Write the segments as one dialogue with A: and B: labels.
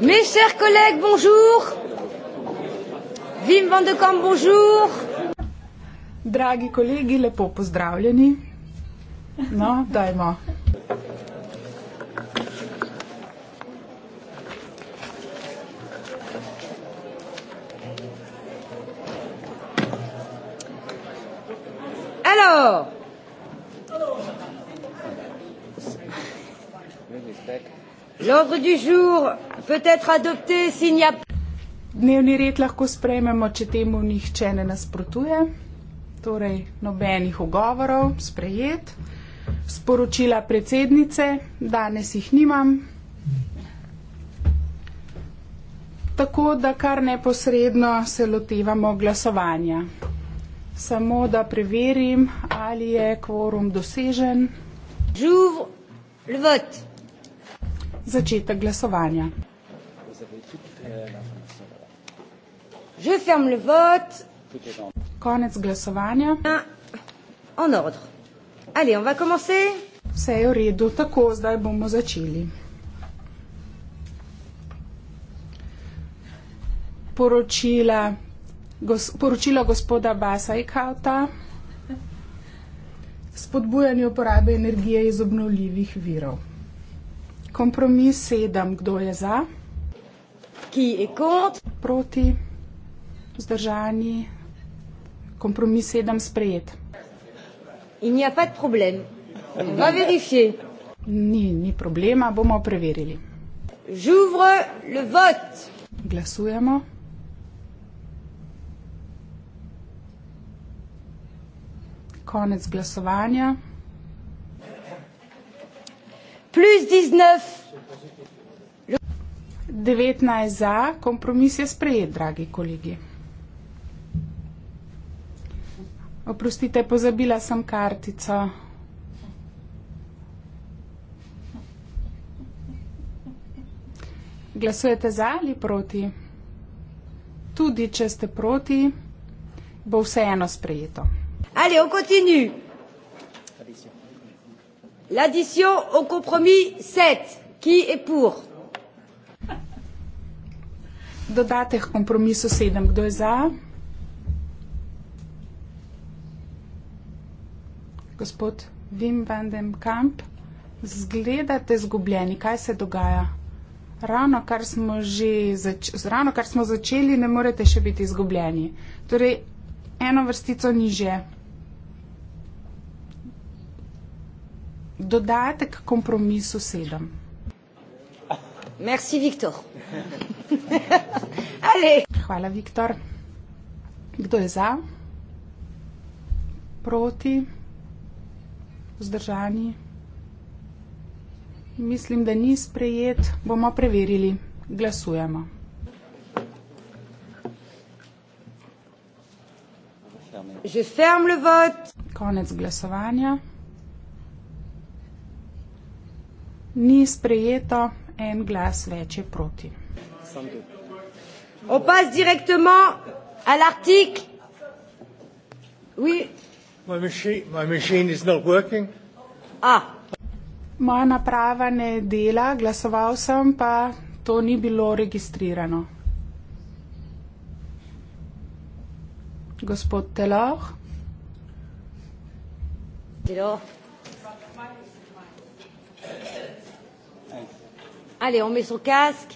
A: Mes chers collègues, bonjour. Vim van de Kamp, bonjour.
B: Dragi kolegi, lepo pozdravljeni. No, dajmo.
A: L'ordre du jour
B: Dnevni red lahko sprejmemo, če temu nihče ne nasprotuje, torej nobenih ogovorov, sprejet. Sporočila predsednice, danes jih nimam. Tako da kar neposredno se lotevamo glasovanja. Samo da preverim, ali je kvorum dosežen. Začetek glasovanja.
A: Je ferme le vote. Konec glasovanja. Ah, en ordre. Allez, on va
B: commencer. Vse je v redu, tako zdaj bomo začeli. Poročila, gos, poročilo gospoda Basa Ikauta. Spodbujanje uporabe energije iz obnovljivih virov. Kompromis sedem, kdo je za? ki je kot. Proti, vzdržani, kompromis sedem sprejet. In je pa problem. Va verifije. Ni, ni problema, bomo preverili. Žuvre le vot. Glasujemo. Konec glasovanja. Plus 19. 19 za, kompromis je sprejet, dragi kolegi. Oprostite, pozabila sem kartico. Glasujete za ali proti? Tudi če ste proti, bo vseeno sprejeto. Ali
A: on continue? L'addition au compromis 7, qui est pour?
B: dodate k kompromisu sedem. Kdo je za? Gospod Wim van den Kamp, zgledate zgubljeni, kaj se dogaja? Ravno kar, zač ravno kar smo začeli, ne morete še biti izgubljeni. Torej, eno vrstico niže. Dodatek kompromisu sedem. Merci, Viktor. Hvala, Viktor. Kdo je za? Proti? Vzdržani? Mislim, da ni sprejet. Bomo preverili. Glasujemo. Je ferme le vote. Konec glasovanja. Ni sprejeto en glas več
A: je proti. On passe directement à l'article. Oui. My machine, my machine is not working. Ah.
B: Moja naprava ne dela, glasoval sem pa to ni bilo registrirano.
A: Gospod Telor. Telor. Allez, on met son casque.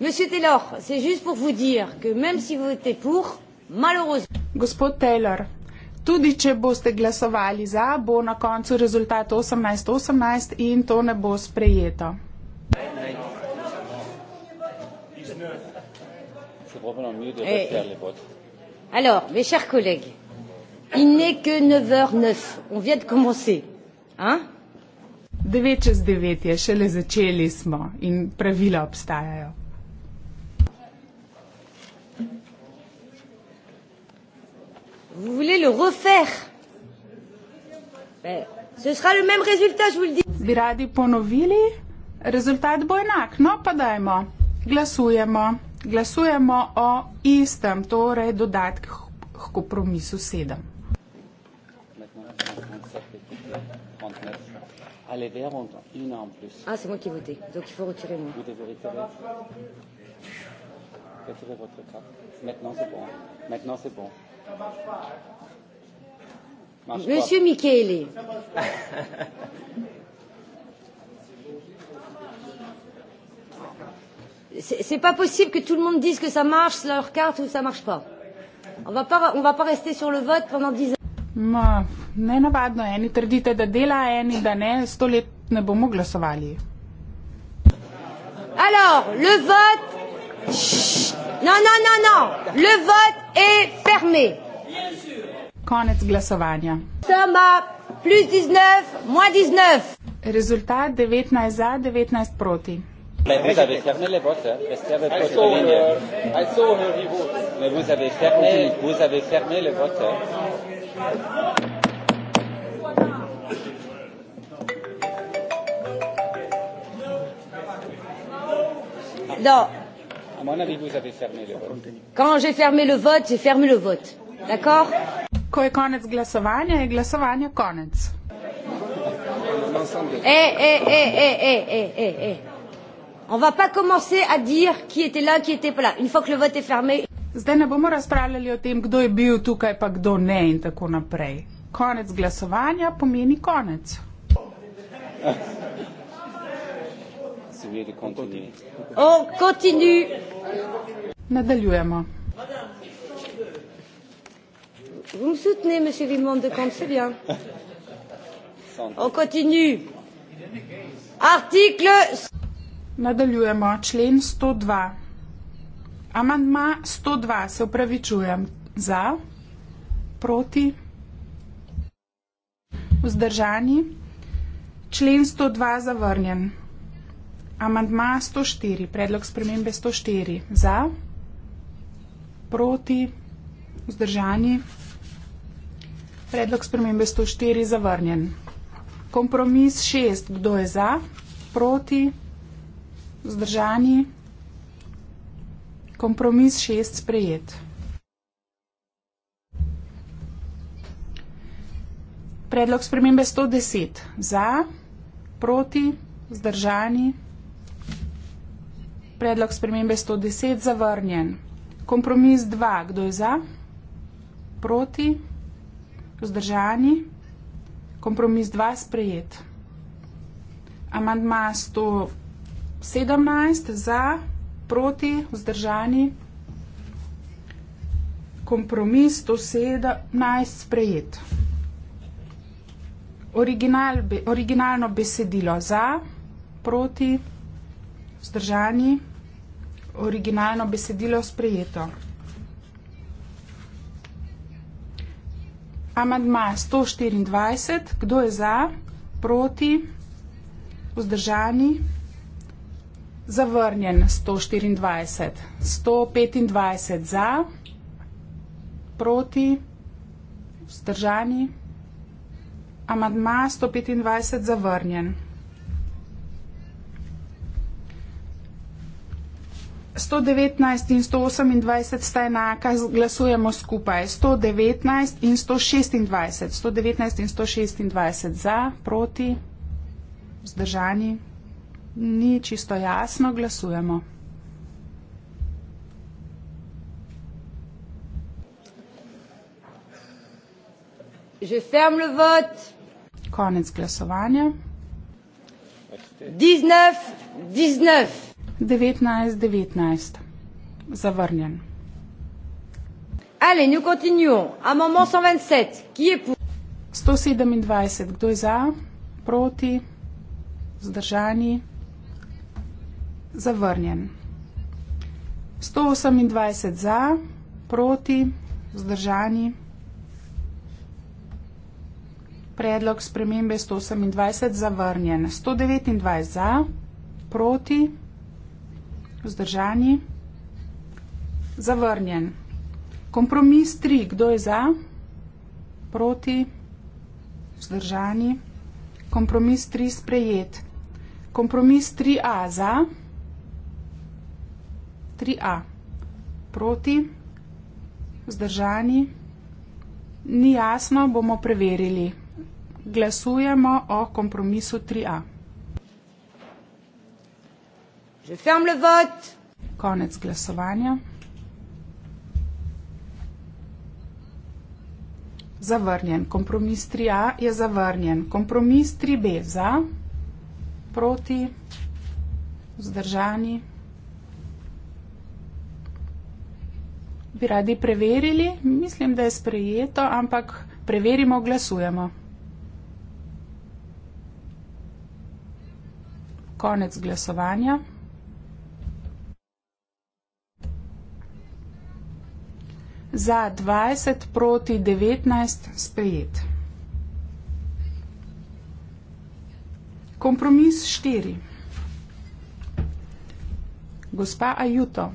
A: Monsieur Taylor, c'est juste pour vous dire que même si vous votez pour,
B: malheureusement. Gospod Taylor, tudi če boste glasovali za, bo na koncu rezultat 18-18 in to ne bo sprejeto.
A: Alors, mes chers collègues, il n'est que 9h09. On vient de commencer. Hein?
B: 9 čez 9 je, šele začeli smo in pravila
A: obstajajo.
B: Bi radi ponovili? Rezultat bo enak. No, pa dajmo. Glasujemo. Glasujemo o istem, torej dodatk k kompromisu 7.
A: les verts ont une en plus. Ah, c'est moi qui ai voté, donc il faut retirer moi. Vous devez retirer. Retirez votre carte. Maintenant, c'est bon. Maintenant,
C: c'est bon. Marche
B: Monsieur Michele.
A: C'est pas possible que tout le monde dise que ça marche, leur carte, ou ça marche pas. On va pas, on va pas rester sur le vote pendant dix ans. Ma, no, nenavadno, eni trdite, da
B: dela, eni, da ne, sto let ne bomo glasovali.
A: Alors, le vote. No, no, no, no. Le vote est fermé. Konec glasovanja. Plus 19,
B: moins 19. Rezultat 19 za, 19 proti.
C: Mais vous avez fermé les votes, Esther veut poser des lignes. I saw her uh, Mais vous avez fermé, vous avez fermé les votes.
B: Non. À mon avis, vous avez fermé les votes.
A: Quand j'ai fermé le vote, j'ai fermé le
B: vote. D'accord Ko je konec glasovanja, je glasovanje konec.
A: Ej, eh, ej, eh, ej, eh, ej, ej, ej, ej. On va pas commencer à dire qui était là, qui était pas là. Une fois que le vote est fermé. Zdaj ne bomo razpravljali o tem,
B: kdo je bil tukaj, pa kdo ne in tako naprej. Konec glasovanja pomeni konec.
A: On Nadaljujemo. Vous me soutenez, monsieur Vimont de Comte, c'est bien. On continue. Article. Nadaljujemo
B: člen 102. Amandma 102, se upravičujem, za, proti, vzdržani. Člen 102 zavrnjen. Amandma 104, predlog spremembe 104, za, proti, vzdržani. Predlog spremembe 104 zavrnjen. Kompromis 6, kdo je za, proti, vzdržani. Vzdržani. Kompromis šest sprejet. Predlog spremembe 110. Za, proti, vzdržani. Predlog spremembe 110. Zavrnjen. Kompromis 2. Kdo je za? Proti, vzdržani. Kompromis 2. Sprejet. Amandma 110. 17 za, proti, vzdržani, kompromis 117 sprejet. Original, be, originalno besedilo za, proti, vzdržani, originalno besedilo sprejeto. Amadma 124, kdo je za, proti, vzdržani, vzdržani, Zavrnjen 124, 125 za, proti, vzdržani. Amadma 125 zavrnjen. 119 in 128 sta enaka, glasujemo skupaj. 119 in 126. 119 in 126 za, proti, vzdržani ni čisto jasno, glasujemo.
A: Je ferm le vote.
B: Konec glasovanja. 19-19. Zavrnjen. Allez, nous continuons. Amendement 127. Qui est pour? 127. Kdo je za? Proti? Zdržani? zavrnjen. 128 za, proti, vzdržani. Predlog spremembe 128 zavrnjen. 129 za, proti, vzdržani. Zavrnjen. Kompromis 3. Kdo je za? Proti. Vzdržani. Kompromis 3 sprejet. Kompromis 3a za tri A. Proti, vzdržani, ni jasno, bomo preverili. Glasujemo o kompromisu tri A. Konec glasovanja. Zavrnjen. Kompromis 3A je zavrnjen. Kompromis 3B za, proti, vzdržani. bi radi preverili. Mislim, da je sprejeto, ampak preverimo, glasujemo. Konec glasovanja. Za 20 proti 19 sprejet. Kompromis 4. Gospa Ajuto.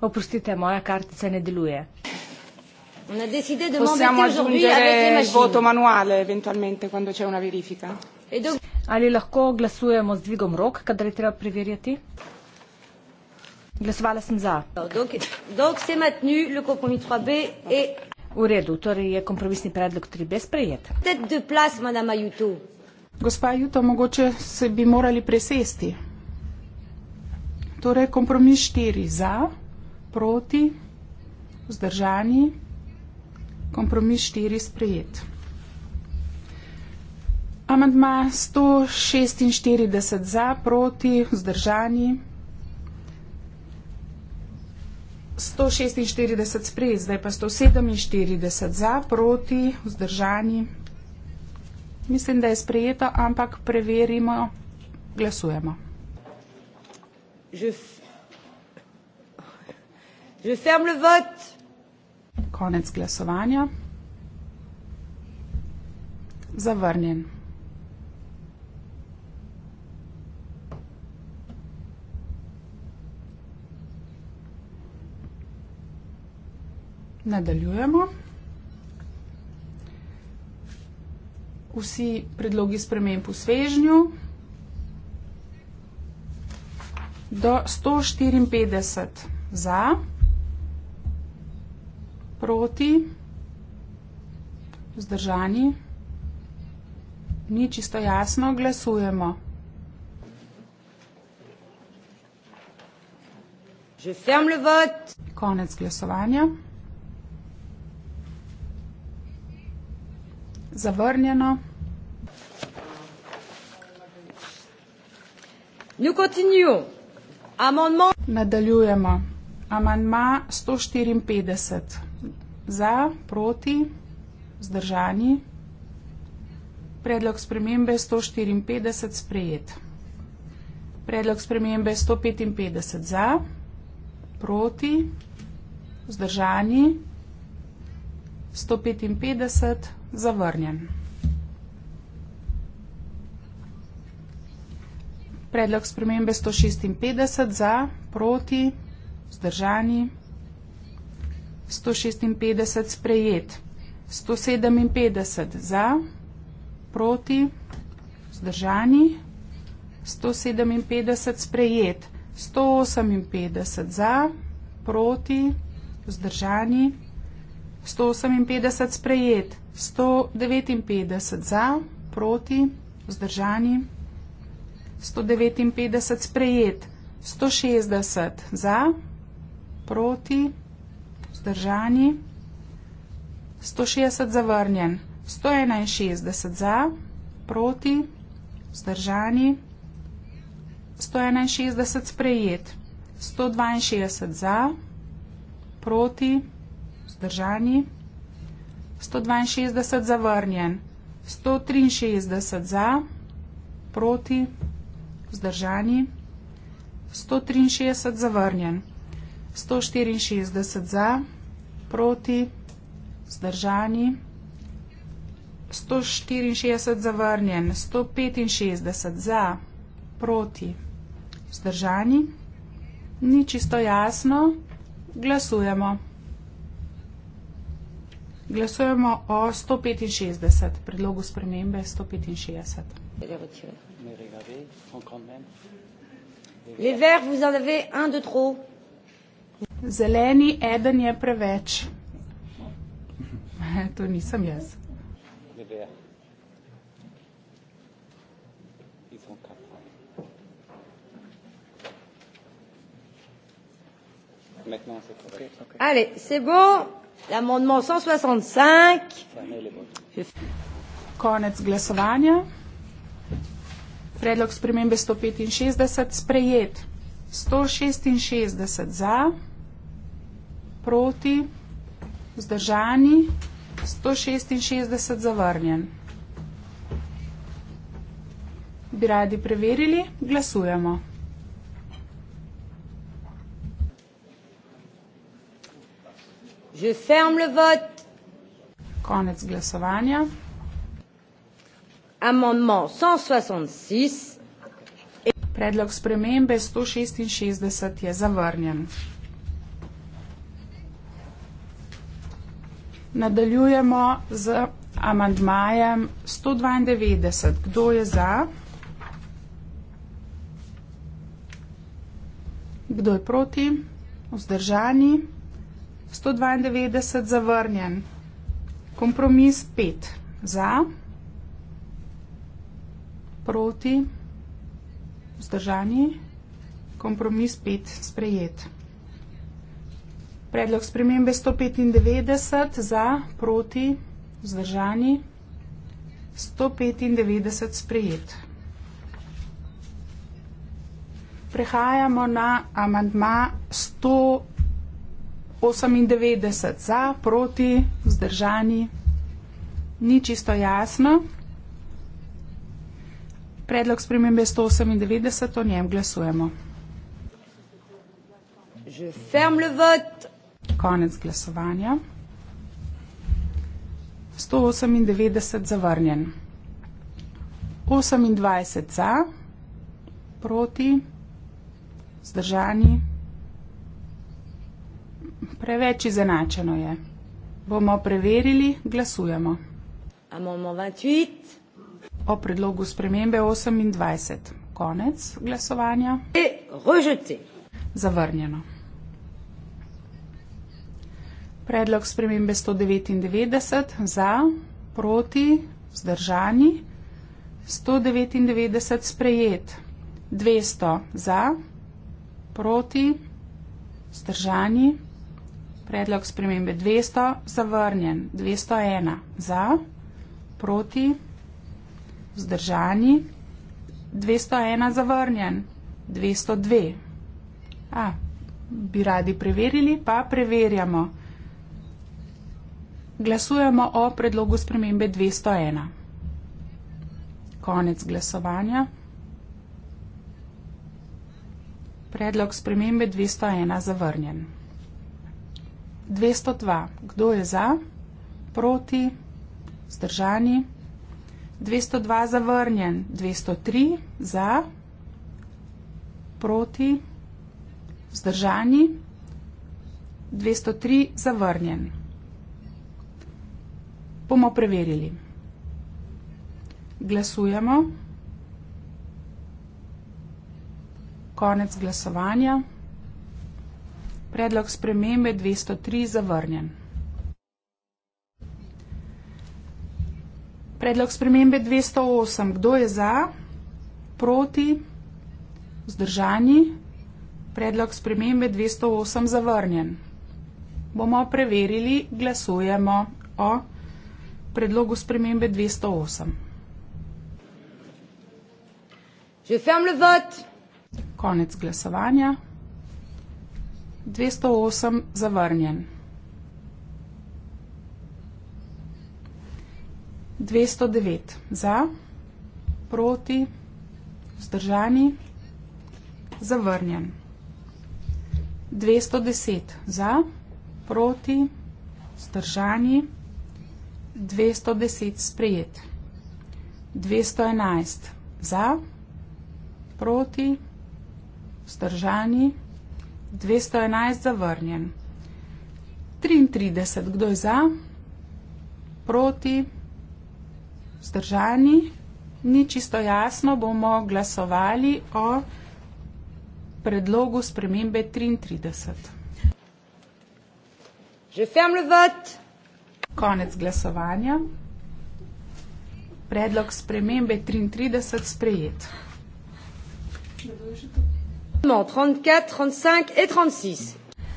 D: Oprostite, moja kartica ne deluje.
A: Possiamo aggiungere il voto
D: manuale eventualmente quando c'è una verifica? Ali lahko glasujemo z dvigom rok, kadar je treba preverjati? Glasovala sem za. V redu, torej je kompromisni predlog 3B sprejet. Gospa Juto, mogoče se bi morali presesti.
B: Torej kompromis štiri za, proti, vzdržani, kompromis štiri sprejet. Amandma sto šestinštirideset za, proti, vzdržani. Sto šestinštirideset sprejet, zdaj pa sto sedeminštirideset za, proti, vzdržani. Mislim, da je sprejeto, ampak preverimo. Glasujemo.
A: Je, f... Je ferme le vote.
B: Konec glasovanja. Zavrnjen. Nadaljujemo. Vsi predlogi sprememb v svežnju do 154 za, proti, vzdržani, ni čisto jasno, glasujemo. Konec glasovanja. Zavrnjeno. Nous continuons. Amonmo. Nadaljujemo. Amanma 154. Za, proti, zdržani. Predlog spremembe 154 sprejet. Predlog spremembe 155 za, proti, zdržani. 155 zavrnjen. Predlog spremembe 156 za, proti, vzdržani. 156 sprejet. 157 za, proti, vzdržani. 157 sprejet. 158 za, proti, vzdržani. 158 sprejet. 159 za, proti, vzdržani. 159 sprejet, 160 za, proti, vzdržani, 160 zavrnjen, 161 za, proti, vzdržani, 161 sprejet, 162 za, proti, vzdržani, 162 zavrnjen, 163 za, proti, vzdržani vzdržani, 163 zavrnjen, 164 za, proti, vzdržani, 164 zavrnjen, 165 za, proti, vzdržani, ni čisto jasno, glasujemo. Glasujemo o 165, predlogu spremembe 165
A: mais regardez, sont quand même. Les verts, vous en avez
B: un de trop. Zeleni, eden je preveč. To nisem jaz. Allez, c'est bon.
A: L'amendement 165.
B: Konec glasovanja predlog spremembe 165 sprejet. 166 za, proti, zdržani, 166 zavrnjen. Bi radi preverili? Glasujemo.
A: Je ferme le vote. Konec glasovanja amendement cent soixante-six. Predlog
B: spremembe 166 je zavrnjen. Nadaljujemo z amandmajem 192. Kdo je za? Kdo je proti? Vzdržani? 192 zavrnjen. Kompromis 5 za proti, vzdržani, kompromis 5 sprejet. Predlog spremembe 195 za, proti, vzdržani, 195 sprejet. Prehajamo na amandma 198 za, proti, vzdržani, ni čisto jasno. Predlog spremembe je 198, o njem glasujemo. Konec glasovanja. 198 zavrnjen. 28 za, proti, vzdržani. Preveč izenačeno je. Bomo preverili. Glasujemo o predlogu spremembe 28. Konec glasovanja. Zavrnjeno. Predlog spremembe 199 za, proti, vzdržani. 199 sprejet, 200 za, proti, vzdržani. Predlog spremembe 200 zavrnjen, 201 za, proti, vzdržani vzdržani, 201 zavrnjen, 202. A, bi radi preverili, pa preverjamo. Glasujemo o predlogu spremembe 201. Konec glasovanja. Predlog spremembe 201 zavrnjen. 202. Kdo je za? Proti? Zdržani? 202. 202 zavrnjen, 203 za, proti, vzdržani, 203 zavrnjen. Bomo preverili. Glasujemo. Konec glasovanja. Predlog spremembe 203 zavrnjen. Predlog spremembe 208. Kdo je za? Proti? Zdržani? Predlog spremembe 208 zavrnjen. Bomo preverili, glasujemo o predlogu spremembe 208. Konec glasovanja. 208 zavrnjen. 209 za, proti, vzdržani, zavrnjen. 210 za, proti, vzdržani, 210 sprejet. 211 za, proti, vzdržani, 211 zavrnjen. 33, kdo je za, proti, vzdržani vzdržani. Ni čisto jasno, bomo glasovali o predlogu spremembe 33. Že ferme vot. Konec glasovanja. Predlog spremembe 33 sprejet.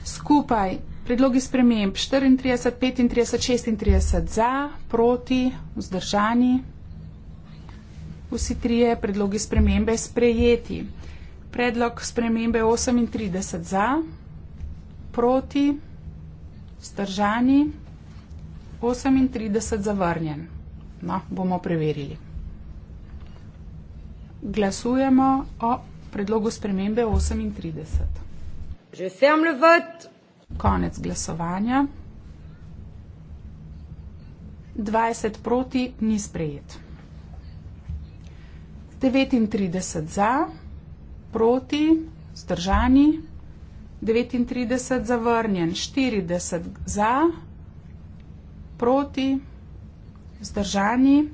B: Skupaj Predlogi sprememb 34, 35, 36 za, proti, vzdržani. Vsi trije predlogi spremembe sprejeti. Predlog spremembe 38 za, proti, vzdržani. 38 zavrnjen. No, bomo preverili. Glasujemo o predlogu spremembe 38. Je ferme le vote konec glasovanja. 20 proti ni sprejet. 39 za, proti, zdržani, 39 zavrnjen, 40 za, proti, zdržani,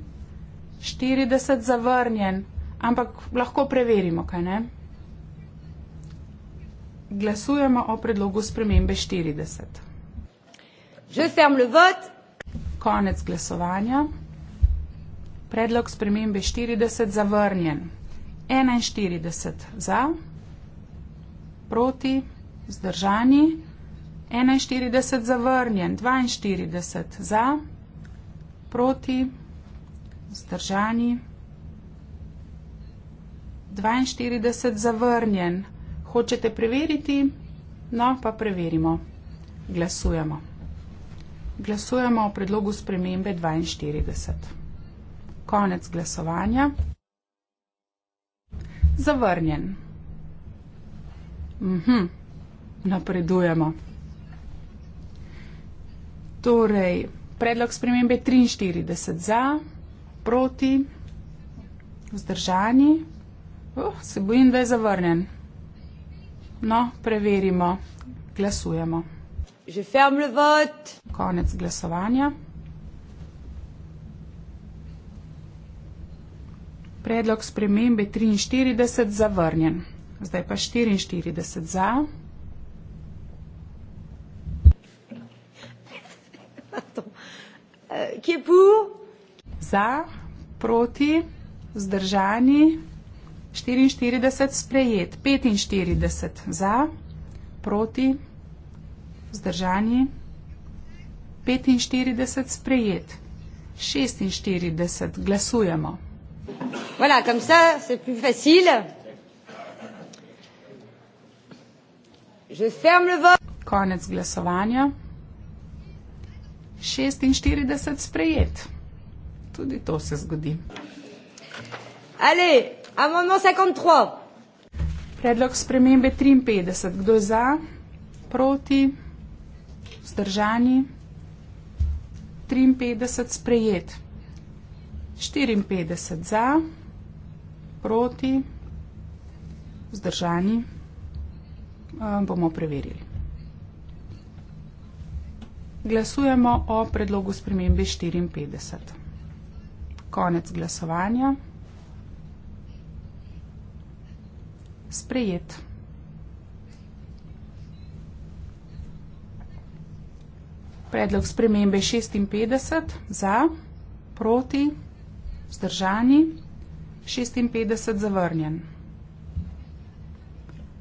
B: 40 zavrnjen, ampak lahko preverimo, kaj ne? Glasujemo o predlogu spremembe 40. Je ferme le vote. Konec glasovanja. Predlog spremembe 40 zavrnjen. 41 za, proti, zdržani. 41 zavrnjen, 42 za, proti, zdržani. 42 zavrnjen, Hočete preveriti? No, pa preverimo. Glasujemo. Glasujemo o predlogu spremembe 42. Konec glasovanja. Zavrnjen. Mhm. Napredujemo. Torej, predlog spremembe 43 za, proti, vzdržani. Uh, se bojim, da je zavrnjen. No, preverimo. Glasujemo. Je ferme le vote. Konec glasovanja. Predlog spremembe 43 zavrnjen. Zdaj pa 44 za. Kje je pu? Za, proti, zdržani. 44 sprejet, 45 za, proti, vzdržani, 45 sprejet, 46 glasujemo. Voilà, comme ça, c'est plus facile. Je ferme le vote. Konec glasovanja. 46 sprejet. Tudi to se zgodi. Allez. Amendement 53. Predlog spremembe 53. Kdo je za? Proti? Zdržani? 53 sprejet. 54 za, proti, vzdržani. E, bomo preverili. Glasujemo o predlogu spremembe 54. Konec glasovanja. sprejet. Predlog spremembe 56 za, proti, vzdržani, 56 zavrnjen.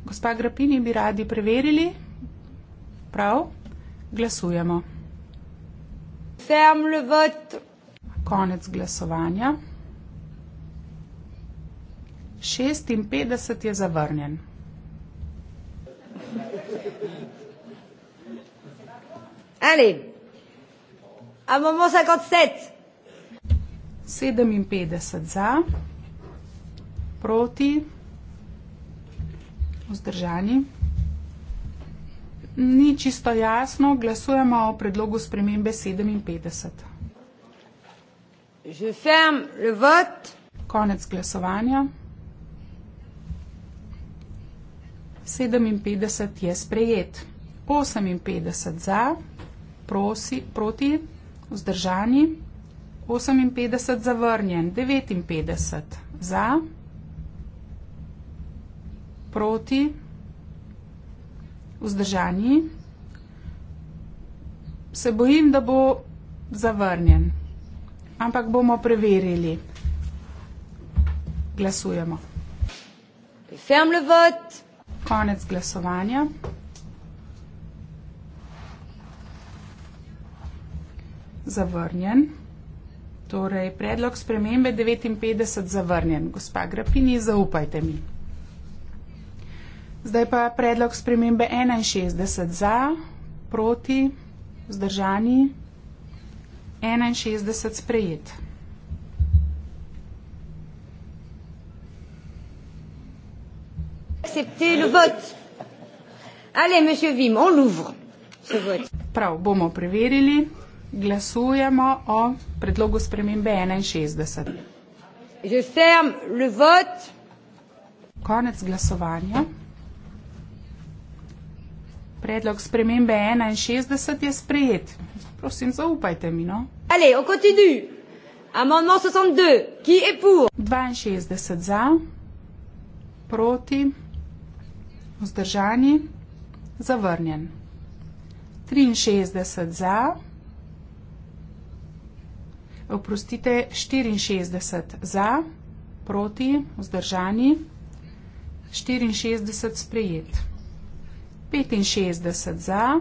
B: Gospa Grapini bi radi preverili. Prav, glasujemo. Ferme le vote. Konec glasovanja šestinpetdeset je zavrnjen.
A: Eli, a bomo se kot set?
B: Sedeminpetdeset za, proti, vzdržani. Ni čisto jasno, glasujemo o predlogu spremembe sedeminpetdeset.
A: Je ferme
B: le vote. Konec glasovanja. 57 je sprejet. 58 za, prosi, proti, vzdržani. 58 zavrnjen, 59 za, proti, vzdržani. Se bojim, da bo zavrnjen, ampak bomo preverili. Glasujemo. Ferme le vote konec glasovanja. Zavrnjen. Torej, predlog spremembe 59 zavrnjen. Gospa Grafini, zaupajte mi. Zdaj pa predlog spremembe 61 za, proti, vzdržani, 61 sprejet.
A: accepter le vote. Allez, monsieur Wim, on l'ouvre, ce vote. Prav,
B: bomo preverili. Glasujemo o predlogu spremembe 61. Je ferme le vote. Konec glasovanja. Predlog spremembe 61 je sprejet. Prosim, zaupajte mi, no. Allez, on continue. Amendement 62, qui est pour? 62 za, proti vzdržani, zavrnjen. 63 za, oprostite, 64 za, proti, vzdržani, 64 sprejet. 65 za,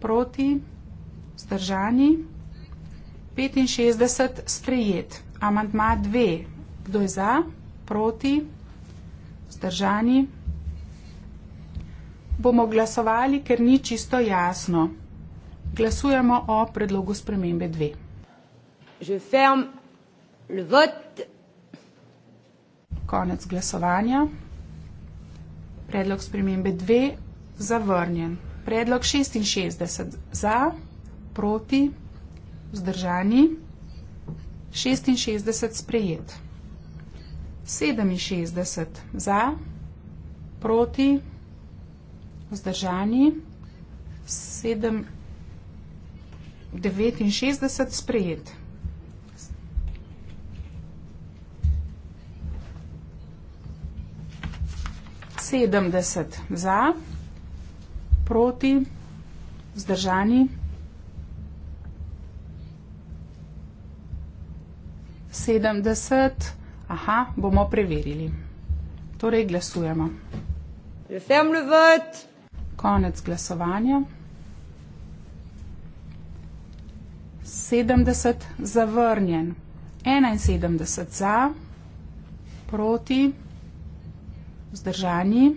B: proti, vzdržani, 65 sprejet. Amantma 2, kdo je za, proti, vzdržani, 65 bomo glasovali, ker ni čisto jasno. Glasujemo o predlogu spremembe 2. Že ferm lvot. Konec glasovanja. Predlog spremembe 2 zavrnjen. Predlog 66 za, proti, vzdržani. 66 sprejet. 67 za, proti, vzdržani vzdržani, 7, 69 sprejet. Sedemdeset za, proti, vzdržani, sedemdeset, aha, bomo preverili. Torej glasujemo. Je sem le vod? konec glasovanja. 70 zavrnjen, 71 za, proti, vzdržani,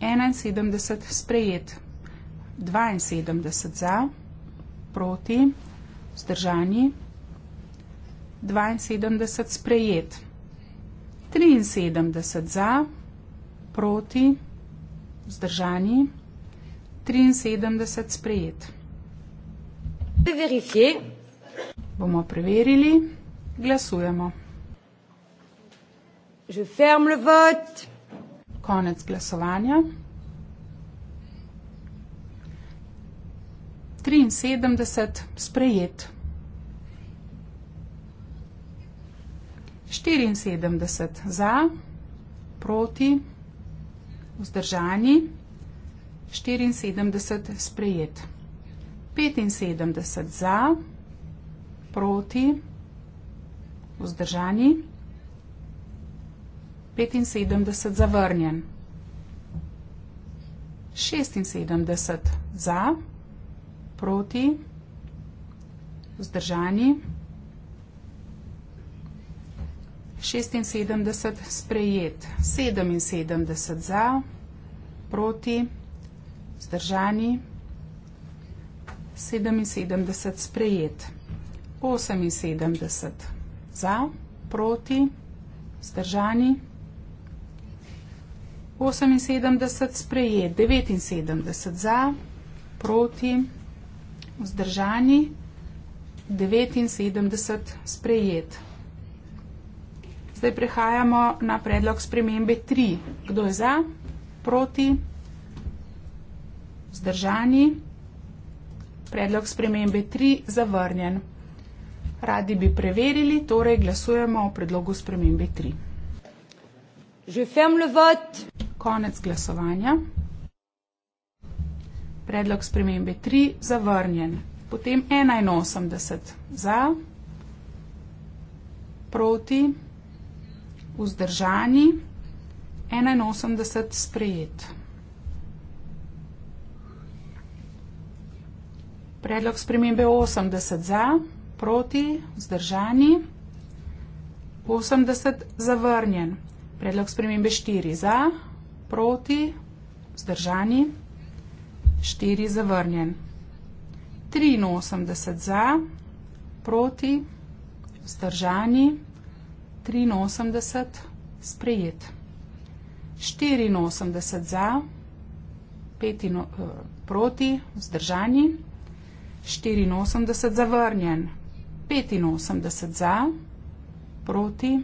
B: 71 sprejet, 72 za, proti, vzdržani, 72 sprejet, 73 za, proti, vzdržani, vzdržani, 73 sprejet. Bomo preverili. Glasujemo. Je ferme le vote. Konec glasovanja. 73 sprejet. 74 za, proti vzdržani, 74 sprejet. 75 za, proti, vzdržani, 75 zavrnjen. 76 za, proti, vzdržani, 75 zavrnjen. 76 sprejet, 77 za, proti, zdržani, 77 sprejet, 78 za, proti, zdržani, 78 sprejet, 79 za, proti, vzdržani, 79 sprejet. Zdaj prehajamo na predlog spremembe 3. Kdo je za? Proti? Zdržani? Predlog spremembe 3 zavrnjen. Radi bi preverili, torej glasujemo o predlogu spremembe 3. Že fem le vod. Konec glasovanja. Predlog spremembe 3 zavrnjen. Potem 81 za, proti vzdržani, 81 sprejet. Predlog spremembe 80 za, proti, vzdržani, 80 zavrnjen. Predlog spremembe 4 za, proti, vzdržani, 4 zavrnjen. 83 za, proti, vzdržani, 4 zavrnjen. 83 sprejet. 84 za, 5 eh, proti, vzdržani. 84 zavrnjen, 85 za, proti,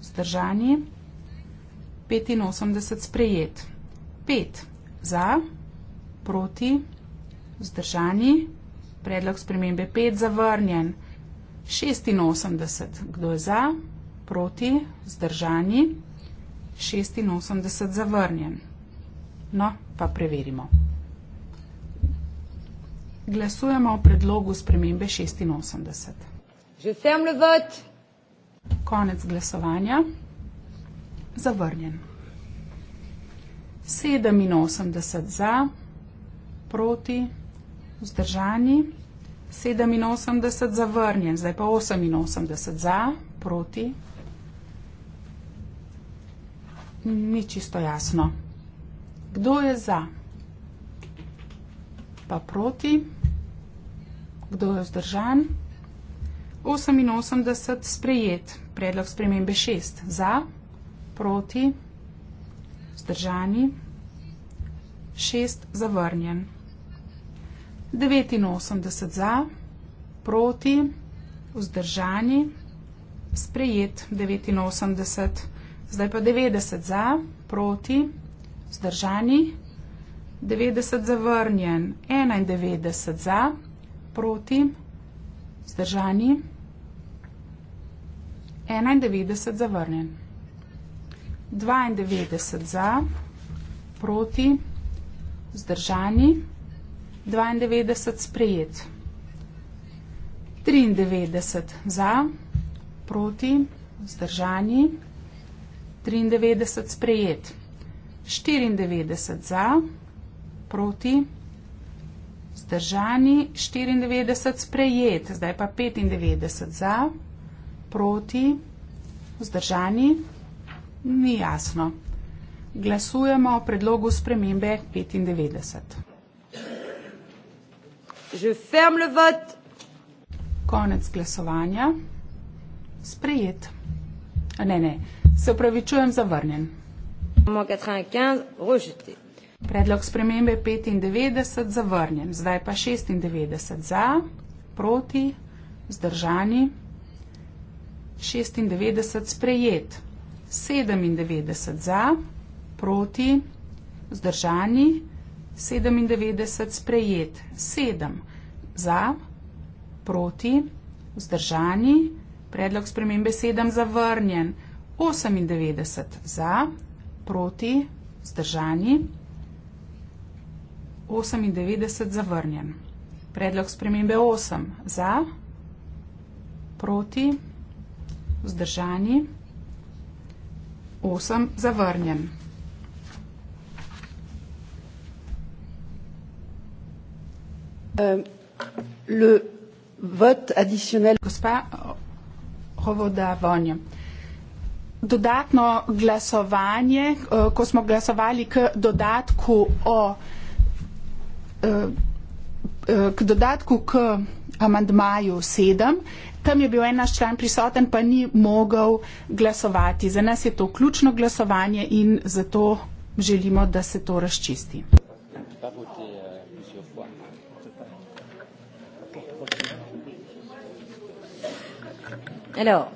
B: vzdržani. 85 sprejet, 5 za, proti, vzdržani. Predlog spremembe 5 zavrnjen, 86, kdo je za, proti, zdržani, 86 zavrnjen. No, pa preverimo. Glasujemo o predlogu spremembe 86. Že sem levat. Konec glasovanja. Zavrnjen. 87 za, proti, vzdržani. 87 zavrnjen, zdaj pa 88 za, proti, ni čisto jasno. Kdo je za? Pa proti? Kdo je vzdržan? 88 sprejet, predlog spremembe 6. Za, proti, vzdržani, 6 zavrnjen. 89 za, proti, vzdržani, sprejet 89. Zdaj pa 90 za, proti, vzdržani, 90 zavrnjen, 91 za, proti, vzdržani, 91 zavrnjen, 92 za, proti, vzdržani, 92 sprejet, 93 za, proti, vzdržani, 93 za, proti, vzdržani, 93 sprejet, 94 za, proti, zdržani, 94 sprejet, zdaj pa 95 za, proti, zdržani, ni jasno. Glasujemo o predlogu spremembe 95. Že ferm le vot. Konec glasovanja. Sprejet. A ne, ne. Se upravičujem, zavrnjen. Predlog spremembe 95 zavrnjen, zdaj pa 96 za, proti, zdržani, 96 sprejet, 97 za, proti, zdržani, 97 sprejet, 7 za, proti, zdržani, predlog spremembe 7 zavrnjen. 98 za, proti, zdržani, 98 zavrnjen. Predlog spremembe 8 za, proti, zdržani, 8 zavrnjen. Euh, le vote additionnel. Gospa Rovoda Vonja dodatno glasovanje, eh, ko smo glasovali k dodatku o eh, eh, k dodatku k amandmaju sedem, tam je bil en naš član prisoten, pa ni mogel glasovati. Za nas je to ključno glasovanje in zato želimo, da se to razčisti.
A: Alors,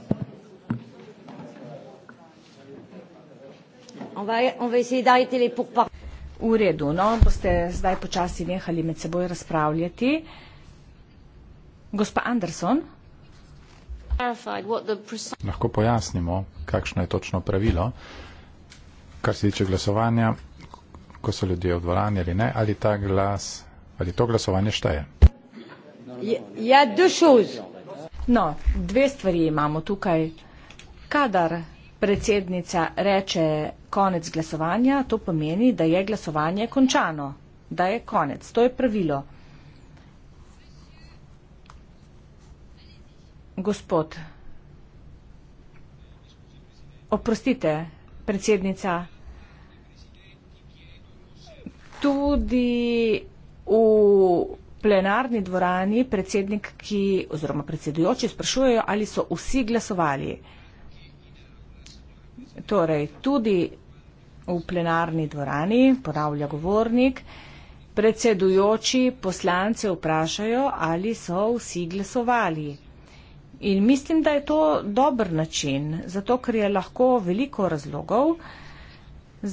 D: On va, on va essayer d'arrêter les pourparlers. V redu, no, boste zdaj počasi nehali med seboj razpravljati. Gospa Anderson.
C: Lahko pojasnimo, kakšno je točno pravilo, kar se tiče glasovanja, ko so ljudje v dvorani ali ne, ali, ta glas, ali to glasovanje šteje.
D: Ja, dušuz. No, dve stvari imamo tukaj. Kadar predsednica reče konec glasovanja, to pomeni, da je glasovanje končano, da je konec. To je pravilo. Gospod, oprostite, predsednica, tudi v plenarni dvorani predsednik, ki oziroma predsedujoči sprašujejo, ali so vsi glasovali. Torej, tudi v plenarni dvorani ponavlja govornik, predsedujoči poslance vprašajo, ali so vsi glasovali. In mislim, da je to dober način, zato ker je lahko veliko razlogov,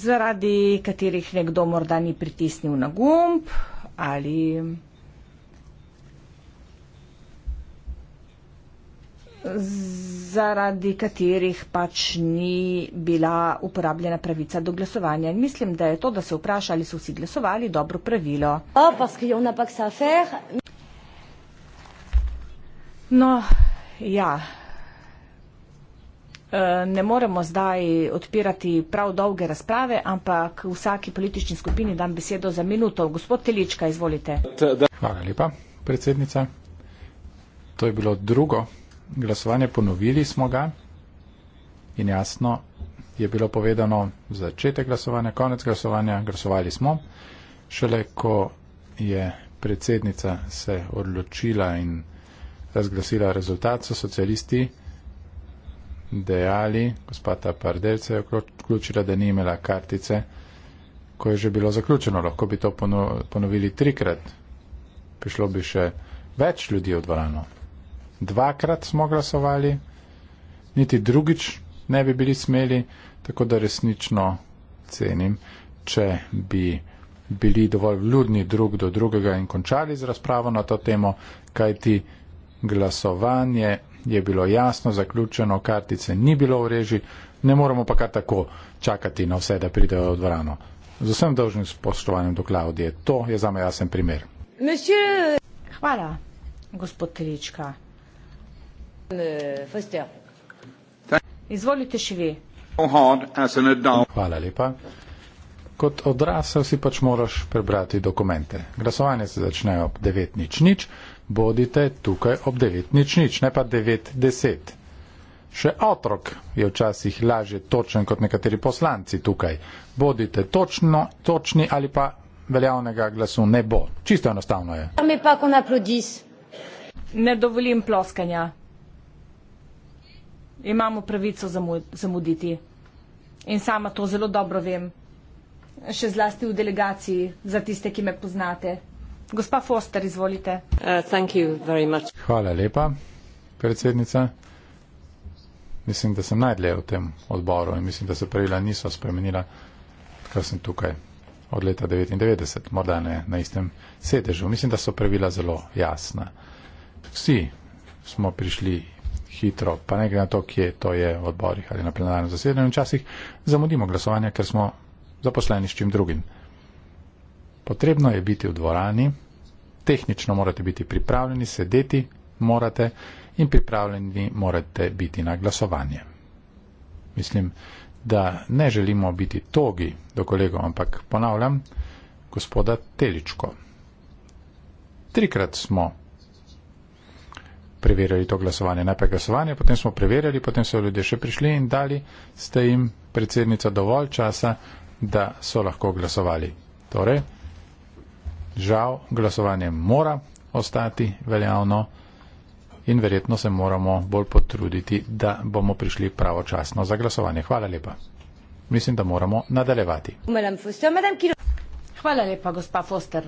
D: zaradi katerih nekdo morda ni pritisnil na gumb ali zaradi katerih pač ni bila uporabljena pravica do glasovanja. In mislim, da je to, da se vpraša, ali so vsi glasovali, dobro pravilo. Oh, no, ja. E, ne moremo zdaj odpirati prav dolge razprave, ampak vsaki politični skupini dam besedo za minuto. Gospod Telička, izvolite.
C: Hvala lepa, predsednica. To je bilo drugo glasovanje ponovili smo ga in jasno je bilo povedano začetek glasovanja, konec glasovanja, glasovali smo. Šele ko je predsednica se odločila in razglasila rezultat, so socialisti dejali, gospata Pardelce je vključila, da ni imela kartice, ko je že bilo zaključeno. Lahko bi to ponovili trikrat, prišlo bi še več ljudi v dvorano dvakrat smo glasovali, niti drugič ne bi bili smeli, tako da resnično cenim, če bi bili dovolj ljudni drug do drugega in končali z razpravo na to temo, kajti glasovanje je bilo jasno zaključeno, kartice ni bilo v reži, ne moramo pa kar tako čakati na vse, da pridejo v dvorano. Z vsem dolžnim spoštovanjem do Klaudije, to je za me jasen primer.
D: Monsieur. Hvala, gospod Trička.
C: Hvala lepa. Kot odrasel si pač moraš prebrati dokumente. Glasovanje se začne ob 9.00, bodite tukaj ob 9.00, ne pa 9.10. Še otrok je včasih lažje točen kot nekateri poslanci tukaj. Bodite točno, točni ali pa veljavnega glasu ne bo. Čisto enostavno je.
D: Ne dovolim ploskanja imamo pravico zamuditi. In sama to zelo dobro vem, še zlasti v delegaciji za tiste, ki me poznate. Gospa Foster, izvolite. Uh,
C: Hvala lepa, predsednica. Mislim, da sem najdlje v tem odboru in mislim, da se pravila niso spremenila, kar sem tukaj od leta 99, morda ne na istem sedežu. Mislim, da so pravila zelo jasna. Vsi smo prišli hitro, pa ne glede na to, kje to je v odborih ali na plenarnem zasedanju, včasih zamudimo glasovanje, ker smo zaposleni s čim drugim. Potrebno je biti v dvorani, tehnično morate biti pripravljeni, sedeti morate in pripravljeni morate biti na glasovanje. Mislim, da ne želimo biti togi do kolegov, ampak ponavljam, gospoda Teličko. Trikrat smo preverjali to glasovanje. Najprej glasovanje, potem smo preverjali, potem so ljudje še prišli in dali ste jim predsednica dovolj časa, da so lahko glasovali. Torej, žal, glasovanje mora ostati veljavno in verjetno se moramo bolj potruditi, da bomo prišli pravočasno za glasovanje. Hvala lepa. Mislim, da moramo nadaljevati.
D: Hvala lepa, gospa Foster.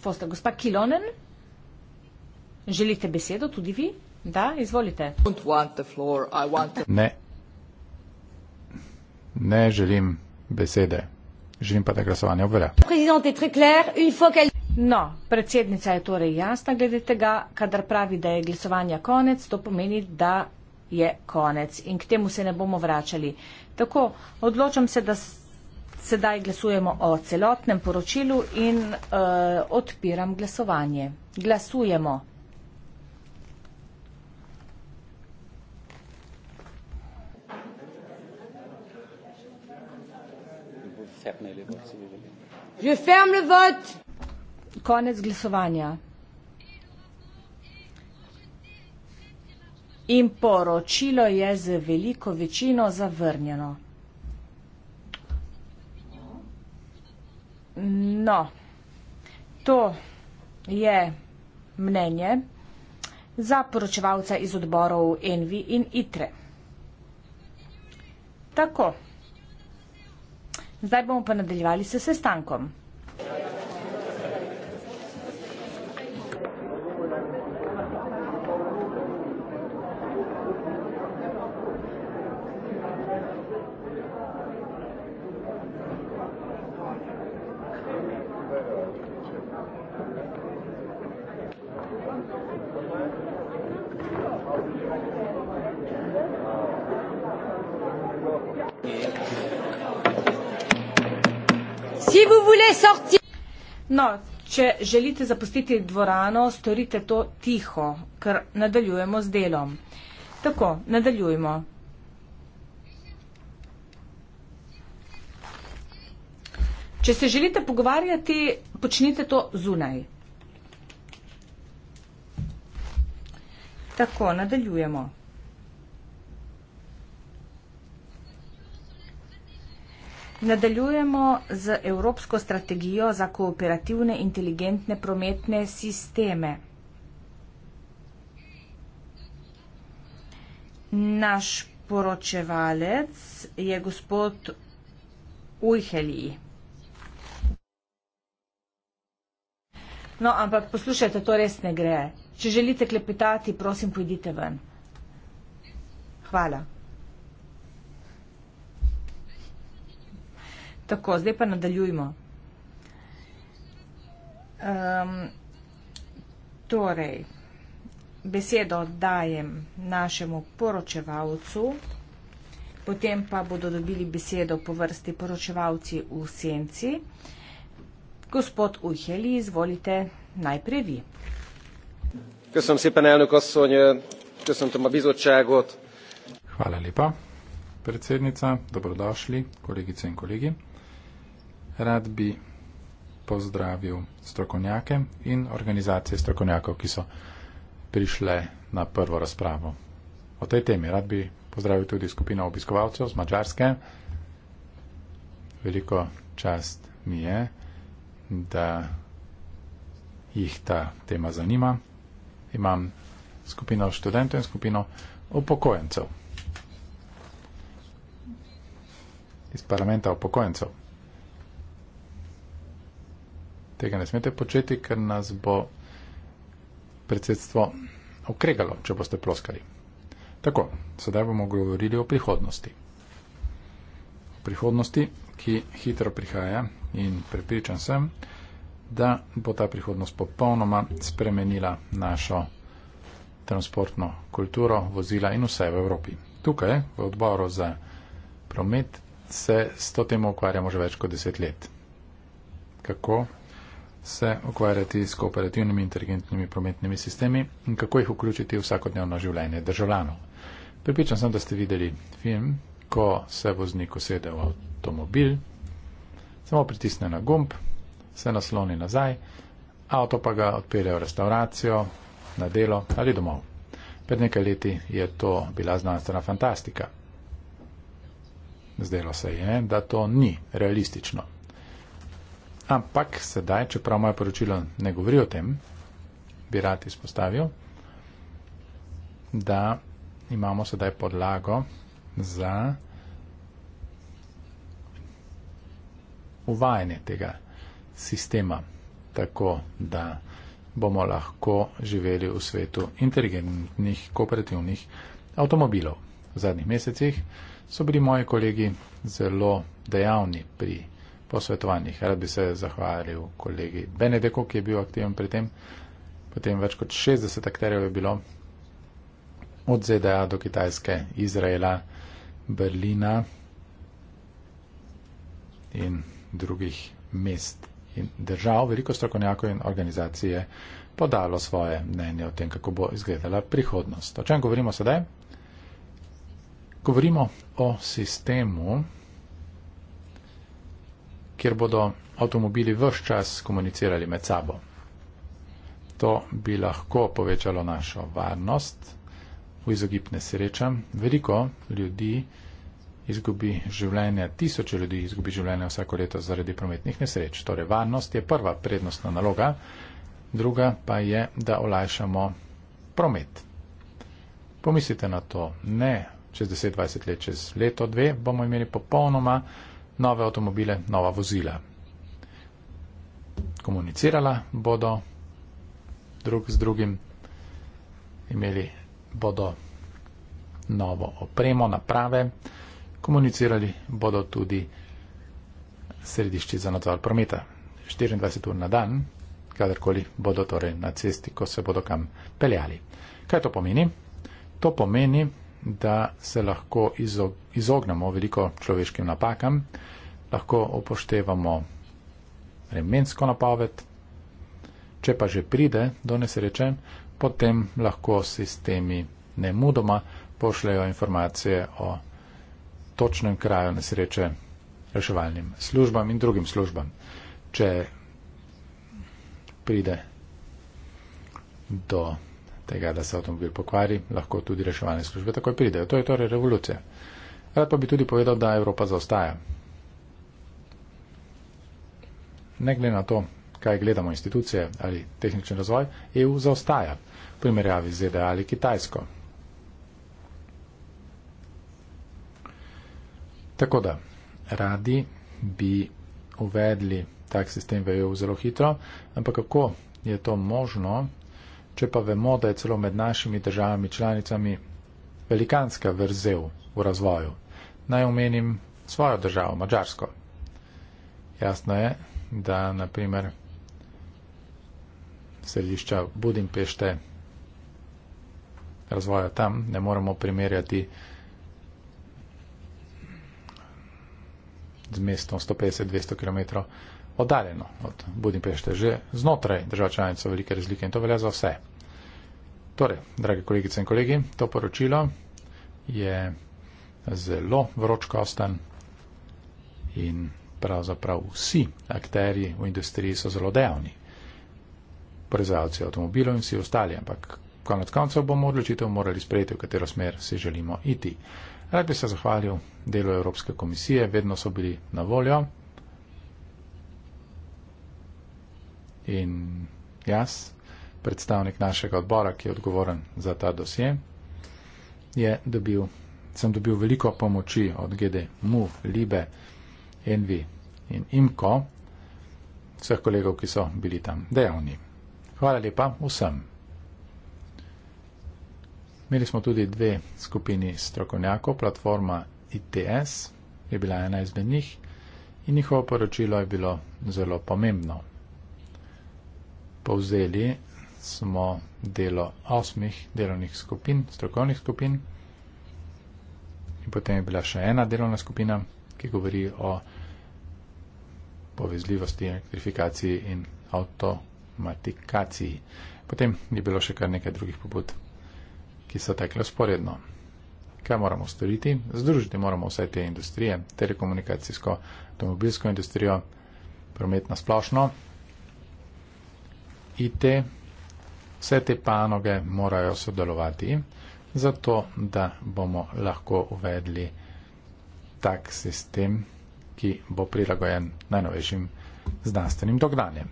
D: Foster, gospa Kilonen. Želite besedo tudi vi? Da, izvolite.
C: Ne. Ne želim besede. Želim pa, da glasovanje obvelja.
D: No, predsednica je torej jasna glede tega, kadar pravi, da je glasovanja konec, to pomeni, da je konec in k temu se ne bomo vračali. Tako, odločam se, da sedaj glasujemo o celotnem poročilu in uh, odpiram glasovanje. Glasujemo. Je ferme le vote. Konec glasovanja. In poročilo je z veliko večino zavrnjeno. No, to je mnenje za poročevalca iz odborov Envi in Itre. Tako. Zdaj bomo pa nadaljevali s sestankom. No, če želite zapustiti dvorano, storite to tiho, ker nadaljujemo z delom. Tako, nadaljujmo. Če se želite pogovarjati, počnite to zunaj. Tako, nadaljujemo. Nadaljujemo z Evropsko strategijo za kooperativne inteligentne prometne sisteme. Naš poročevalec je gospod Ujheli. No, ampak poslušajte, to res ne gre. Če želite klepetati, prosim, pojdite ven. Hvala. Tako, zdaj pa nadaljujmo. Um, torej, besedo dajem našemu poročevalcu, potem pa bodo dobili besedo po vrsti poročevalci v senci. Gospod Ujheli, izvolite najprej vi.
C: Köszönöm szépen, elnök asszony, köszöntöm a bizottságot. Hvala lepa, predsednica, dobrodošli, kolegice in kolegi rad bi pozdravil strokovnjake in organizacije strokovnjakov, ki so prišle na prvo razpravo. O tej temi rad bi pozdravil tudi skupino obiskovalcev z Mačarske. Veliko čast mi je, da jih ta tema zanima. Imam skupino študentov in skupino upokojencev. Iz parlamenta upokojencev tega ne smete početi, ker nas bo predsedstvo okregalo, če boste ploskali. Tako, sedaj bomo govorili o prihodnosti. O prihodnosti, ki hitro prihaja in prepričan sem, da bo ta prihodnost popolnoma spremenila našo transportno kulturo, vozila in vse v Evropi. Tukaj, v odboru za promet, se s to temo ukvarjamo že več kot deset let. Kako se ukvarjati s kooperativnimi inteligentnimi prometnimi sistemi in kako jih vključiti v vsakodnevno življenje državljanov. Pripričan sem, da ste videli film, ko se voznik usede v avtomobil, samo pritisne na gumb, se nasloni nazaj, avto pa ga odpelje v restauracijo, na delo ali domov. Pred nekaj leti je to bila znanstvena fantastika. Zdelo se je, da to ni realistično. Ampak sedaj, čeprav moje poročilo ne govori o tem, bi rad izpostavil, da imamo sedaj podlago za uvajanje tega sistema, tako da bomo lahko živeli v svetu inteligentnih kooperativnih avtomobilov. V zadnjih mesecih so bili moji kolegi zelo dejavni pri posvetovanjih. Rad bi se zahvalil kolegi Benedeku, ki je bil aktiven pri tem. Potem več kot 60 akterjev je bilo od ZDA do Kitajske, Izraela, Berlina in drugih mest in držav. Veliko strokovnjakov in organizacij je podalo svoje mnenje o tem, kako bo izgledala prihodnost. O čem govorimo sedaj? Govorimo o sistemu, kjer bodo avtomobili vse čas komunicirali med sabo. To bi lahko povečalo našo varnost v izogib nesrečam. Veliko ljudi izgubi življenje, tisoče ljudi izgubi življenje vsako leto zaradi prometnih nesreč. Torej, varnost je prva prednostna naloga, druga pa je, da olajšamo promet. Pomislite na to, ne čez 10-20 let, čez leto, dve bomo imeli popolnoma nove avtomobile, nova vozila. Komunicirala bodo drug z drugim, imeli bodo novo opremo, naprave, komunicirali bodo tudi središči za nadzor prometa. 24 ur na dan, kadarkoli bodo torej na cesti, ko se bodo kam peljali. Kaj to pomeni? To pomeni, da se lahko izognemo veliko človeškim napakam, lahko upoštevamo vremensko napoved, če pa že pride do nesreče, potem lahko sistemi nemudoma pošljajo informacije o točnem kraju nesreče reševalnim službam in drugim službam. Če pride do tega, da se avtomobil pokvari, lahko tudi reševalne službe takoj pridejo. To je torej revolucija. Rad pa bi tudi povedal, da Evropa zaostaja. Ne glede na to, kaj gledamo institucije ali tehnični razvoj, EU zaostaja v primerjavi z ZDA ali Kitajsko. Tako da, radi bi uvedli tak sistem v EU zelo hitro, ampak kako je to možno, če pa vemo, da je celo med našimi državami članicami velikanska vrzel v razvoju. Naj omenim svojo državo, Mačarsko. Jasno je, da naprimer selišča Budimpešte razvoja tam ne moremo primerjati z mestom 150-200 km oddaljeno od Budimpešte, že znotraj držav članic so velike razlike in to velja za vse. Torej, drage kolegice in kolegi, to poročilo je zelo vročkosten in pravzaprav vsi akterji v industriji so zelo dejavni. Proizvajalci avtomobilov in vsi ostali, ampak konec koncev bomo odločitev morali sprejeti, v katero smer si želimo iti. Rad bi se zahvalil delu Evropske komisije, vedno so bili na voljo. in jaz, predstavnik našega odbora, ki je odgovoren za ta dosje, je dobil, sem dobil veliko pomoči od GD, MU, LIBE, ENVI in IMKO, vseh kolegov, ki so bili tam dejavni. Hvala lepa vsem. Imeli smo tudi dve skupini strokovnjakov, platforma ITS je bila ena izmed njih in njihovo poročilo je bilo zelo pomembno povzeli, smo delo osmih delovnih skupin, strokovnih skupin. In potem je bila še ena delovna skupina, ki govori o povezljivosti, elektrifikaciji in avtomatikaciji. Potem je bilo še kar nekaj drugih pobud, ki so tekle sporedno. Kaj moramo storiti? Združiti moramo vse te industrije, telekomunikacijsko, avtomobilsko industrijo, prometno splošno, IT, vse te panoge morajo sodelovati, zato da bomo lahko uvedli tak sistem, ki bo prilagojen najnovejšim znanstvenim dognanjem.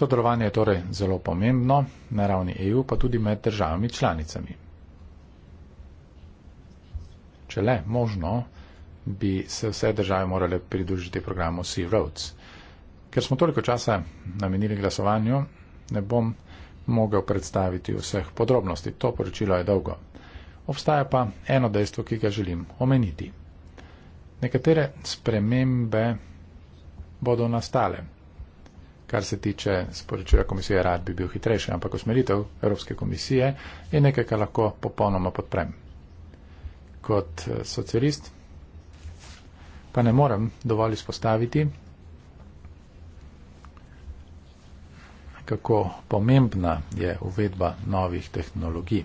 C: Sodelovanje je torej zelo pomembno na ravni EU, pa tudi med državami članicami. Če le možno, bi se vse države morale pridružiti programu Sea Roads. Ker smo toliko časa namenili glasovanju, ne bom mogel predstaviti vseh podrobnosti. To poročilo je dolgo. Obstaja pa eno dejstvo, ki ga želim omeniti. Nekatere spremembe bodo nastale. Kar se tiče sporočila komisije, rad bi bil hitrejši, ampak usmeritev Evropske komisije je nekaj, kar lahko popolnoma podprem. Kot eh, socialist pa ne morem dovolj izpostaviti, kako pomembna je uvedba novih tehnologij.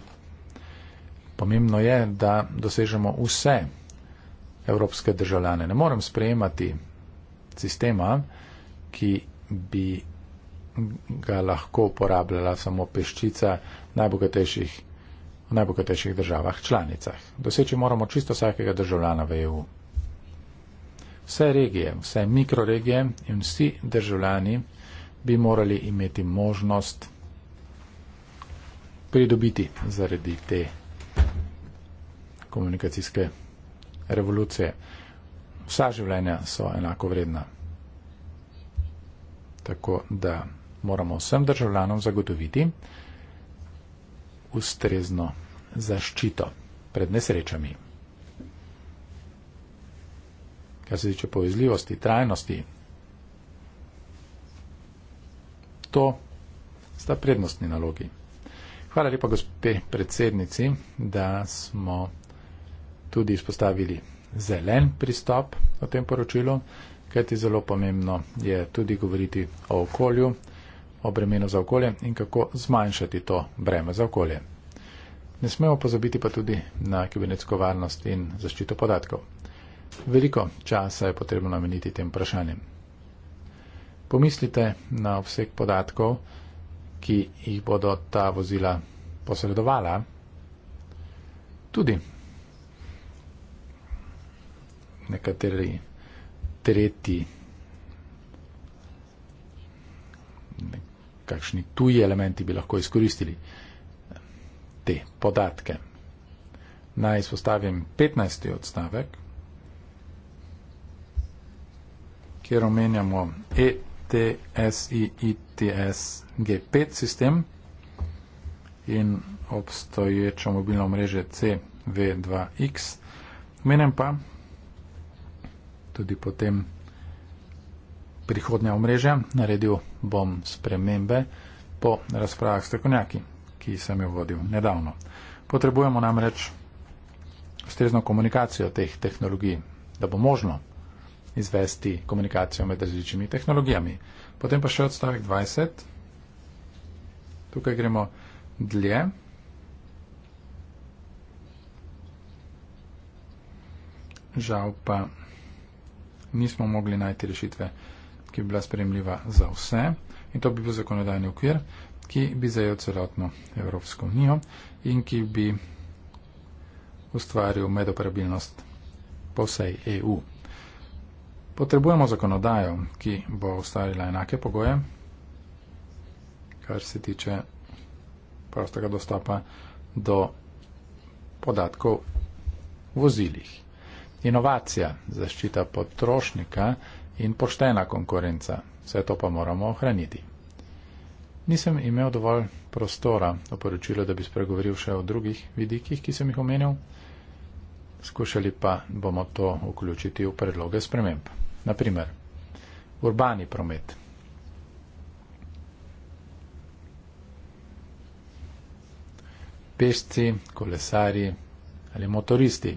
C: Pomembno je, da dosežemo vse evropske državljane. Ne morem sprejemati sistema, ki bi ga lahko uporabljala samo peščica najbogatejših, v najbogatejših državah članicah. Doseči moramo čisto vsakega državljana v EU. Vse regije, vse mikroregije in vsi državljani bi morali imeti možnost pridobiti zaradi te komunikacijske revolucije. Vsa življenja so enako vredna. Tako da moramo vsem državljanom zagotoviti ustrezno zaščito pred nesrečami. Kar se tiče povezljivosti, trajnosti, To sta prednostni nalogi. Hvala lepa, gospe predsednici, da smo tudi izpostavili zelen pristop v tem poročilu, kajti zelo pomembno je tudi govoriti o okolju, o bremenu za okolje in kako zmanjšati to breme za okolje. Ne smemo pozabiti pa tudi na kibernetsko varnost in zaščito podatkov. Veliko časa je potrebno nameniti tem vprašanjem. Pomislite na obseg podatkov, ki jih bodo ta vozila posredovala. Tudi nekateri tretji, kakšni tuji elementi bi lahko izkoristili te podatke. Naj izpostavim 15. odstavek, kjer omenjamo e TSIITS G5 sistem in obstoječo mobilno mreže CV2X. Menem pa tudi potem prihodnja omrežja, naredil bom spremembe po razpravah s takonjaki, ki sem jo vodil nedavno. Potrebujemo namreč ustrezno komunikacijo teh tehnologij, da bo možno izvesti komunikacijo med različnimi tehnologijami. Potem pa še odstavek 20. Tukaj gremo dlje. Žal pa nismo mogli najti rešitve, ki bi bila sprejemljiva za vse. In to bi bil zakonodajni okvir, ki bi zajel celotno Evropsko unijo in ki bi ustvaril medoperabilnost po vsej EU. Potrebujemo zakonodajo, ki bo ustvarila enake pogoje, kar se tiče prostega dostopa do podatkov v vozilih. Inovacija, zaščita potrošnika in poštena konkurenca, vse to pa moramo ohraniti. Nisem imel dovolj prostora v poročilu, da bi spregovoril še o drugih vidikih, ki sem jih omenil, skušali pa bomo to vključiti v predloge sprememb. Naprimer, urbani promet. Pešci, kolesari ali motoristi.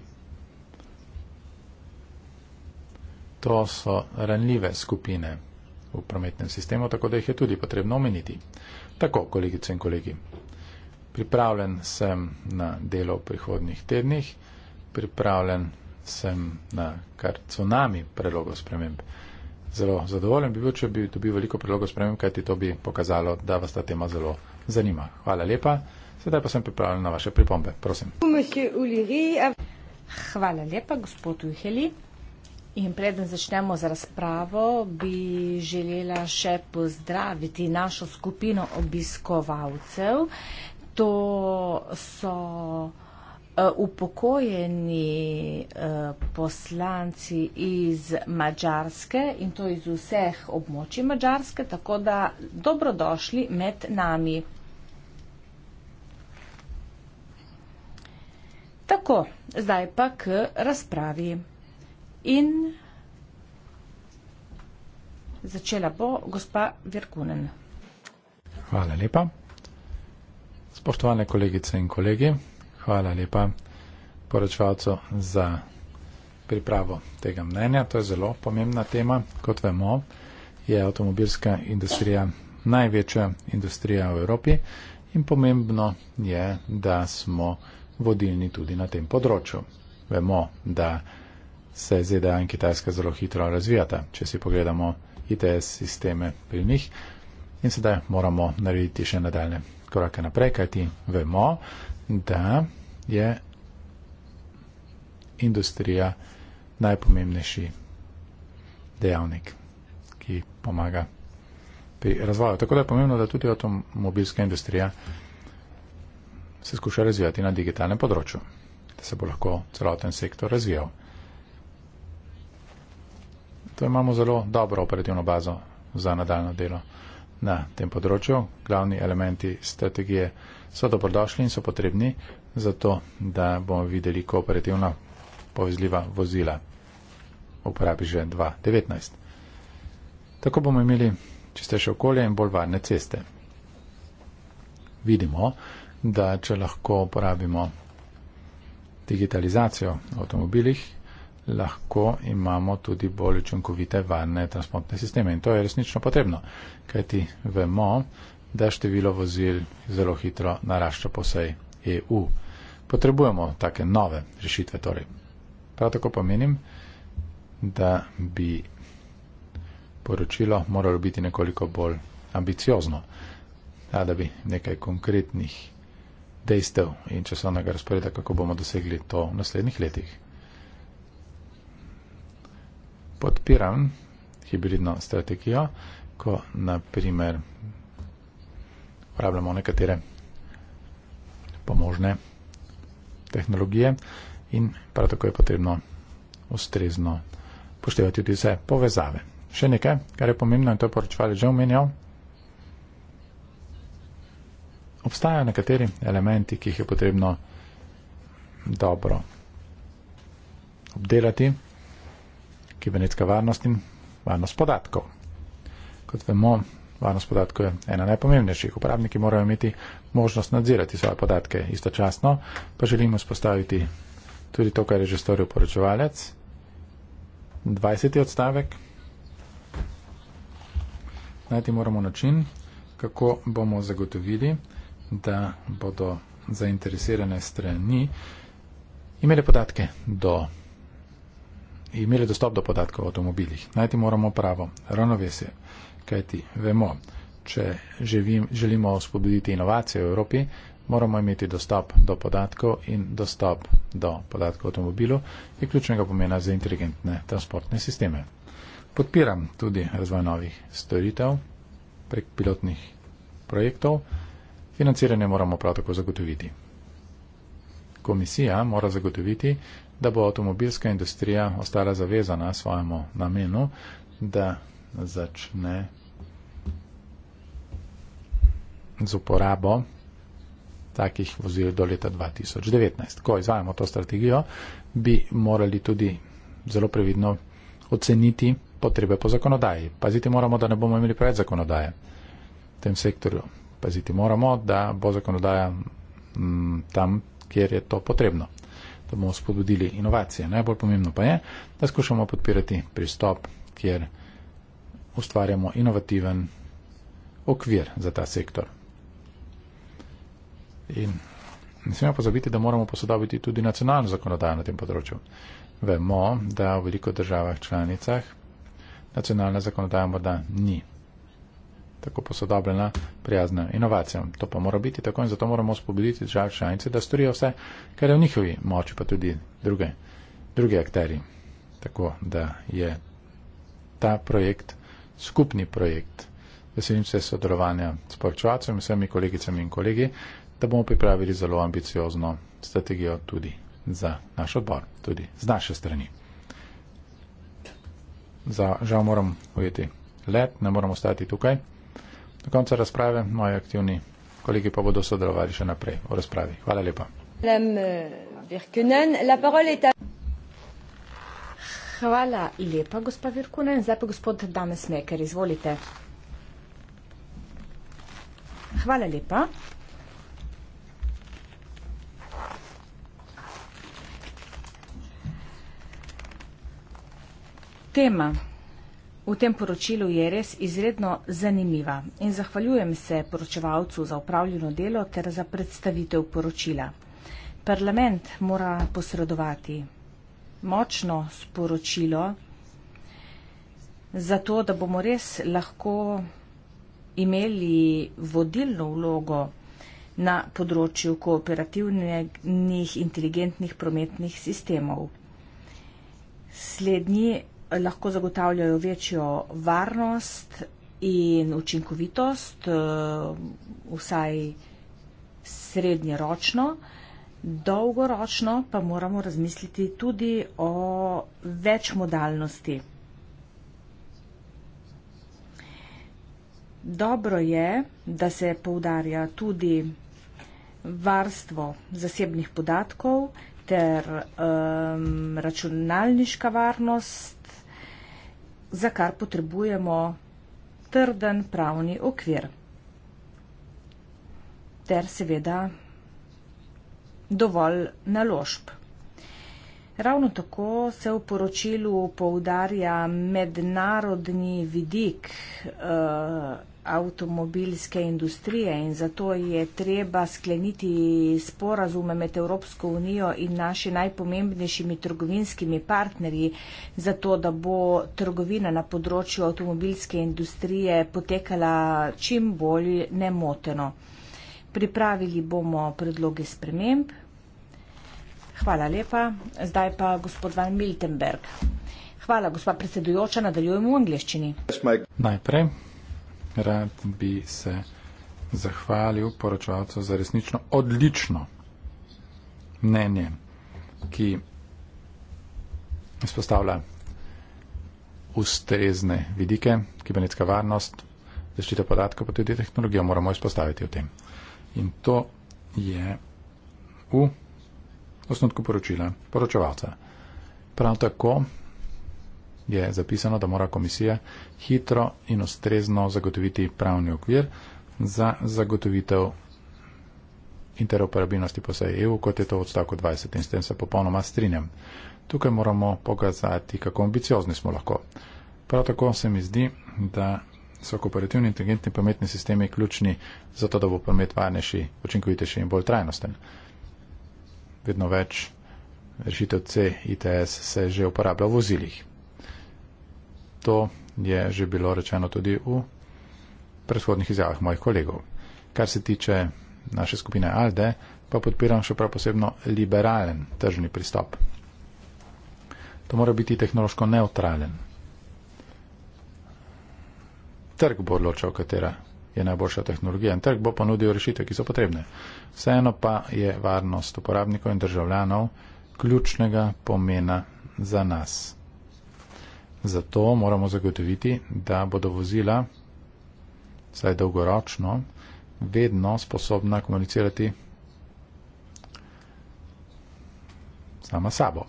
C: To so ranljive skupine v prometnem sistemu, tako da jih je tudi potrebno omeniti. Tako, kolegice in kolegi, pripravljen sem na delo v prihodnih tednih, pripravljen sem na kar tsunami predlogov sprememb. Zelo zadovoljen bi bil, če bi dobil veliko predlogov sprememb, kajti to bi pokazalo, da vas ta tema zelo zanima. Hvala lepa. Sedaj pa sem pripravljen na vaše pripombe. Prosim.
D: Hvala lepa, gospod Juheli. In preden začnemo z razpravo, bi želela še pozdraviti našo skupino obiskovalcev. To so upokojeni eh, poslanci iz Mačarske in to iz vseh območij Mačarske, tako da dobrodošli med nami. Tako, zdaj pa k razpravi. In začela bo gospa Virkunen.
C: Hvala lepa. Spoštovane kolegice in kolegi. Hvala lepa poročevalcu za pripravo tega mnenja. To je zelo pomembna tema. Kot vemo, je avtomobilska industrija največja industrija v Evropi in pomembno je, da smo vodilni tudi na tem področju. Vemo, da se ZDA in Kitajska zelo hitro razvijata, če si pogledamo ITS sisteme pri njih in sedaj moramo narediti še nadaljne korake naprej, kajti vemo, da je industrija najpomembnejši dejavnik, ki pomaga pri razvoju. Tako da je pomembno, da tudi avtomobilska industrija se skuša razvijati na digitalnem področju, da se bo lahko celoten sektor razvijal. To imamo zelo dobro operativno bazo za nadaljno delo na tem področju. Glavni elementi strategije so dobrodošli in so potrebni za to, da bomo videli kooperativno povezljiva vozila. Uporabi že 2019. Tako bomo imeli čistejše okolje in bolj varne ceste. Vidimo, da če lahko uporabimo digitalizacijo v avtomobilih, lahko imamo tudi bolj učinkovite varne transportne sisteme. In to je resnično potrebno, kajti vemo, da število vozil zelo hitro narašča po vsej EU. Potrebujemo take nove rešitve. Torej. Prav tako pa menim, da bi poročilo moralo biti nekoliko bolj ambiciozno, da bi nekaj konkretnih dejstev in časovnega razporeda, kako bomo dosegli to v naslednjih letih, podpiram hibridno strategijo, ko naprimer uporabljamo nekatere pomožne tehnologije in prav tako je potrebno ustrezno poštevati tudi vse povezave. Še nekaj, kar je pomembno in to je poročevalec že omenjal. Obstajajo nekateri elementi, ki jih je potrebno dobro obdelati kibernetska varnost in varnost podatkov. Kot vemo, varnost podatkov je ena najpomembnejših. Uporabniki morajo imeti možnost nadzirati svoje podatke istočasno, pa želimo spostaviti tudi to, kar je že storil poročevalec. 20. odstavek. Najti moramo način, kako bomo zagotovili, da bodo zainteresirane strani imele podatke do imeli dostop do podatkov o avtomobilih. Najti moramo pravo ravnovesje, kajti vemo, če živim, želimo spodbuditi inovacije v Evropi, moramo imeti dostop do podatkov in dostop do podatkov o avtomobilu je ključnega pomena za inteligentne transportne sisteme. Podpiram tudi razvoj novih storitev prek pilotnih projektov. Financiranje moramo prav tako zagotoviti. Komisija mora zagotoviti, da bo avtomobilska industrija ostala zavezana svojemu namenu, da začne z uporabo takih vozil do leta 2019. Ko izvajamo to strategijo, bi morali tudi zelo previdno oceniti potrebe po zakonodaji. Paziti moramo, da ne bomo imeli preveč zakonodaje v tem sektorju. Paziti moramo, da bo zakonodaja m, mm, tam, kjer je to potrebno da bomo spodbudili inovacije. Najbolj pomembno pa je, da skušamo podpirati pristop, kjer ustvarjamo inovativen okvir za ta sektor. In ne smemo pozabiti, da moramo posodobiti tudi nacionalno zakonodajo na tem področju. Vemo, da v veliko državah članicah nacionalna zakonodaja morda ni tako posodobljena, prijazna inovacijam. To pa mora biti tako in zato moramo spobiliti države članice, da storijo vse, kar je v njihovi moči, pa tudi druge, druge akteri. Tako da je ta projekt skupni projekt. Veselim se sodelovanja s poročevalcem in vsemi kolegicami in kolegi, da bomo pripravili zelo ambiciozno strategijo tudi za naš odbor, tudi z naše strani. Za, žal moram ujeti let, ne moram ostati tukaj. Do konca razprave moji aktivni kolegi pa bodo sodelovali še
D: naprej v razpravi. Hvala lepa. Eh, Hvala lepa, gospa Virkunen. Zdaj pa gospod Dames Meker, izvolite. Hvala lepa. Tema. V tem poročilu je res izredno zanimiva in zahvaljujem se poročevalcu za upravljeno delo ter za predstavitev poročila. Parlament mora posredovati močno sporočilo za to, da bomo res lahko imeli vodilno vlogo na področju kooperativnih inteligentnih prometnih sistemov. Slednji lahko zagotavljajo večjo varnost in učinkovitost, eh, vsaj srednjeročno. Dolgoročno pa moramo razmisliti tudi o večmodalnosti. Dobro je, da se poudarja tudi varstvo zasebnih podatkov ter um, računalniška varnost za kar potrebujemo trden pravni okvir ter seveda dovolj naložb. Ravno tako se v poročilu poudarja mednarodni vidik eh, avtomobilske industrije in zato je treba skleniti sporazume med Evropsko unijo in naši najpomembnejšimi trgovinskimi partnerji, zato da bo trgovina na področju avtomobilske industrije potekala čim bolj nemoteno. Pripravili bomo predloge sprememb. Hvala lepa. Zdaj pa gospod Van Miltenberg. Hvala, gospod predsedujoča. Nadaljujemo v angliščini.
C: Najprej rad bi se zahvalil poročevalcu za resnično odlično mnenje, ki izpostavlja ustrezne vidike, kibernetska varnost, zaščita podatkov, pa tudi tehnologijo moramo izpostaviti v tem. In to je v osnotku poročila poročevalca. Prav tako je zapisano, da mora komisija hitro in ustrezno zagotoviti pravni okvir za zagotovitev interoperabilnosti po vsej EU, kot je to v odstavku 20 in s tem se popolnoma strinjam. Tukaj moramo pokazati, kako ambiciozni smo lahko. Prav tako se mi zdi, da so kooperativni inteligentni pametni sistemi ključni za to, da bo promet varnejši, učinkovitejši in bolj trajnosten. Vedno več rešitev CITS se že uporablja v vozilih. To je že bilo rečeno tudi v predhodnih izjavah mojih kolegov. Kar se tiče naše skupine ALDE, pa podpiram še prav posebno liberalen tržni pristop. To mora biti tehnološko neutralen. Trg bo odločal, katera je najboljša tehnologija in trg bo ponudil rešitve, ki so potrebne. Vseeno pa je varnost uporabnikov in državljanov ključnega pomena za nas. Zato moramo zagotoviti, da bodo vozila, saj dolgoročno, vedno sposobna komunicirati sama sabo.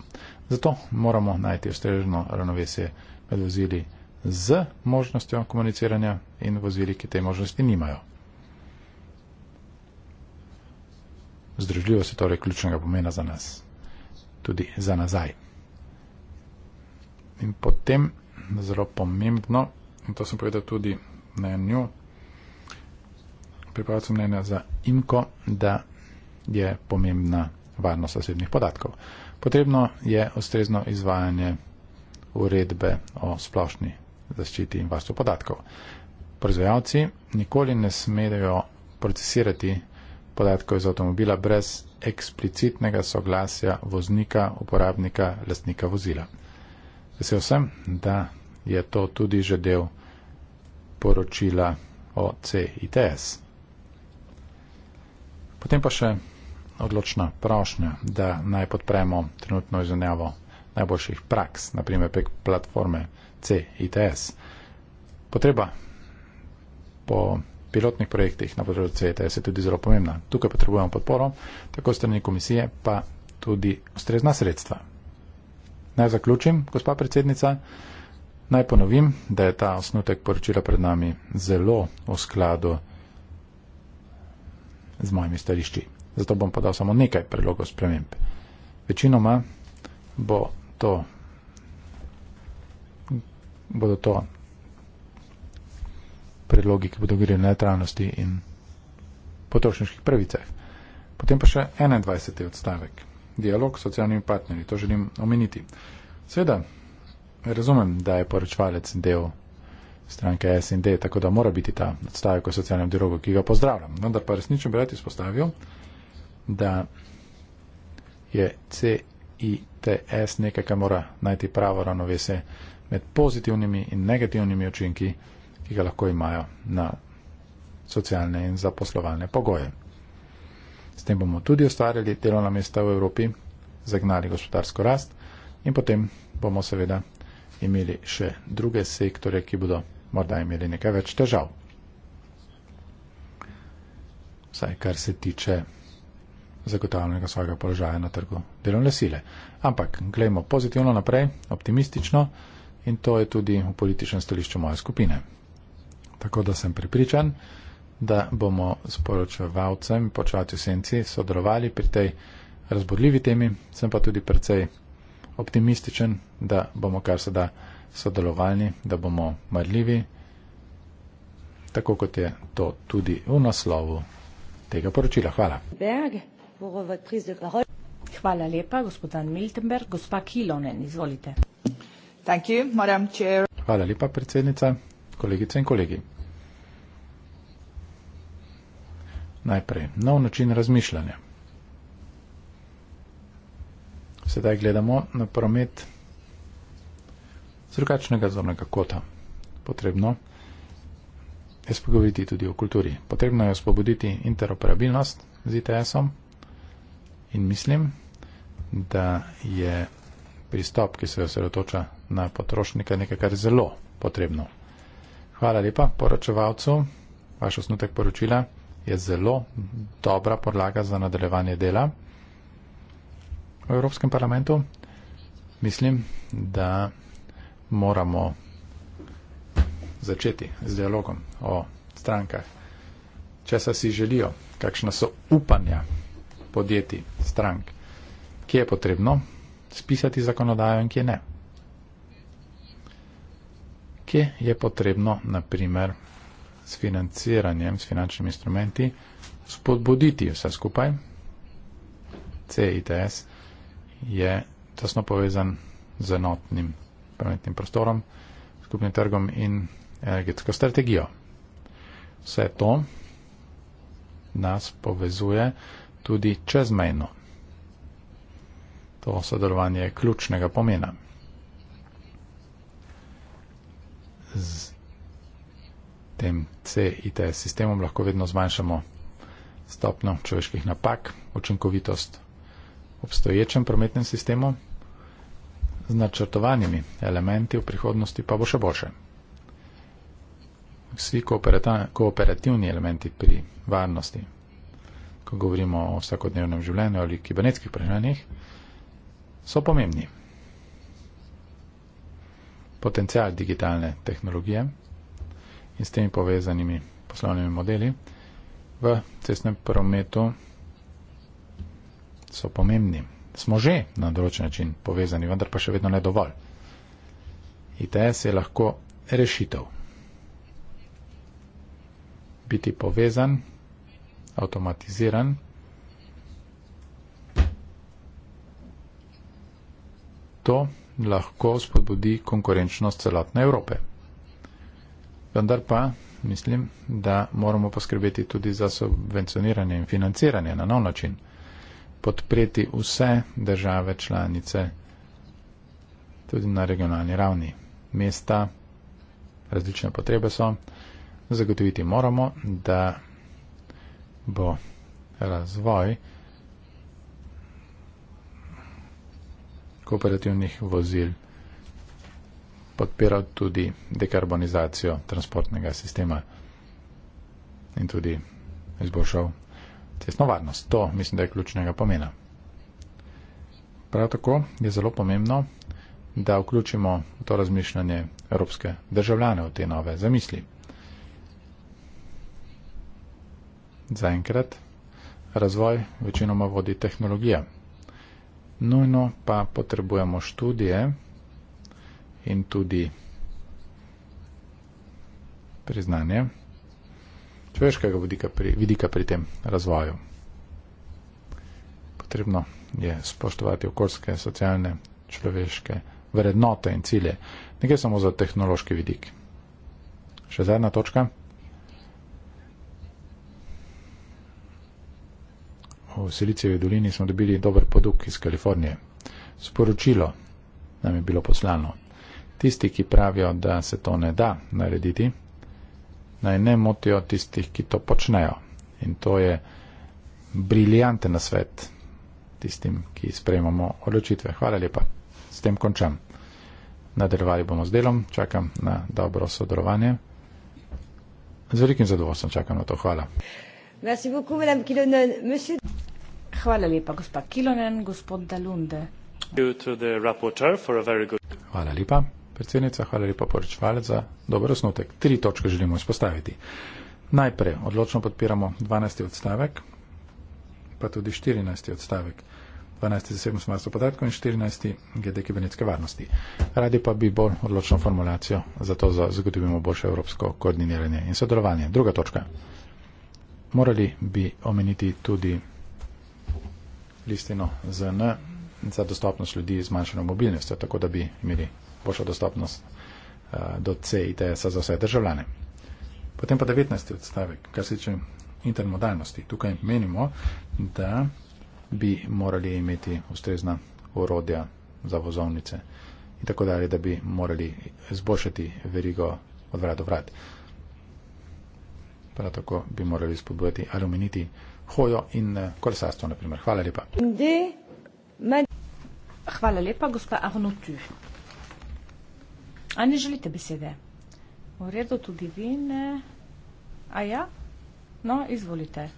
C: Zato moramo najti ustrežno ravnovesje med vozili z možnostjo komuniciranja in vozili, ki te možnosti nimajo. Združljivost je torej ključnega pomena za nas, tudi za nazaj. In potem, zelo pomembno, in to sem povedal tudi na nju, pripravljal sem mnenja za IMKO, da je pomembna varnost osebnih podatkov. Potrebno je ustrezno izvajanje uredbe o splošni zaščiti in varstvu podatkov. Proizvajalci nikoli ne smedejo procesirati podatkov iz avtomobila brez eksplicitnega soglasja voznika, uporabnika, lastnika vozila. Vesel sem, da je to tudi že del poročila o CITS. Potem pa še odločna prošnja, da naj podpremo trenutno izvenjavo najboljših praks, naprimer prek platforme CITS. Potreba po pilotnih projektih na področju CITS je tudi zelo pomembna. Tukaj potrebujemo podporo, tako strani komisije, pa tudi ustrezna sredstva. Naj zaključim, gospa predsednica. Naj ponovim, da je ta osnutek poročila pred nami zelo v skladu z mojimi stališči. Zato bom podal samo nekaj predlogov sprememb. Večinoma bo to, bodo to predlogi, ki bodo govorili o neutralnosti in potrošniških pravicah. Potem pa še 21. odstavek dialog s socialnimi partnerji. To želim omeniti. Sveda, razumem, da je poročvalec del stranke SND, tako da mora biti ta odstavek o socialnem dialogu, ki ga pozdravljam. Vendar pa resnično bi rad izpostavil, da je CITS nekaj, kar mora najti pravo ravnovese med pozitivnimi in negativnimi učinki, ki ga lahko imajo na socialne in zaposlovalne pogoje. S tem bomo tudi ustvarjali delovna mesta v Evropi, zagnali gospodarsko rast in potem bomo seveda imeli še druge sektore, ki bodo morda imeli nekaj več težav. Vsaj kar se tiče zagotavljanja svojega položaja na trgu delovne sile. Ampak gledamo pozitivno naprej, optimistično in to je tudi v političnem stališču moje skupine. Tako da sem pripričan, da bomo s poročevalcem počevati v senci sodelovali pri tej razbodljivi temi, sem pa tudi precej optimističen, da bomo kar se da sodelovalni, da bomo marljivi, tako kot je to tudi v naslovu tega poročila. Hvala.
D: Hvala lepa, gospodan Miltenberg. Gospa Kilonen, izvolite.
C: Hvala lepa, predsednica, kolegice in kolegi. najprej, nov način razmišljanja. Sedaj gledamo na promet z drugačnega zornega kota. Potrebno je spogoviti tudi o kulturi. Potrebno je spoboditi interoperabilnost z ITS-om in mislim, da je pristop, ki se osredotoča na potrošnika, nekaj, kar je zelo potrebno. Hvala lepa poročevalcu, vaš osnutek poročila je zelo dobra podlaga za nadaljevanje dela v Evropskem parlamentu. Mislim, da moramo začeti z dialogom o strankah, česa si želijo, kakšna so upanja podjetij, strank, kje je potrebno spisati zakonodajo in kje ne. Kje je potrebno, na primer, s financiranjem, s finančnimi instrumenti, spodbuditi vse skupaj. CITS je tesno povezan z enotnim prometnim prostorom, skupnim trgom in energetsko strategijo. Vse to nas povezuje tudi čezmejno. To sodelovanje je ključnega pomena. Z tem CITS sistemom lahko vedno zmanjšamo stopno človeških napak, učinkovitost obstoječem prometnem sistemu, z načrtovanimi elementi v prihodnosti pa bo še boljše. Vsi kooperativni elementi pri varnosti, ko govorimo o vsakodnevnem življenju ali kibernetskih prehranjih, so pomembni. Potencial digitalne tehnologije, in s temi povezanimi poslovnimi modeli. V cestnem prometu so pomembni. Smo že na določen način povezani, vendar pa še vedno ne dovolj. ITS je lahko rešitev. Biti povezan, avtomatiziran. To lahko spodbudi konkurenčnost celotne Evrope vendar pa mislim, da moramo poskrbeti tudi za subvencioniranje in financiranje na nov način. Podpreti vse države članice, tudi na regionalni ravni. Mesta, različne potrebe so. Zagotoviti moramo, da bo razvoj kooperativnih vozil podpiral tudi dekarbonizacijo transportnega sistema in tudi izboljšal cestno varnost. To mislim, da je ključnega pomena. Prav tako je zelo pomembno, da vključimo v to razmišljanje evropske državljane v te nove zamisli. Zaenkrat razvoj večinoma vodi tehnologija. Nujno pa potrebujemo študije, in tudi priznanje človeškega vidika pri, vidika pri tem razvoju. Potrebno je spoštovati okoljske, socialne, človeške vrednote in cilje. Ne gre samo za tehnološki vidik. Še zadnja točka. V Silicijevi dolini smo dobili dober poduk iz Kalifornije. Sporočilo nam je bilo poslano. Tisti, ki pravijo, da se to ne da narediti, naj ne motijo tistih, ki to počnejo. In to je briljanten nasvet tistim, ki sprejemamo odločitve. Hvala lepa. S tem končam. Nadaljevali bomo z delom, čakam na dobro sodelovanje. Z velikim zadovoljstvom čakam na to. Hvala.
D: Hvala lepa, gospod Kilonen, gospod Dalunde.
C: Hvala lepa. Predsednica, hvala lepa poročevalec za dober osnutek. Tri točke želimo izpostaviti. Najprej odločno podpiramo 12. odstavek, pa tudi 14. odstavek. 12. zasebno smarstvo podatkov in 14. glede kibernetske varnosti. Radi pa bi bolj odločno formulacijo, zato zagotovimo boljše evropsko koordiniranje in sodelovanje. Druga točka. Morali bi omeniti tudi listino ZN za dostopnost ljudi z manjšo mobilnostjo, tako da bi imeli boljšo dostopnost eh, do C ITS-a za vse državljane. Potem pa 19. odstavek, kar se tiče intermodalnosti. Tukaj menimo, da bi morali imeti ustrezna orodja za vozovnice in tako dalje, da bi morali zboljšati verigo od vrat do vrat. Prav tako bi morali spodbujati ali omeniti hojo in eh, kolesarstvo, naprimer. Hvala lepa.
D: Hvala lepa, gospa Arnoud. A ne želite besede? V redu, tudi vi ne. A ja? No, izvolite.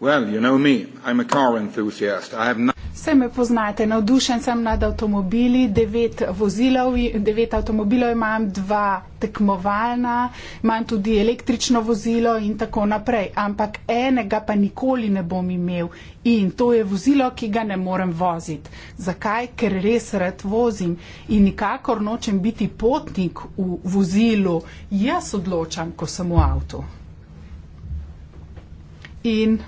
A: Well, you know me, I'm a car enthusiast. I have not...
B: Vse me poznate, navdušen sem nad avtomobili, devet, vozilov, devet avtomobilov imam, dva tekmovalna, imam tudi električno vozilo in tako naprej, ampak enega pa nikoli ne bom imel in to je vozilo, ki ga ne morem voziti. Zakaj? Ker res rad vozim in nikakor nočem biti potnik v vozilu, jaz odločam, ko sem v avtu. In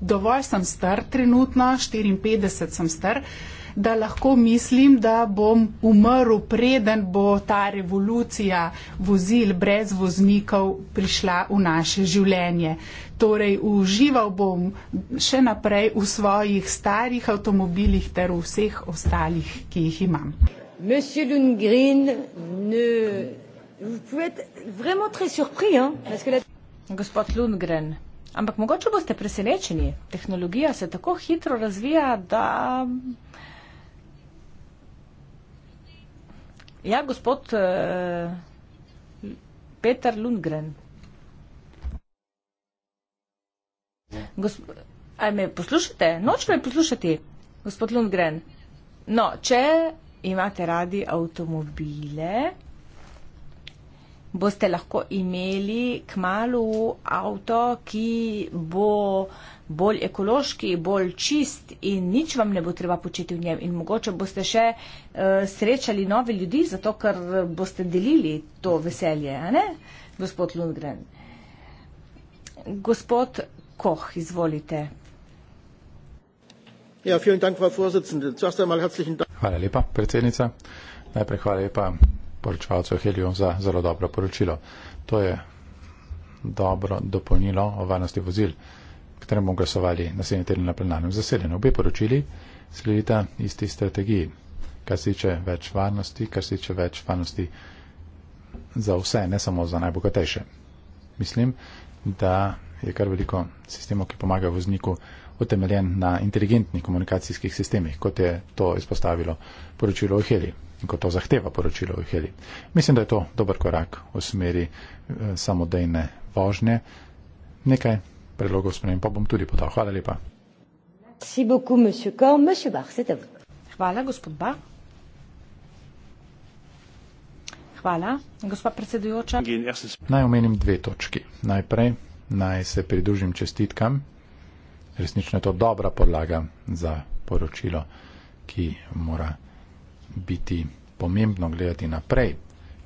B: dovolj sem star trenutno, 54 sem star, da lahko mislim, da bom umrl, preden bo ta revolucija vozil brez voznikov prišla v naše življenje. Torej, užival bom še naprej v svojih starih avtomobilih ter v vseh ostalih, ki jih imam.
D: Monsieur Lundgren, ne... vous pouvez être vraiment très surpris. Hein, parce que la... Gospod Lundgren, Ampak mogoče boste presenečeni. Tehnologija se tako hitro razvija, da. Ja, gospod uh, Peter Lundgren. Gosp Aj me poslušate? Noč me poslušati, gospod Lundgren. No, če imate radi avtomobile boste lahko imeli k malu avto, ki bo bolj ekološki, bolj čist in nič vam ne bo treba početi v njem. In mogoče boste še uh, srečali nove ljudi, zato ker boste delili to veselje, ne, gospod Lundgren. Gospod Koh, izvolite.
A: Ja, dank,
C: Hvala lepa, predsednica. Najprej hvala lepa poročevalcu Helium za zelo dobro poročilo. To je dobro dopolnilo o varnosti vozil, kateremu bomo glasovali naslednji teden na plenarnem zasedanju. Obe poročili sledita isti strategiji, kar se tiče več varnosti, kar se tiče več varnosti za vse, ne samo za najbogatejše. Mislim, da je kar veliko sistemov, ki pomaga vozniku, utemeljen na inteligentnih komunikacijskih sistemih, kot je to izpostavilo poročilo o Heliju kot to zahteva poročilo v Heli. Mislim, da je to dober korak v smeri eh, samodejne vožnje. Nekaj predlogov sprejem pa bom tudi podal. Hvala lepa.
D: Hvala, gospod Bach. Hvala, gospa predsedujoča.
C: Naj omenim dve točki. Najprej naj se pridružim čestitkam. Resnično je to dobra podlaga za poročilo, ki mora biti pomembno gledati naprej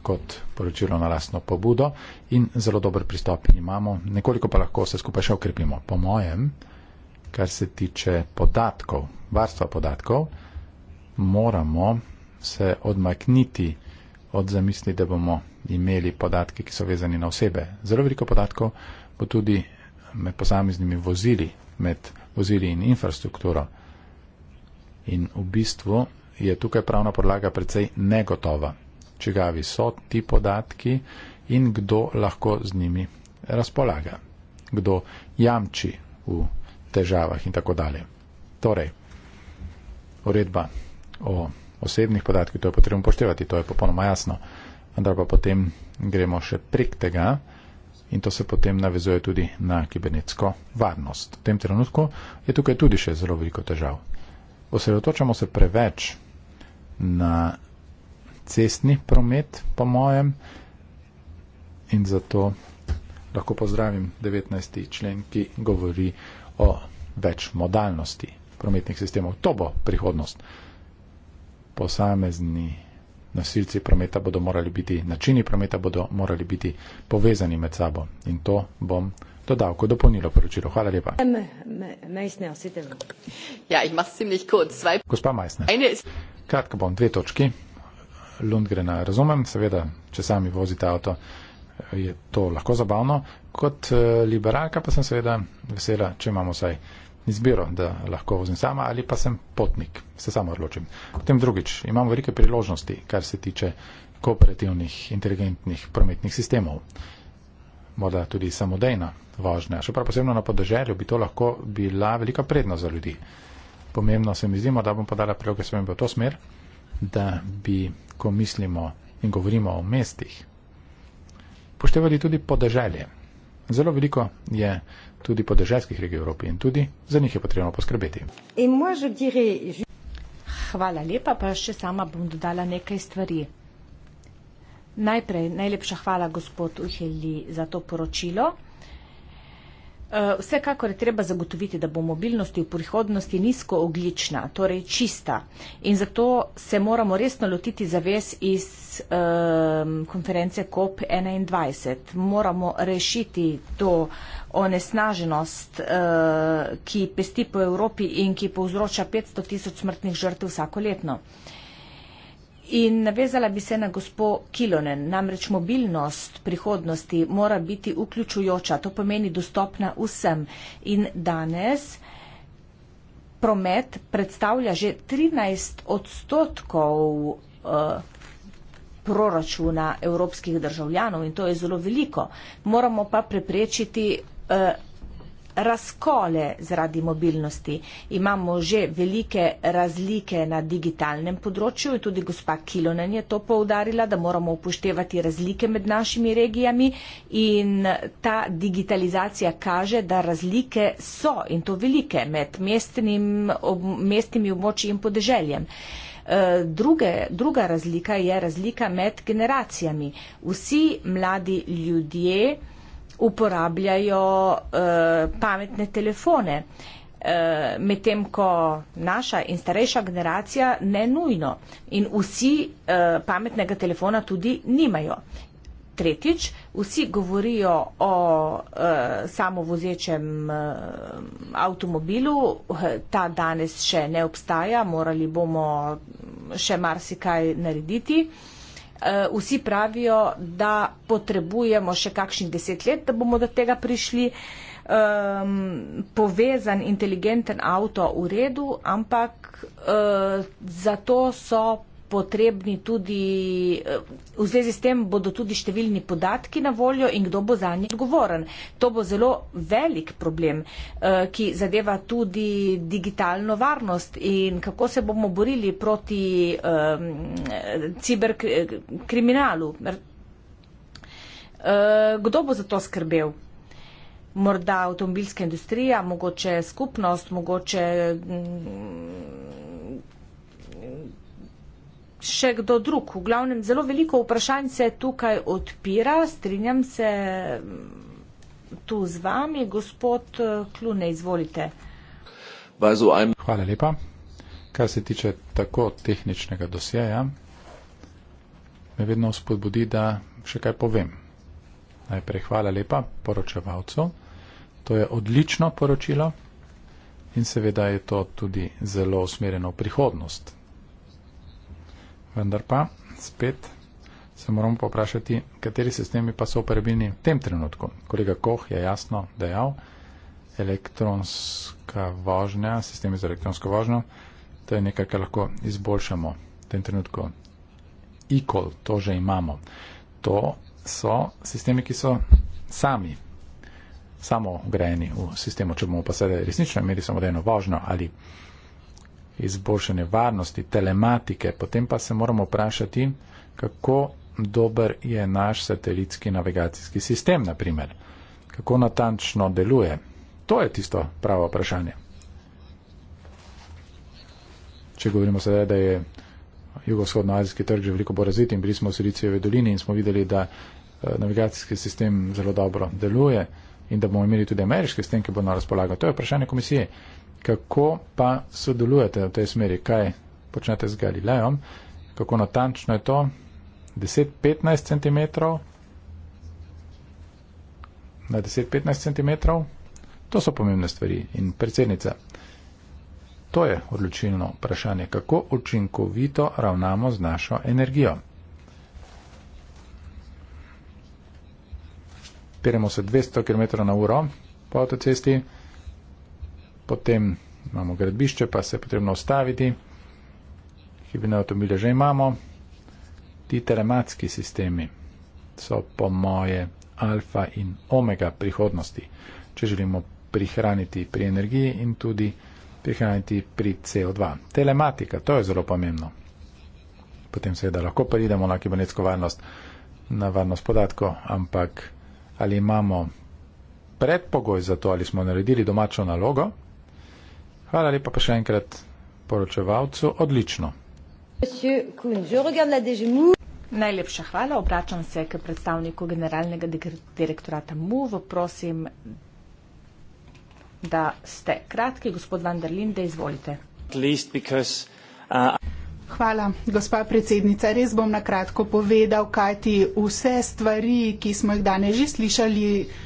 C: kot poročilo na lastno pobudo in zelo dober pristop imamo. Nekoliko pa lahko se skupaj še ukrepimo. Po mojem, kar se tiče podatkov, varstva podatkov, moramo se odmakniti od zamisli, da bomo imeli podatke, ki so vezani na osebe. Zelo veliko podatkov bo tudi med posameznimi vozili, med vozili in infrastrukturo. In v bistvu je tukaj pravna podlaga precej negotova, čigavi so ti podatki in kdo lahko z njimi razpolaga, kdo jamči v težavah in tako dalje. Torej, uredba o osebnih podatkih, to je potrebno poštevati, to je popolnoma jasno, vendar pa potem gremo še prek tega in to se potem navezuje tudi na kibernetsko varnost. V tem trenutku je tukaj tudi še zelo veliko težav. Osredotočamo se preveč na cestni promet, po mojem, in zato lahko pozdravim 19. člen, ki govori o več modalnosti prometnih sistemov. To bo prihodnost. Posamezni nosilci prometa bodo morali biti, načini prometa bodo morali biti povezani med sabo in to bom dodal kot dopolnilo poročilo. Hvala lepa. Ja, Gospa Majsner kratko bom, dve točki. Lundgrena razumem, seveda, če sami vozite avto, je to lahko zabavno. Kot eh, liberalka pa sem seveda vesela, če imamo vsaj izbiro, da lahko vozim sama ali pa sem potnik, se samo odločim. Potem drugič, imam velike priložnosti, kar se tiče kooperativnih, inteligentnih prometnih sistemov. Morda tudi samodejna vožnja, še prav posebno na podeželju bi to lahko bila velika prednost za ljudi pomembno se mi zdi, da bom podala predloge svojim v to smer, da bi, ko mislimo in govorimo o mestih, poštevali tudi podeželje. Zelo veliko je tudi podeželskih regij v Evropi in tudi za njih je potrebno poskrbeti.
D: Hvala lepa, pa še sama bom dodala nekaj stvari. Najprej najlepša hvala, gospod Uheli, za to poročilo. Eh, vsekakor je treba zagotoviti, da bo mobilnost v prihodnosti nizkooglična, torej čista. In zato se moramo resno lotiti zavez iz um, konference COP21. Moramo rešiti to onesnaženost, uh, ki pesti po Evropi in ki povzroča 500 tisoč smrtnih žrtev vsako letno. Uh, In navezala bi se na gospo Kilonen. Namreč mobilnost prihodnosti mora biti vključujoča, to pomeni dostopna vsem. In danes promet predstavlja že 13 odstotkov eh, proračuna evropskih državljanov in to je zelo veliko. Moramo pa preprečiti eh, razkole zaradi mobilnosti. Imamo že velike razlike na digitalnem področju, tudi gospa Kilonen je to poudarila, da moramo upoštevati razlike med našimi regijami in ta digitalizacija kaže, da razlike so in to velike med mestnim, ob, mestnimi območji in podeželjem. E, druge, druga razlika je razlika med generacijami. Vsi mladi ljudje uporabljajo eh, pametne telefone, eh, medtem ko naša in starejša generacija ne nujno in vsi eh, pametnega telefona tudi nimajo. Tretjič, vsi govorijo o e, samovozečem e, avtomobilu, ta danes še ne obstaja, morali bomo še marsikaj narediti. E, Eh, vsi pravijo, da potrebujemo še kakšnih deset let, da bomo do tega prišli. Um, povezan, inteligenten avto v redu, ampak uh, eh, zato so potrebni tudi, eh, v zvezi s tem bodo tudi številni podatki na voljo in kdo bo za njih odgovoren. To bo zelo velik problem, eh, ki zadeva tudi digitalno varnost in kako se bomo borili proti um, ciberkriminalu. Eh, kdo bo za to skrbel? Morda avtomobilska industrija, mogoče skupnost, mogoče. Um, še kdo drug. V glavnem, zelo veliko vprašanj se tukaj odpira. Strinjam se mm, tu z vami, gospod eh, Klune, izvolite.
C: Hvala lepa. Kar se tiče tako tehničnega dosjeja, me vedno spodbudi, da še kaj povem. Najprej hvala lepa poročevalcu. To je odlično poročilo in seveda je to tudi zelo usmerjeno v prihodnost. Vendar pa spet se moramo poprašati, kateri sistemi pa so uporabljeni v tem trenutku. Kolega Koh je jasno dejal, elektronska vožnja, sistemi za elektronsko vožnjo, to je nekaj, kar lahko izboljšamo v tem trenutku. Ikol, to že imamo. To so sistemi, ki so sami, samo grejeni v sistemu, če bomo pa sedaj resnično imeli samo eno vožnjo ali izboljšanje varnosti, telematike, potem pa se moramo vprašati, kako dober je naš satelitski navigacijski sistem, naprimer. Kako natančno deluje? To je tisto pravo vprašanje. Če govorimo sedaj, da je jugovzhodnoazijski trg že veliko bolj razvit in bili smo v Silicijevi dolini in smo videli, da eh, navigacijski sistem zelo dobro deluje in da bomo imeli tudi ameriške s tem, ki bo na razpolago. To je vprašanje komisije kako pa sodelujete v tej smeri, kaj počnete z Galilejem, kako natančno je to, 10-15 cm na 10-15 cm, to so pomembne stvari in predsednica. To je odločilno vprašanje, kako učinkovito ravnamo z našo energijo. Peremo se 200 km na uro po avtocesti, potem imamo gradbišče, pa se je potrebno ustaviti. Hibne avtomobile že imamo. Ti telematski sistemi so po moje alfa in omega prihodnosti, če želimo prihraniti pri energiji in tudi prihraniti pri CO2. Telematika, to je zelo pomembno. Potem seveda lahko pridemo na kibernetsko varnost, na varnost podatkov, ampak ali imamo predpogoj za to, ali smo naredili domačo nalogo, Hvala lepa pa še enkrat poročevalcu. Odlično.
D: Najlepša hvala. Obračam se k predstavniku generalnega direktorata MUV. Prosim, da ste kratki. Gospod Van der Linde, izvolite.
A: Least because, uh...
D: Hvala, gospa predsednica. Res bom
B: na kratko povedal, kajti vse stvari, ki smo jih danes že slišali,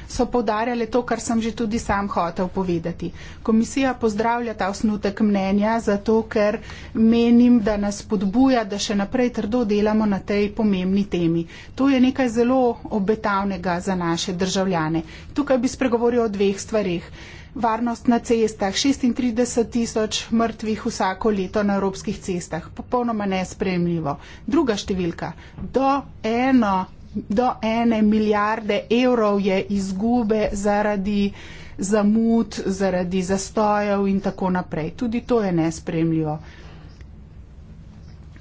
B: so podarjale to, kar sem že tudi sam hotel povedati. Komisija pozdravlja ta osnutek mnenja, zato ker menim, da nas podbuja, da še naprej trdo delamo na tej pomembni temi. To je nekaj zelo obetavnega za naše državljane. Tukaj bi spregovoril o dveh stvarih varnost na cestah, 36 tisoč mrtvih vsako leto na evropskih cestah, popolnoma nespremljivo. Druga številka, do, eno, do ene milijarde evrov je izgube zaradi zamud, zaradi zastojev in tako naprej. Tudi to je nespremljivo.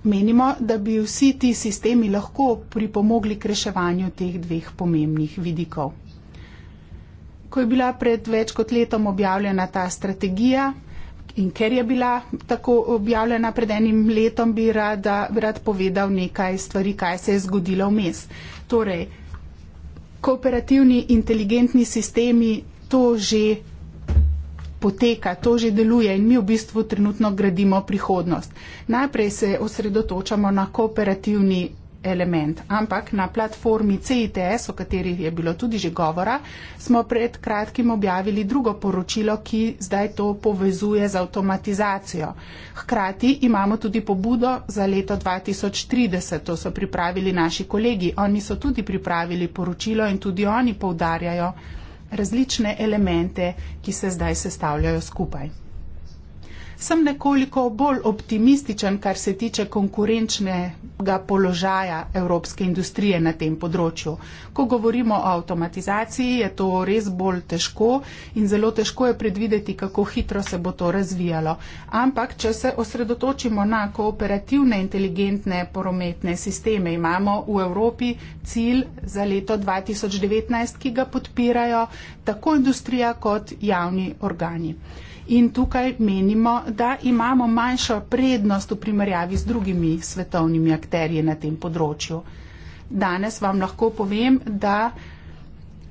B: Menimo, da bi vsi ti sistemi lahko pripomogli k reševanju teh dveh pomembnih vidikov ko je bila pred več kot letom objavljena ta strategija. In ker je bila tako objavljena pred enim letom, bi rada, rad povedal nekaj stvari, kaj se je zgodilo vmes. Torej, kooperativni inteligentni sistemi to že poteka, to že deluje in mi v bistvu trenutno gradimo prihodnost. Najprej se osredotočamo na kooperativni element. Ampak na platformi CITS, o kateri je bilo tudi že govora, smo pred kratkim objavili drugo poročilo, ki zdaj to povezuje z avtomatizacijo. Hkrati imamo tudi pobudo za leto 2030, to so pripravili naši kolegi. Oni so tudi pripravili poročilo in tudi oni poudarjajo različne elemente, ki se zdaj sestavljajo skupaj sem nekoliko bolj optimističen, kar se tiče konkurenčnega položaja evropske industrije na tem področju. Ko govorimo o avtomatizaciji, je to res bolj težko in zelo težko je predvideti, kako hitro se bo to razvijalo. Ampak, če se osredotočimo na kooperativne inteligentne prometne sisteme, imamo v Evropi cilj za leto 2019, ki ga podpirajo tako industrija kot javni organi in tukaj menimo, da imamo manjšo prednost v primerjavi z drugimi svetovnimi akterji na tem področju. Danes vam lahko povem, da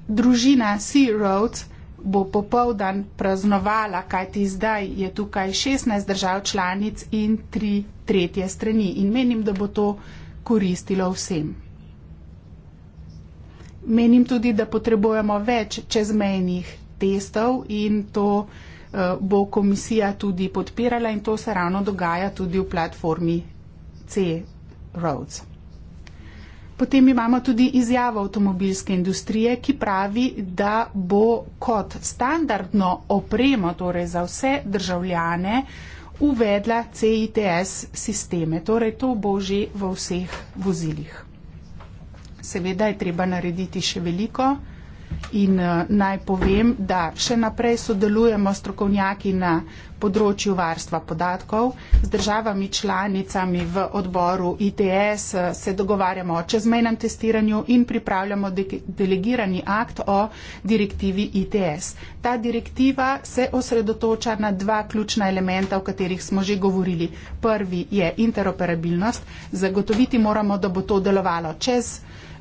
B: družina Sea Road bo popovdan praznovala, kajti zdaj je tukaj 16 držav članic in tri tretje strani in menim, da bo to koristilo vsem. Menim tudi, da potrebujemo več čezmejnih testov in to. Eh, bo komisija tudi podpirala in to se ravno dogaja tudi v platformi C-Roads. Potem imamo tudi izjavo avtomobilske industrije, ki pravi, da bo kot standardno opremo, torej za vse državljane, uvedla CITS sisteme. Torej to bo že v vseh vozilih. Seveda je treba narediti še veliko. In eh, naj povem, da še naprej sodelujemo strokovnjaki na področju varstva podatkov. Z državami članicami v odboru ITS eh, se dogovarjamo o čezmejnem testiranju in pripravljamo de delegirani akt o direktivi ITS. Ta direktiva se osredotoča na dva ključna elementa, o katerih smo že govorili. Prvi je interoperabilnost. Zagotoviti moramo, da bo to delovalo čez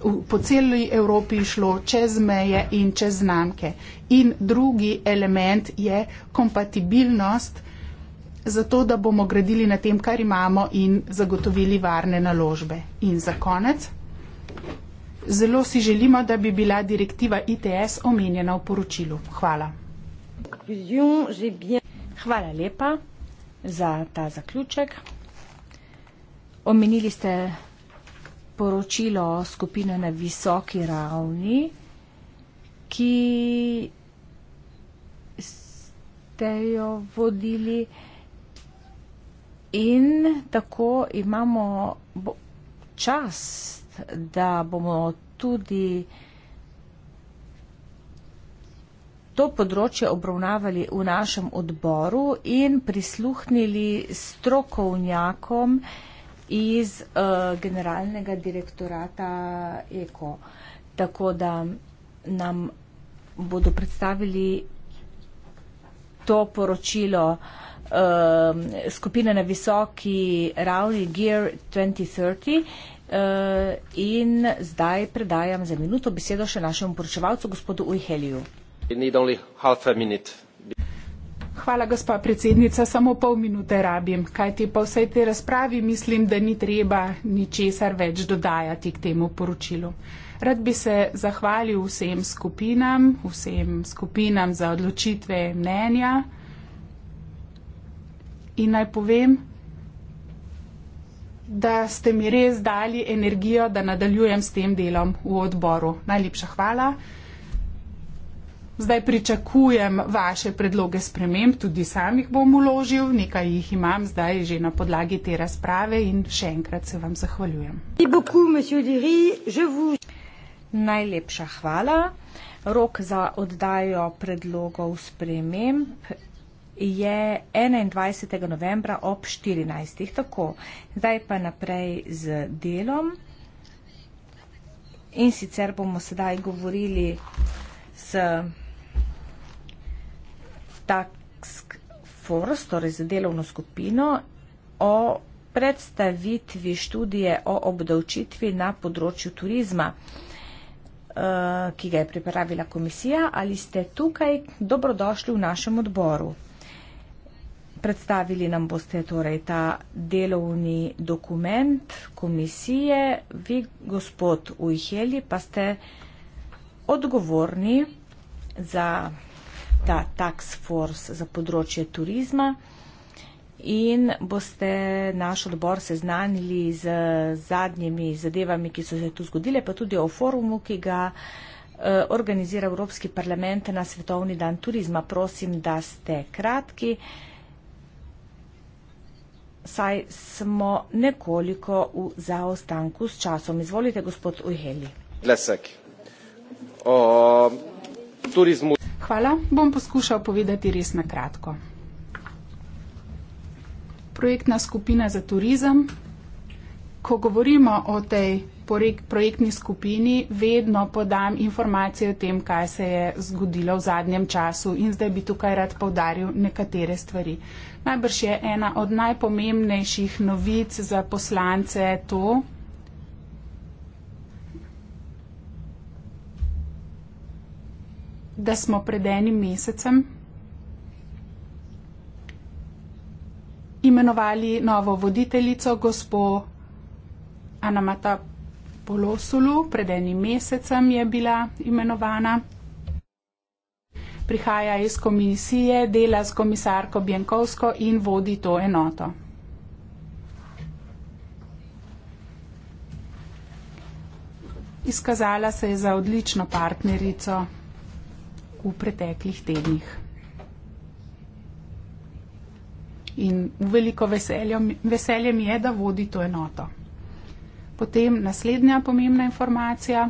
B: v, po celi Evropi šlo čez meje in čez znamke. In drugi element je kompatibilnost, zato da bomo gradili na tem, kar imamo in zagotovili varne naložbe. In za konec, zelo si želimo, da bi bila direktiva ITS omenjena
D: v poročilu. Hvala. Hvala lepa za ta zaključek. Omenili ste sporočilo skupine na visoki ravni, ki ste jo vodili in tako imamo čast, da bomo tudi to področje obravnavali v našem odboru in prisluhnili strokovnjakom, ki iz uh, generalnega direktorata Eko. Tako da nam bodo predstavili to poročilo uh, skupine na visoki ravni Gear 2030. Uh, eh, in zdaj predajam za minuto besedo še našemu poročevalcu, gospodu Ujheliju. Hvala, gospa predsednica. Samo
B: pol minute rabim, kajti po vsej tej razpravi mislim, da ni treba ničesar več dodajati k temu poročilu. Rad bi se zahvalil vsem skupinam, vsem skupinam za odločitve mnenja in naj povem, da ste mi res dali energijo, da nadaljujem s tem delom v odboru. Najlepša hvala. Zdaj pričakujem vaše predloge sprememb, tudi sam jih bom uložil, nekaj jih imam zdaj že na podlagi te razprave in še enkrat se vam zahvaljujem.
D: Najlepša hvala. Rok za oddajo predlogov sprememb je 21. novembra ob 14. Tako, zdaj pa naprej z delom. In sicer bomo sedaj govorili s Task Force, torej za delovno skupino, o predstavitvi študije o obdavčitvi na področju turizma, eh, ki ga je pripravila komisija. Ali ste tukaj dobrodošli v našem odboru? Predstavili nam boste torej ta delovni dokument komisije. Vi, gospod Ujheli, pa ste odgovorni za ta tax force za področje turizma in boste naš odbor seznanili z zadnjimi zadevami, ki so se tu zgodile, pa tudi o forumu, ki ga eh, organizira Evropski parlament na Svetovni dan turizma. Prosim, da ste kratki, saj smo nekoliko v zaostanku s časom. Izvolite, gospod Ujheli.
C: Lesek. O turizmu
B: hvala. Bom poskušal povedati res na kratko. Projektna skupina za turizem. Ko govorimo o tej projektni skupini, vedno podam informacije o tem, kaj se je zgodilo v zadnjem času in zdaj bi tukaj rad povdaril nekatere stvari. Najbrž je ena od najpomembnejših novic za poslance to, da smo pred enim mesecem imenovali novo voditeljico, gospo Anamata Polosulu, pred enim mesecem je bila imenovana. Prihaja iz komisije, dela s komisarko Bjenkovsko in vodi to enoto. Izkazala se je za odlično partnerico v preteklih tednih. In v veliko veselje, veselje mi je, da vodi to enoto. Potem naslednja pomembna informacija.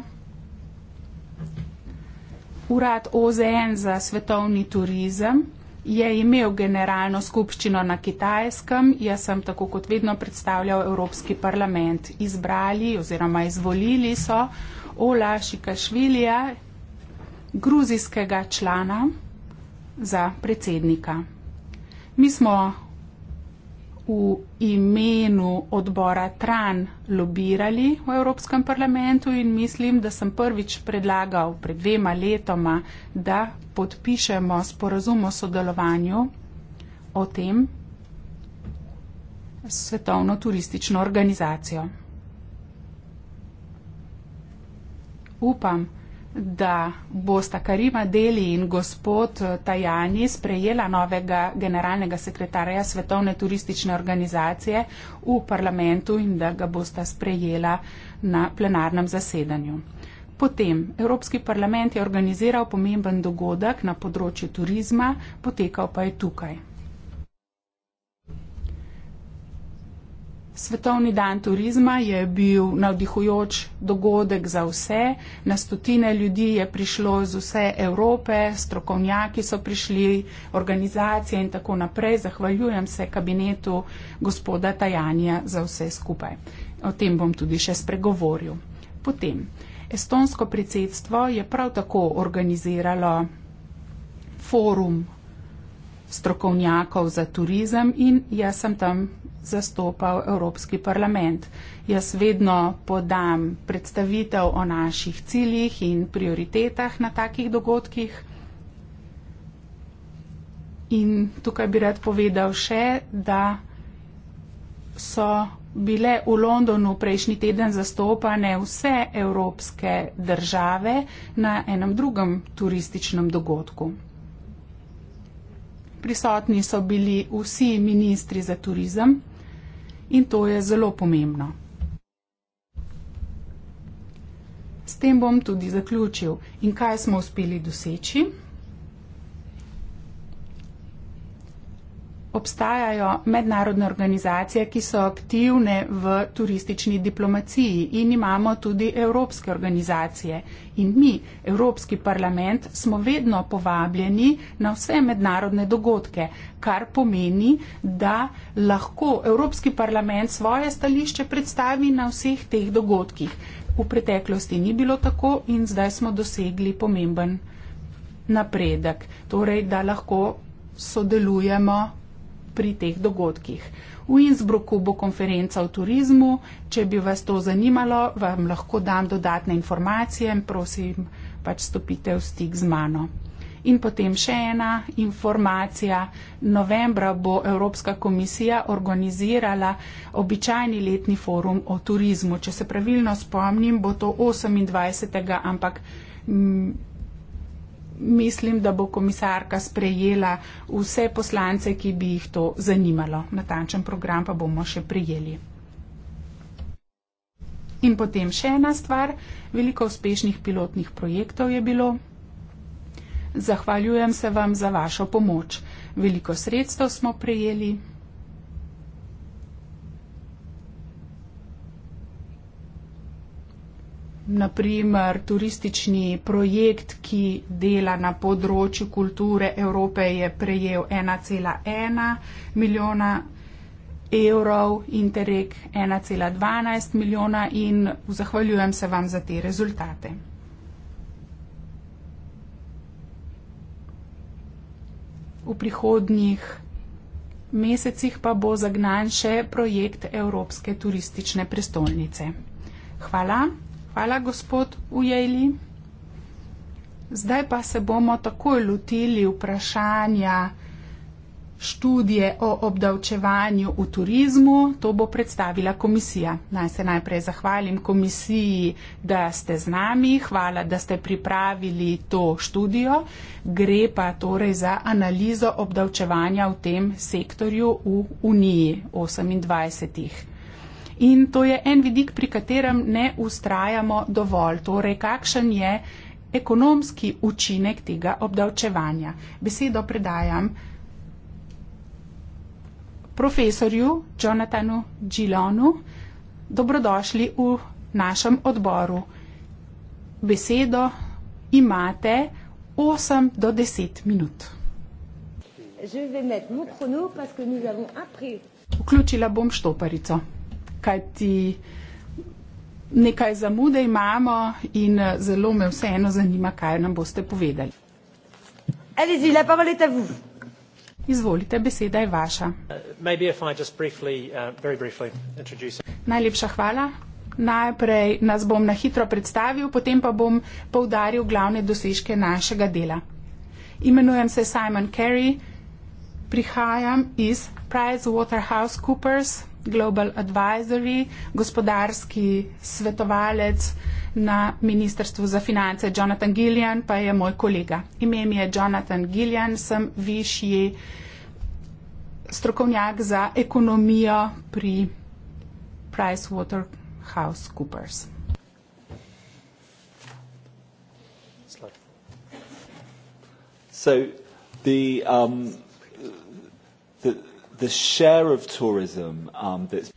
B: Urad OZN za svetovni turizem je imel generalno skupščino na Kitajskem. Jaz sem, tako kot vedno predstavljal Evropski parlament, izbrali oziroma izvolili so Ola Šikašvilija, gruzijskega člana za predsednika. Mi smo v imenu odbora Tran lobirali v Evropskem parlamentu in mislim, da sem prvič predlagal pred dvema letoma, da podpišemo sporazum o sodelovanju o tem svetovno turistično organizacijo. Upam, da bosta Karima Deli in gospod eh, Tajani sprejela novega generalnega sekretarja Svetovne turistične organizacije v parlamentu in da ga bosta sprejela na plenarnem zasedanju. Potem Evropski parlament je organiziral pomemben dogodek na področju turizma, potekal pa je tukaj. Svetovni dan turizma je bil navdihujoč dogodek za vse. Na stotine ljudi je prišlo z vse Evrope, strokovnjaki so prišli, organizacije in tako naprej. Zahvaljujem se kabinetu gospoda Tajanja za vse skupaj. O tem bom tudi še spregovoril. Potem, estonsko predsedstvo je prav tako organiziralo forum strokovnjakov za turizem in jaz sem tam zastopal Evropski parlament. Jaz vedno podam predstavitev o naših ciljih in prioritetah na takih dogodkih. In tukaj bi rad povedal še, da so bile v Londonu prejšnji teden zastopane vse evropske države na enem drugem turističnem dogodku. Prisotni so bili vsi ministri za turizem, in to je zelo pomembno. S tem bom tudi zaključil in kaj smo uspeli doseči. obstajajo mednarodne organizacije, ki so aktivne v turistični diplomaciji in imamo tudi evropske organizacije. In mi, Evropski parlament, smo vedno povabljeni na vse mednarodne dogodke, kar pomeni, da lahko Evropski parlament svoje stališče predstavi na vseh teh dogodkih. V preteklosti ni bilo tako in zdaj smo dosegli pomemben napredek, torej da lahko sodelujemo pri teh dogodkih. V Innsbrucku bo konferenca o turizmu, če bi vas to zanimalo, vam lahko dam dodatne informacije in prosim, pač stopite v stik z mano. In potem še ena informacija. Novembra bo Evropska komisija organizirala običajni letni forum o turizmu. Če se pravilno spomnim, bo to 28. ampak mislim, da bo komisarka sprejela vse poslance, ki bi jih to zanimalo. Natančen program pa bomo še prijeli. In potem še ena stvar. Veliko uspešnih pilotnih projektov je bilo. Zahvaljujem se vam za vašo pomoč. Veliko sredstev smo prejeli. na primer turistični projekt, ki dela na področju kulture Evrope, je prejel 1,1 milijona evrov, Interreg 1,12 milijona in zahvaljujem se vam za te rezultate. V prihodnjih mesecih pa bo zagnan še projekt Evropske turistične prestolnice. Hvala. Hvala, gospod Ujeli. Zdaj pa se bomo takoj lotili vprašanja študije o obdavčevanju v turizmu. To bo predstavila komisija. Naj se najprej zahvalim komisiji, da ste z nami. Hvala, da ste pripravili to študijo. Gre pa torej za analizo obdavčevanja v tem sektorju v Uniji 28. In to je en vidik, pri katerem ne ustrajamo dovolj. Torej, kakšen je ekonomski učinek tega obdavčevanja. Besedo predajam profesorju Jonathanu Gilonu. Dobrodošli v našem odboru. Besedo imate 8 do 10 minut. Vključila bom štoparico kajti nekaj zamude imamo in eh, zelo me vseeno zanima, kaj nam boste povedali. Allez-y, la parole est à vous. Izvolite, beseda je vaša.
A: Uh, uh,
B: Najlepša hvala. Najprej nas bom na hitro predstavil, potem pa bom poudaril glavne dosežke našega dela. Imenujem se Simon Carey, prihajam iz PricewaterhouseCoopers, Global Advisory, gospodarski svetovalec na Ministrstvu za finance. Jonathan Gillian pa je moj kolega. Ime mi je Jonathan Gillian, sem višji strokovnjak za ekonomijo pri PricewaterhouseCoopers.
D: So the, um, the, the share of tourism um, that's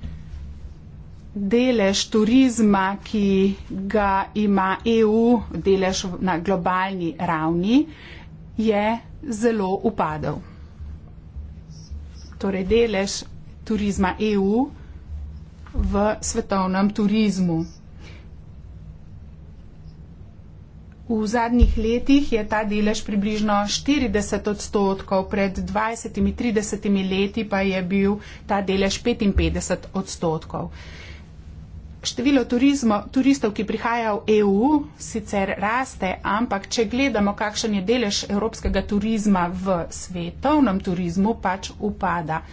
B: Delež turizma, ki ga ima EU, delež na globalni ravni, je zelo upadal. Torej, delež turizma EU v svetovnem turizmu V zadnjih letih je ta delež približno 40 odstotkov, pred 20-30 leti pa je bil ta delež 55 odstotkov. Število turizmo, turistov, ki prihajajo v EU, sicer raste, ampak če gledamo, kakšen je delež evropskega turizma v svetovnem turizmu, pač upada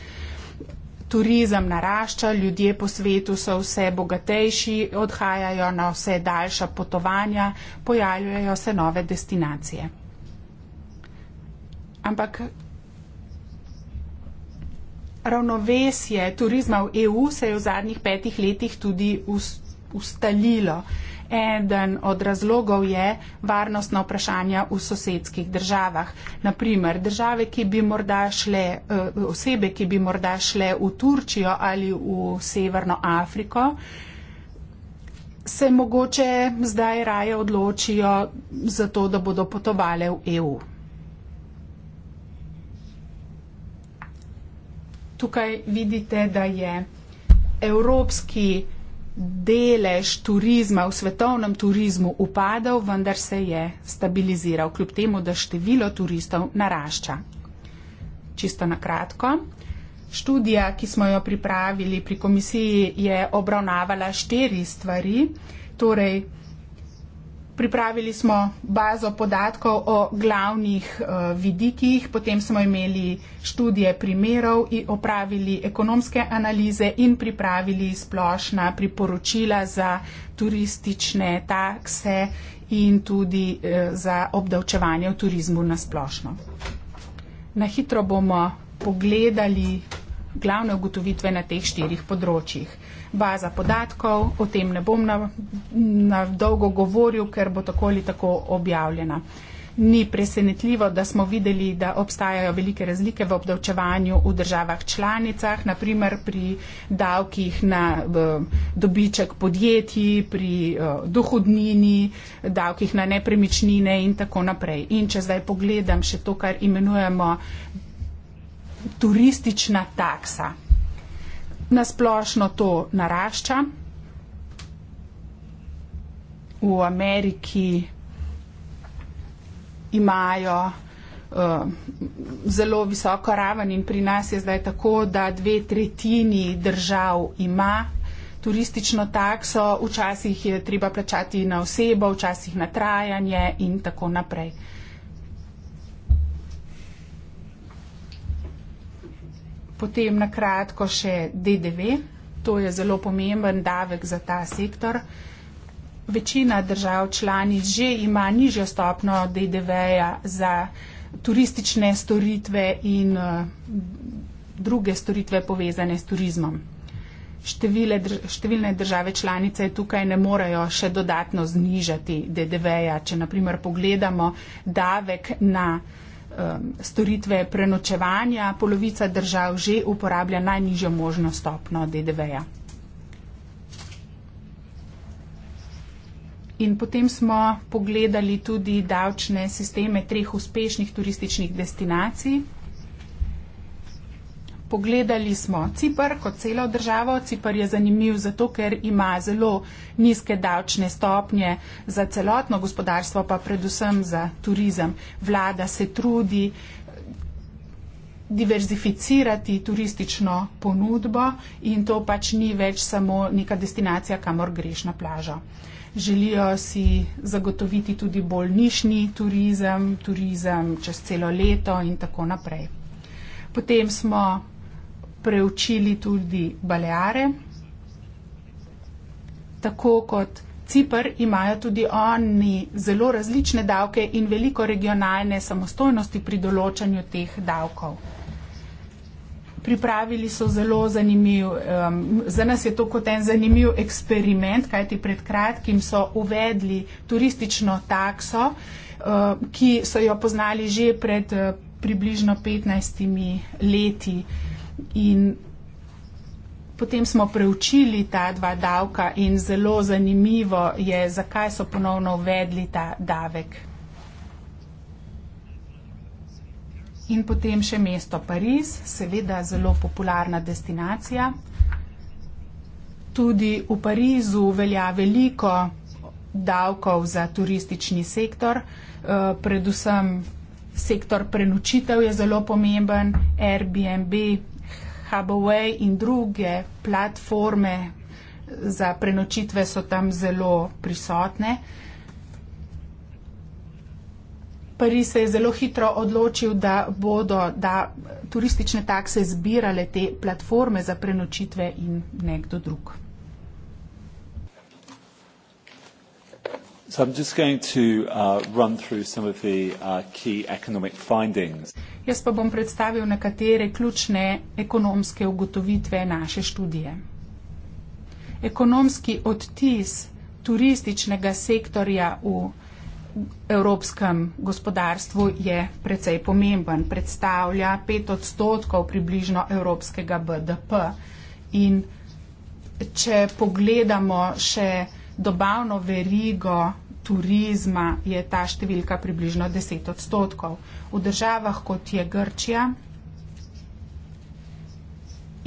B: turizem narašča, ljudje po svetu so vse bogatejši, odhajajo na vse daljša potovanja, pojavljajo se nove destinacije. Ampak ravnovesje turizma v EU se je v zadnjih petih letih tudi ustavilo ustalilo. Eden od razlogov je varnostna vprašanja v sosedskih državah. Naprimer, države, ki bi morda šle, eh, osebe, ki bi morda šle v Turčijo ali v Severno Afriko, se mogoče zdaj raje odločijo za to, da bodo potovali v EU. Tukaj vidite, da je evropski delež turizma v svetovnem turizmu upadal, vendar se je stabiliziral, kljub temu, da število turistov narašča. Čisto na kratko. Študija, ki smo jo pripravili pri komisiji, je obravnavala štiri stvari, torej Pripravili smo bazo podatkov o glavnih eh, vidikih, potem smo imeli študije primerov in opravili ekonomske analize in pripravili splošna priporočila za turistične takse in tudi eh, za obdavčevanje v turizmu na splošno. Na hitro bomo pogledali glavne ugotovitve na teh štirih področjih baza podatkov, o tem ne bom na, na dolgo govoril, ker bo tako ali tako objavljena. Ni presenetljivo, da smo videli, da obstajajo velike razlike v obdavčevanju v državah članicah, naprimer pri davkih na dobiček podjetij, pri eh, dohodnini, davkih na nepremičnine in tako naprej. In če zdaj pogledam še to, kar imenujemo turistična taksa na splošno to narašča. V Ameriki imajo uh, zelo visoko raven in pri nas je zdaj tako, da dve tretjini držav ima turistično takso, včasih je treba plačati na osebo, včasih na trajanje in tako naprej. Uh, Potem na kratko še DDV. To je zelo pomemben davek za ta sektor. Večina držav članic že ima nižjo stopno DDV-ja za turistične storitve in uh, druge storitve povezane s turizmom. Števile, dr, številne države članice tukaj ne morejo še dodatno znižati DDV-ja. Če naprimer pogledamo davek na uh, um, storitve prenočevanja, polovica držav že uporablja najnižjo možno stopno DDV-ja. In potem smo pogledali tudi davčne sisteme treh uspešnih turističnih destinacij. Pogledali smo Cipr kot celo državo. Cipr je zanimiv zato, ker ima zelo nizke davčne stopnje za celotno gospodarstvo, pa predvsem za turizem. Vlada se trudi eh, diverzificirati turistično ponudbo in to pač ni več samo neka destinacija, kamor greš na plažo. Želijo si zagotoviti tudi bolj nišni turizem, turizem čez celo leto in tako naprej. Potem smo preučili tudi Baleare. Tako kot Cipr imajo tudi oni zelo različne davke in veliko regionalne samostojnosti pri določanju teh davkov. Pripravili so zelo zanimiv, um, za nas je to kot en zanimiv eksperiment, kajti pred kratkim so uvedli turistično takso, um, ki so jo poznali že pred uh, približno 15 leti. Uh, in potem smo preučili ta dva davka in zelo zanimivo je, zakaj so ponovno uvedli ta davek. In potem še mesto Pariz, seveda zelo popularna destinacija. Tudi v Parizu velja veliko davkov za turistični sektor, eh, predvsem sektor prenočitev je zelo pomemben, Airbnb, Hubaway in druge platforme za prenočitve so tam zelo prisotne. Pari se je zelo hitro odločil, da bodo da turistične takse zbirale te platforme za prenočitve in nekdo drug.
A: So I'm just going to uh, run through some of the uh, key economic findings.
B: Jaz pa bom predstavil nekatere ključne ekonomske ugotovitve naše študije. Ekonomski odtis turističnega sektorja v evropskem gospodarstvu je precej pomemben. Predstavlja pet odstotkov približno evropskega BDP. In če pogledamo še dobavno verigo turizma je ta številka približno 10 odstotkov. V državah, kot je Grčija,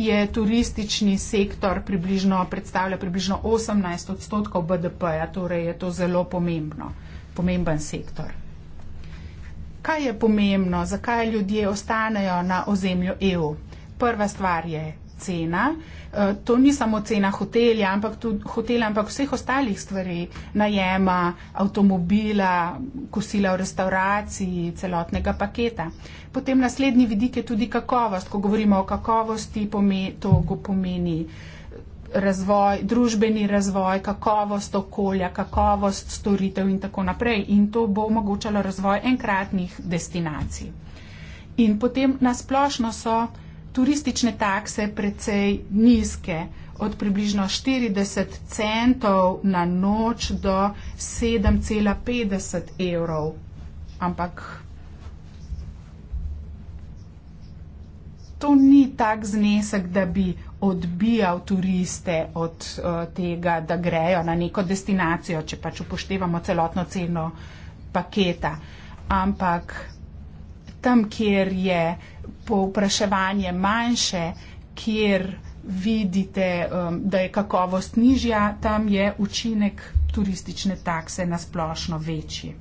B: je turistični sektor približno, predstavlja približno 18 odstotkov BDP-ja, torej je to zelo pomembno, pomemben sektor. Kaj je pomembno, zakaj ljudje ostanejo na ozemlju EU? Prva stvar je cena. Eh, to ni samo cena hotelja, ampak tudi hotela, ampak vseh ostalih stvari, najema, avtomobila, kosila v restauraciji, celotnega paketa. Potem naslednji vidik je tudi kakovost. Ko govorimo o kakovosti, to pomeni razvoj, družbeni razvoj, kakovost okolja, kakovost storitev in tako naprej. In to bo omogočalo razvoj enkratnih destinacij. In potem nasplošno so turistične takse precej nizke, od približno 40 centov na noč do 7,50 evrov. Ampak to ni tak znesek, da bi odbijal turiste od eh, tega, da grejo na neko destinacijo, če pač upoštevamo celotno ceno paketa. Ampak tam, kjer je povpraševanje manjše, kjer vidite, um, da je kakovost nižja, tam je učinek turistične takse na splošno večji.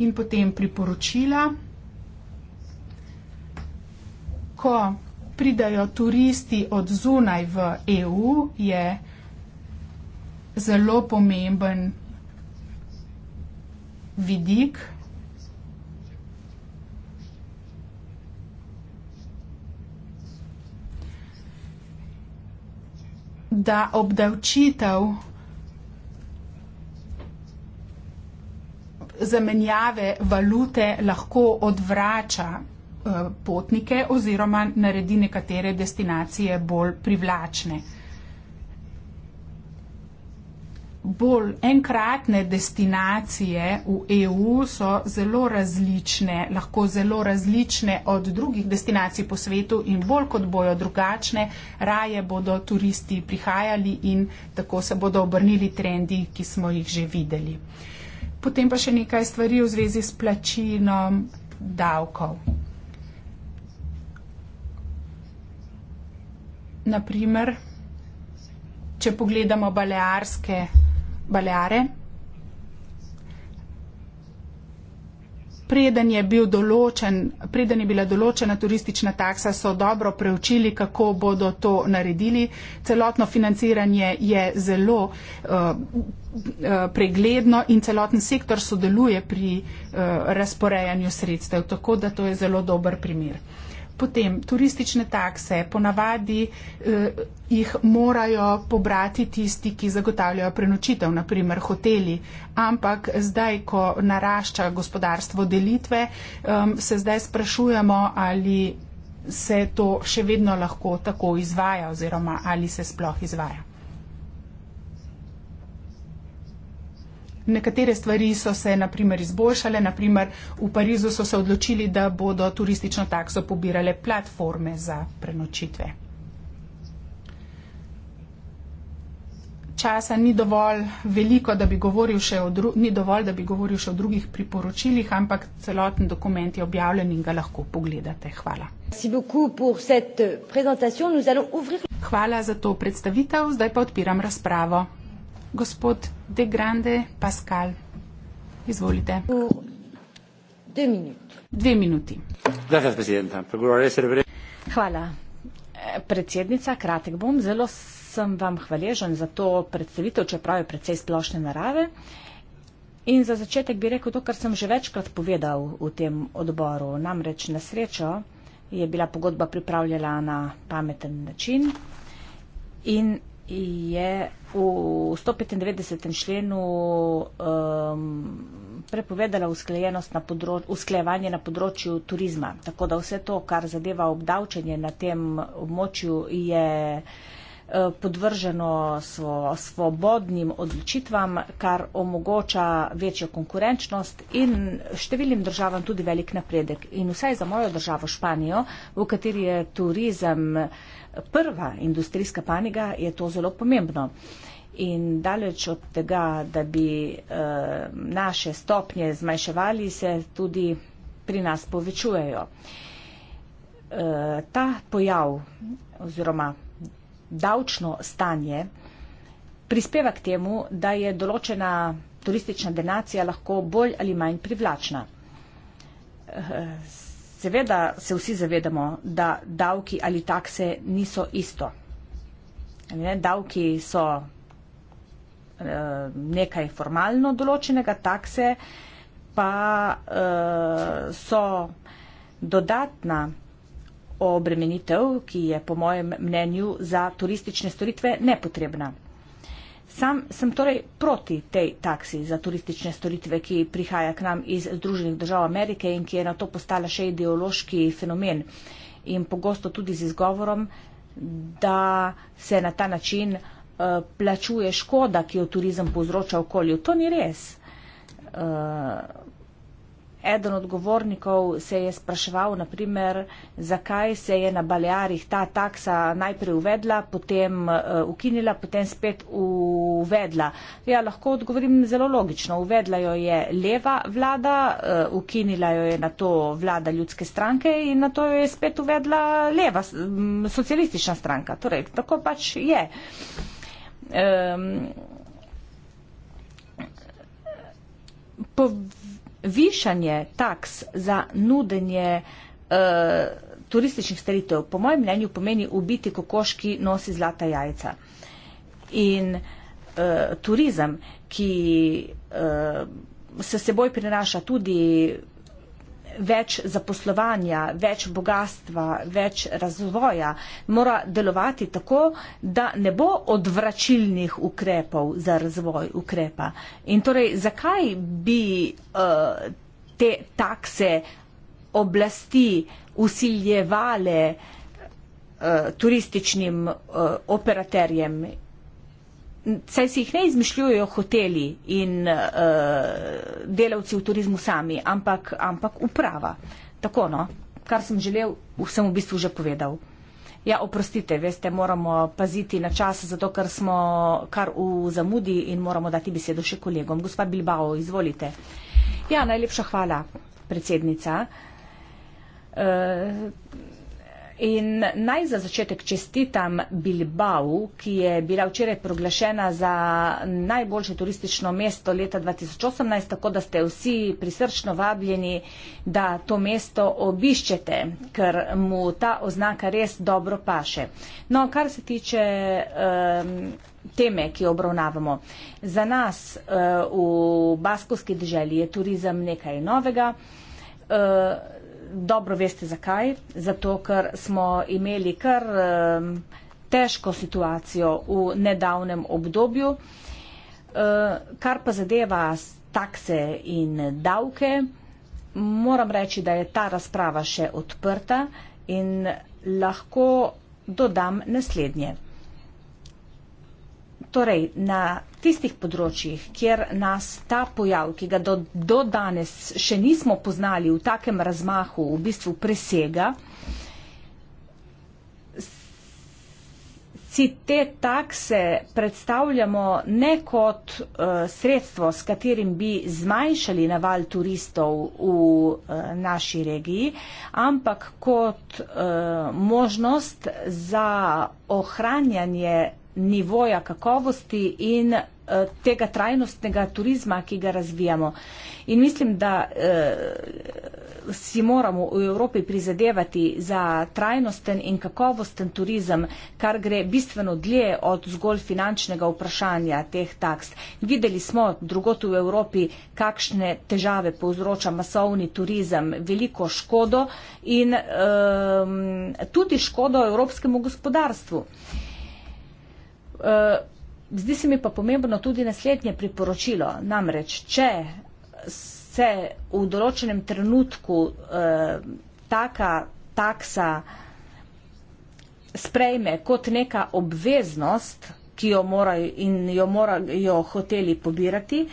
B: In potem priporočila. Ko pridajo turisti od zunaj v EU, je zelo pomemben vidik, da obdavčitev zamenjave valute lahko odvrača, eh, potnike oziroma naredi nekatere destinacije bolj privlačne bolj enkratne destinacije v EU so zelo različne, lahko zelo različne od drugih destinacij po svetu in bolj kot bojo drugačne, raje bodo turisti prihajali in tako se bodo obrnili trendi, ki smo jih že videli. Potem pa še nekaj stvari v zvezi s plačinom davkov. Naprimer, če pogledamo balearske Baleare. Preden je, bil določen, preden je bila določena turistična taksa, so dobro preučili, kako bodo to naredili. Celotno financiranje je zelo uh, pregledno in celoten sektor sodeluje pri uh, razporejanju sredstev, tako da to je zelo dober primer. Potem turistične takse, ponavadi eh, jih morajo pobrati tisti, ki zagotavljajo prenočitev, naprimer hoteli. Ampak zdaj, ko narašča gospodarstvo delitve, eh, se zdaj sprašujemo, ali se to še vedno lahko tako izvaja oziroma ali se sploh izvaja. Nekatere stvari so se naprimer izboljšale, naprimer v Parizu so se odločili, da bodo turistično takso pobirale platforme za prenočitve. Časa ni dovolj veliko, da bi govoril še o, dru dovolj, govoril še o drugih priporočilih, ampak celoten dokument je objavljen in ga lahko pogledate. Hvala. Hvala za to predstavitev, zdaj pa odpiram razpravo gospod De Grande Pascal. Izvolite.
D: Dve minuti. Hvala. Predsednica, kratek bom, zelo sem vam hvaležen za to predstavitev, čeprav je precej splošne narave. In za začetek bi rekel to, kar sem že večkrat povedal v tem odboru. Namreč na srečo je bila pogodba pripravljena na pameten način in je v 195. členu um, prepovedala na usklejevanje na področju turizma. Tako da vse to, kar zadeva obdavčenje na tem območju, je eh, podvrženo svobodnim odločitvam, kar omogoča večjo konkurenčnost in številnim državam tudi velik napredek. In vsaj za mojo državo Španijo, v kateri je turizem eh, prva industrijska panega, je to zelo pomembno. In daleč od tega, da bi uh, naše stopnje zmanjševali, se tudi pri nas povečujejo. Uh, ta pojav oziroma davčno stanje prispeva k temu, da je določena turistična denacija lahko bolj ali manj privlačna. Uh, Seveda se vsi zavedamo, da davki ali takse niso isto. Davki so eh, nekaj formalno določenega, takse pa eh, so dodatna obremenitev, ki je po mojem mnenju za turistične storitve nepotrebna. Sam sem torej proti tej taksi za turistične storitve, ki prihaja k nam iz Združenih držav Amerike in ki je na to postala še ideološki fenomen in pogosto tudi z izgovorom, da se na ta način uh, plačuje škoda, ki jo turizem povzroča okolju. To ni res. Uh, Eden od govornikov se je spraševal, naprimer, zakaj se je na Balearih ta taksa najprej uvedla, potem uh, ukinila, potem spet uvedla. Ja, lahko odgovorim zelo logično. Uvedla jo je leva vlada, uh, ukinila jo je na to vlada ljudske stranke in na to jo je spet uvedla leva, mm, socialistična stranka. Torej, tako pač je. Um, Višanje taks za nudenje uh, turističnih storitev, po mojem mnenju, pomeni ubiti kokoški nosi zlata jajca. In uh, turizem, ki uh, eh, se seboj prinaša tudi več zaposlovanja, več bogatstva, več razvoja, mora delovati tako, da ne bo odvračilnih ukrepov za razvoj ukrepa. In torej, zakaj bi uh, te takse oblasti usiljevale uh, turističnim uh, operaterjem saj si jih ne izmišljujejo hoteli in uh, delavci v turizmu sami, ampak, ampak uprava. Tako no, kar sem želel, sem v bistvu že povedal. Ja, oprostite, veste, moramo paziti na čas, zato ker smo kar v zamudi in moramo dati besedo še kolegom. Gospa Bilbao, izvolite. Ja, najlepša hvala, predsednica. Uh, In naj za začetek čestitam Bilbao, ki je bila včeraj proglašena za najboljše turistično mesto leta 2018, tako da ste vsi prisrčno vabljeni, da to mesto obiščete, ker mu ta oznaka res dobro paše. No, kar se tiče um, teme, ki jo obravnavamo. Za nas uh, v Baskovski državi je turizem nekaj novega. Uh, dobro veste zakaj. Zato, ker smo imeli kar težko situacijo v nedavnem obdobju. E, kar pa zadeva takse in davke, moram reči, da je ta razprava še odprta in lahko dodam naslednje torej na tistih področjih, kjer nas ta pojav, ki ga do, do danes še nismo poznali v takem razmahu, v bistvu presega, si te takse predstavljamo ne kot uh, sredstvo, s katerim bi zmanjšali naval turistov v uh, naši regiji, ampak kot uh, možnost za ohranjanje nivoja kakovosti in eh, tega trajnostnega turizma, ki ga razvijamo. In mislim, da eh, si moramo v Evropi prizadevati za trajnosten in kakovosten turizem, kar gre bistveno dlje od zgolj finančnega vprašanja teh taks. Videli smo drugot v Evropi, kakšne težave povzroča masovni turizem, veliko škodo in eh, tudi škodo evropskemu gospodarstvu. Eh, Eh, zdi se mi pa pomembno tudi naslednje priporočilo. Namreč, če se v določenem trenutku eh, taka taksa sprejme kot neka obveznost, ki jo morajo in jo morajo hoteli pobirati,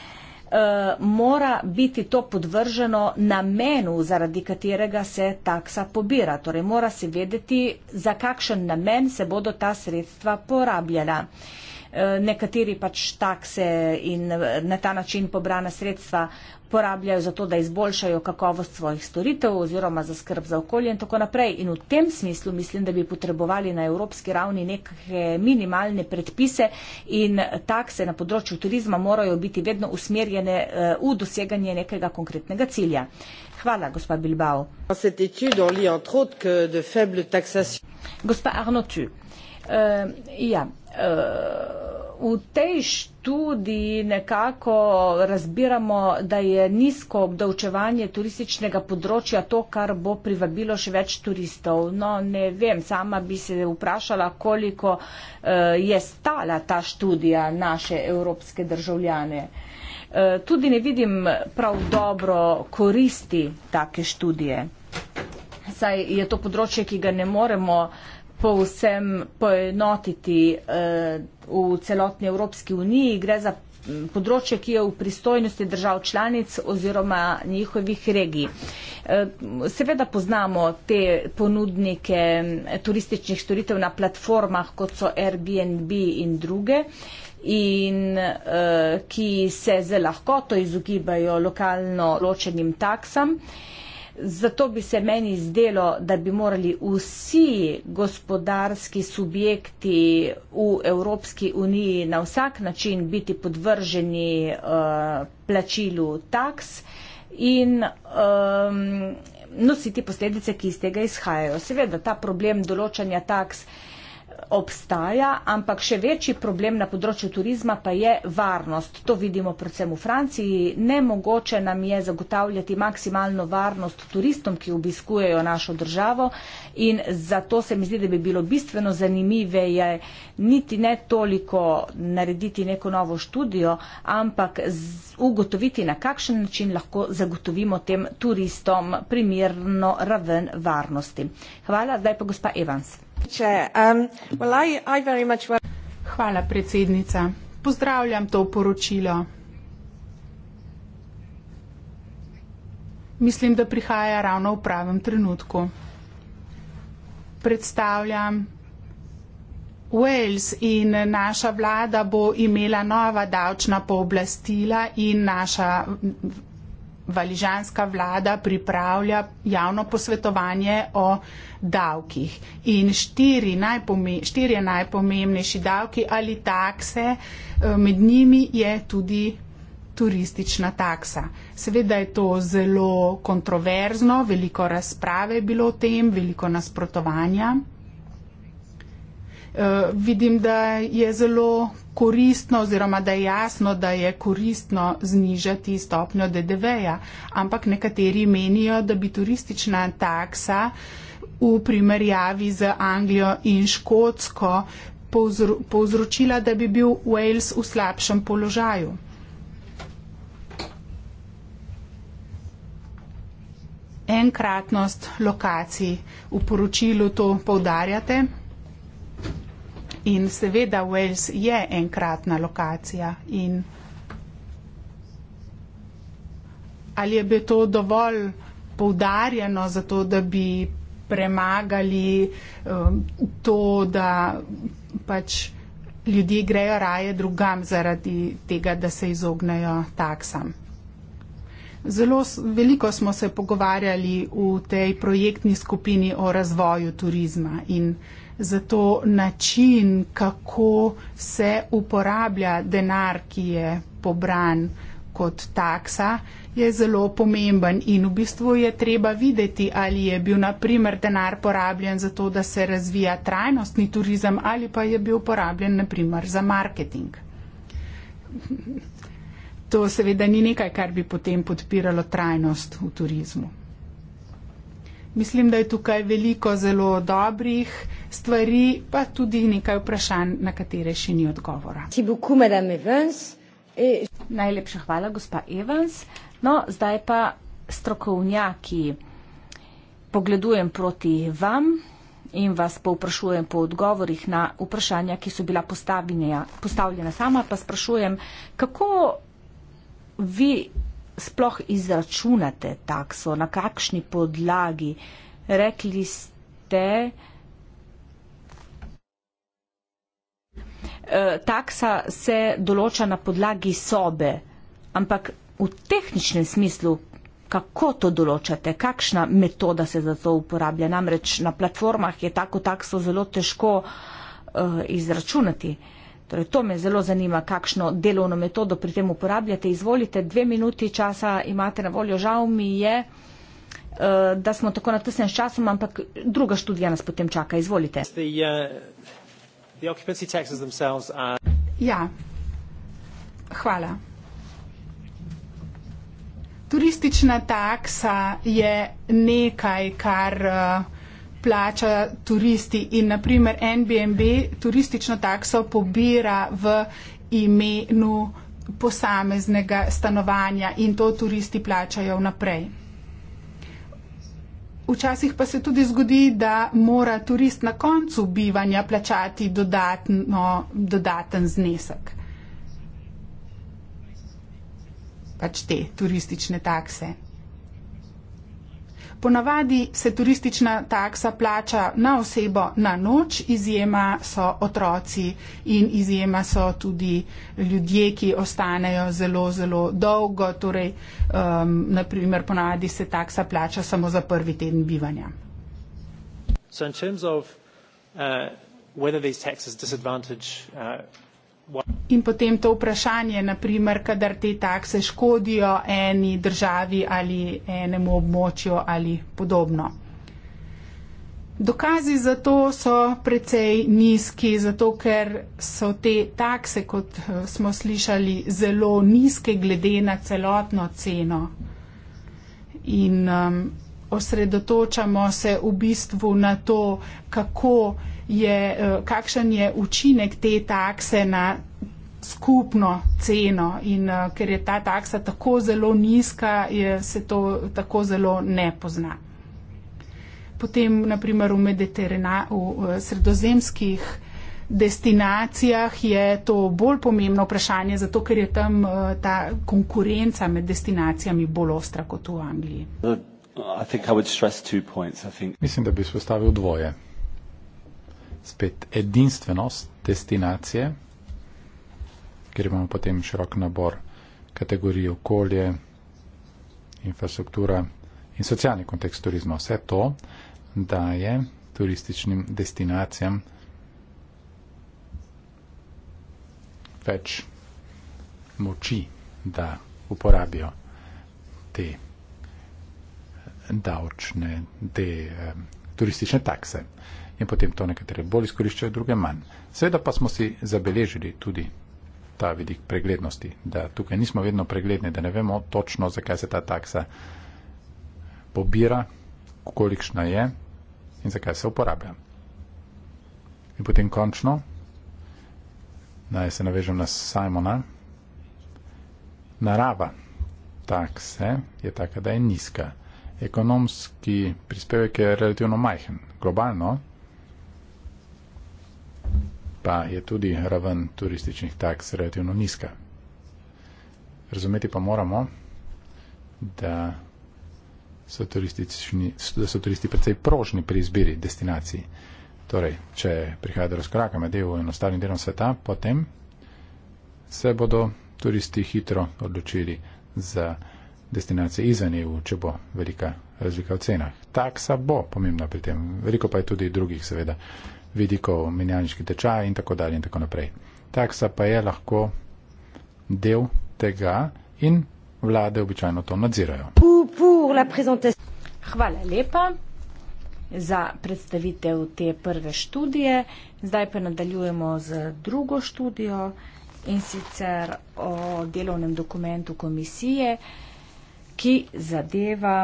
D: Eh, mora biti to podvrženo namenu, zaradi katerega se taksa pobira. Torej mora se vedeti, za kakšen namen se bodo ta sredstva porabljena. Uh, Eh, nekateri pač takse in eh, na ta način pobrana sredstva porabljajo za to, da izboljšajo kakovost svojih storitev oziroma za skrb za okolje in tako naprej. In v tem smislu mislim, da bi potrebovali na evropski ravni neke minimalne predpise in takse na področju turizma morajo biti vedno usmerjene eh, v doseganje nekega konkretnega cilja. Hvala, gospa Bilbao. Gospa Arnotu. Uh, ja, uh, v tej študiji nekako razbiramo, da je nizko obdavčevanje turističnega področja to, kar bo privabilo še več turistov. No, ne vem, sama bi se vprašala, koliko eh, je stala ta študija naše evropske državljane. Eh, tudi ne vidim prav dobro koristi take študije. Saj je to področje, ki ga ne moremo uh, povsem poenotiti eh, v celotni Evropski uniji. Gre za področje, ki je v pristojnosti držav članic oziroma njihovih regij. Eh, seveda poznamo te ponudnike turističnih storitev na platformah, kot so Airbnb in druge in eh, ki se z lahkoto izogibajo lokalno ločenim taksam. Eh, Zato bi se meni zdelo, da bi morali vsi gospodarski subjekti v Evropski uniji na vsak način biti podvrženi uh, plačilu taks in um, nositi posledice, ki iz tega izhajajo. Seveda ta problem določanja taks uh, obstaja, ampak še večji problem na področju turizma pa je varnost. To vidimo predvsem v Franciji. Nemogoče nam je zagotavljati maksimalno varnost turistom, ki obiskujejo našo državo in zato se mi zdi, da bi bilo bistveno zanimiveje niti ne toliko narediti neko novo študijo, ampak ugotoviti, na kakšen način lahko zagotovimo tem turistom primerno raven varnosti. Hvala, zdaj pa gospa Evans. Um, Hvala, predsednica.
B: Pozdravljam to poročilo. Mislim, da prihaja ravno v pravem trenutku. Predstavljam Wales in naša vlada bo imela nova davčna pooblastila in naša valižanska vlada pripravlja javno posvetovanje o davkih. In štiri najpome, štirje najpomembnejši davki ali takse, eh, med njimi je tudi turistična taksa. Seveda je to zelo kontroverzno, veliko razprave je bilo o tem, veliko nasprotovanja. Eh, vidim, da je zelo koristno oziroma da je jasno, da je koristno znižati stopnjo DDV-ja, ampak nekateri menijo, da bi turistična taksa v primerjavi z Anglijo in Škotsko povzru, povzročila, da bi bil Wales v slabšem položaju. Enkratnost lokacij v poročilu to poudarjate. In seveda Wales je enkratna lokacija. In ali je bilo to dovolj poudarjeno, zato da bi premagali um, to, da pač ljudje grejo raje drugam zaradi tega, da se izognejo taksam. Zelo veliko smo se pogovarjali v tej projektni skupini o razvoju turizma in Zato način, kako se uporablja denar, ki je pobran kot taksa, je zelo pomemben in v bistvu je treba videti, ali je bil naprimer denar porabljen za to, da se razvija trajnostni turizem ali pa je bil porabljen naprimer za marketing. To seveda ni nekaj, kar bi potem podpiralo trajnost v turizmu. Mislim, da je tukaj veliko zelo dobrih stvari, pa tudi nekaj vprašanj, na katere še ni odgovora.
D: Najlepša hvala, gospa Evans. No, zdaj pa strokovnjaki, pogledujem proti vam in vas povprašujem po odgovorih na vprašanja, ki so bila postavljena sama, pa sprašujem, kako vi sploh izračunate takso, na kakšni podlagi? Rekli ste, e, taksa se določa na podlagi sobe, ampak v tehničnem smislu, kako to določate, kakšna metoda se za to uporablja? Namreč na platformah je tako takso zelo težko uh, izračunati. Torej, to me zelo zanima, kakšno delovno metodo pri tem uporabljate. Izvolite, dve minuti časa imate na voljo. Žal mi je, eh, da smo tako na tesnem času, ampak druga študija nas potem čaka. Izvolite. Uh, ja,
B: hvala. Turistična taksa je nekaj, kar. Uh, plača turisti in naprimer NBMB turistično takso pobira v imenu posameznega stanovanja in to turisti plačajo naprej. Včasih pa se tudi zgodi, da mora turist na koncu bivanja plačati dodatno, dodaten znesek. Pač te turistične takse. Ponavadi se turistična taksa plača na osebo na noč, izjema so otroci in izjema so tudi ljudje, ki ostanejo zelo, zelo dolgo, torej um, naprimer ponavadi se taksa plača samo za prvi teden bivanja.
C: So in terms of uh, whether these taxes disadvantage uh,
B: In potem to vprašanje, naprimer, kadar te takse škodijo eni državi ali enemu območju ali podobno. Dokazi za to so precej nizki, zato ker so te takse, kot eh, smo slišali, zelo nizke glede na celotno ceno. In um, osredotočamo se v bistvu na to, kako je, eh, kakšen je učinek te takse na skupno ceno in eh, ker je ta taksa tako zelo nizka, je, se to tako zelo ne pozna. Potem, naprimer, v, v eh, sredozemskih destinacijah je to bolj pomembno vprašanje, zato ker je tam ta konkurenca med destinacijami bolj ostra kot v Angliji.
C: Mislim, da bi spostavil dvoje spet edinstvenost destinacije, ker imamo potem širok nabor kategorij okolje, infrastruktura in socialni kontekst turizma. Vse to daje turističnim destinacijam več moči, da uporabijo te davčne, te eh, turistične takse. Eh, in potem to nekatere bolj izkoriščajo, druge manj. Seveda pa smo si zabeležili tudi ta vidik preglednosti, da tukaj nismo vedno pregledni, da ne vemo točno, zakaj se ta taksa pobira, kolikšna je in zakaj se uporablja. In potem končno, naj se navežem na Simona, narava takse je taka, da je nizka. Ekonomski prispevek je relativno majhen. Globalno pa je tudi raven turističnih taks relativno nizka. Razumeti pa moramo, da so, da so turisti precej prožni pri izbiri destinacij. Torej, če prihaja do razkoraka med EU in ostalim delom sveta, potem se bodo turisti hitro odločili za destinacije izven EU, če bo velika razlika v cenah. Taksa bo pomembna pri tem. Veliko pa je tudi drugih, seveda vidikov menjalniški tečaj in tako dalje in tako naprej. Taksa pa je lahko del tega in vlade običajno to nadzirajo.
D: Hvala lepa za predstavitev te prve študije. Zdaj pa nadaljujemo z drugo študijo in sicer o delovnem dokumentu komisije, ki zadeva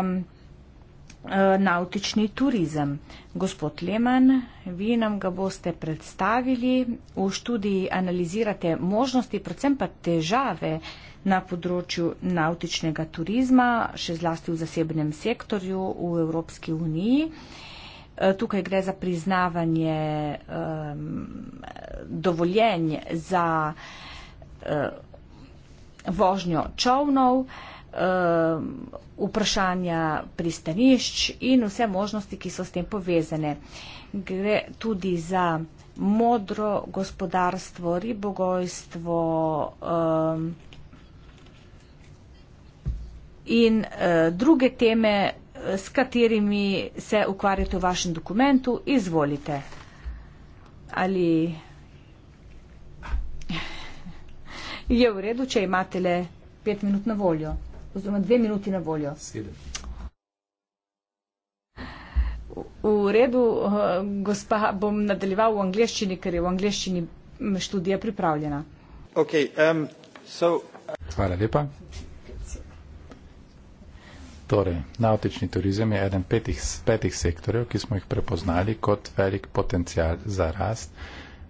D: Eh, nautični turizem. Gospod Leman, vi nam ga boste predstavili. V študiji analizirate možnosti, predvsem pa težave na področju nautičnega turizma, še zlasti v zasebnem sektorju v Evropski uniji. Eh, tukaj gre za priznavanje um, dovoljenj za um, vožnjo čovnov. Um, Um, vprašanja pristanišč in vse možnosti, ki so s tem povezane. Gre tudi za modro gospodarstvo, ribogojstvo um, in uh, druge teme, s katerimi se ukvarjate v vašem dokumentu. Izvolite. Ali je v redu, če imate le pet minut na voljo? oziroma dve minuti na voljo. Sedem. V redu, eh, gospa, bom nadaljeval v angliščini, ker je v angliščini študija pripravljena.
A: Okay, um, so... Uh,
C: Hvala lepa. Torej, nautični turizem je eden petih, petih sektorjev, ki smo jih prepoznali kot velik potencial za rast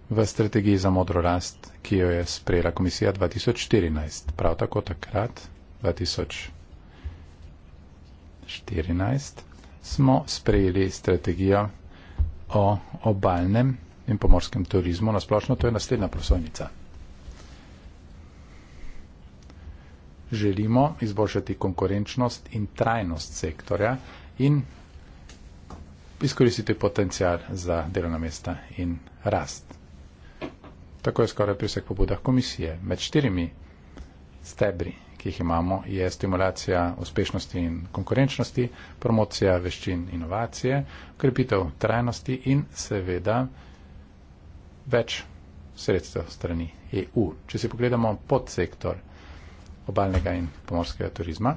C: v strategiji za modro rast, ki jo je sprejela komisija 2014. Prav tako takrat 2014 smo sprejeli strategijo o obalnem in pomorskem turizmu. Nasplošno to je naslednja prosojnica. Želimo izboljšati konkurenčnost in trajnost sektorja in izkoristiti potencial za delovna mesta in rast. Tako je skoraj pri vseh pobudah komisije. Med štirimi stebri ki jih imamo, je stimulacija uspešnosti in konkurenčnosti, promocija veščin inovacije, krepitev trajnosti in seveda več sredstev strani EU. Če si pogledamo podsektor obalnega in pomorskega turizma,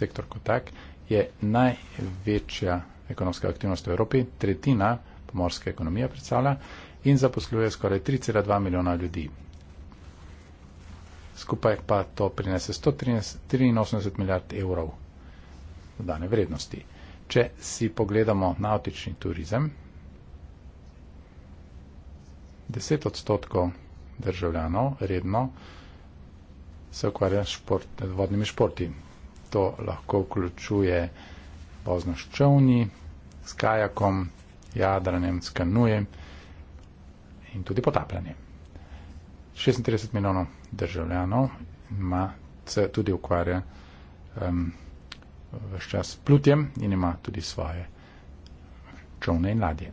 C: sektor kot tak, je največja ekonomska aktivnost v Evropi, tretjina pomorske ekonomije predstavlja in zaposluje skoraj 3,2 milijona ljudi skupaj pa to prinese 183 milijard evrov dodane vrednosti. Če si pogledamo nautični turizem, 10 odstotkov državljanov redno se ukvarja šport, vodnimi športi. To lahko vključuje vozno s čovni, s kajakom, jadranjem, s kanujem in tudi potapljanjem. 36 milijonov državljanov ima, se tudi ukvarja um, vse čas plutjem in ima tudi svoje čovne in ladje.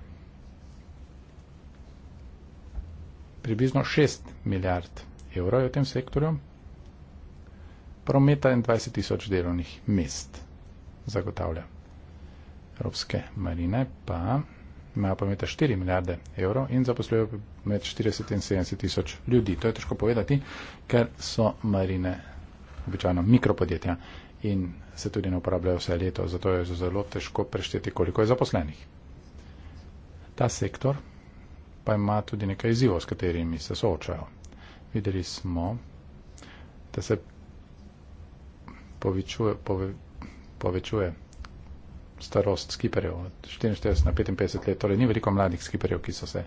C: Približno 6 milijard evrov je v tem sektorju, prometa in 20 tisoč delovnih mest zagotavlja. Evropske marine pa imajo pa med 4 milijarde evrov in zaposlujejo med 40 in 70 tisoč ljudi. To je težko povedati, ker so marine običajno mikropodjetja in se tudi ne uporabljajo vse leto, zato je zelo težko prešteti, koliko je zaposlenih. Ta sektor pa ima tudi nekaj izzivov, s katerimi se soočajo. Videli smo, da se povečuje, pove, povečuje starost skiperjev, od 44 na 55 let, torej ni veliko mladih skiperjev, ki so se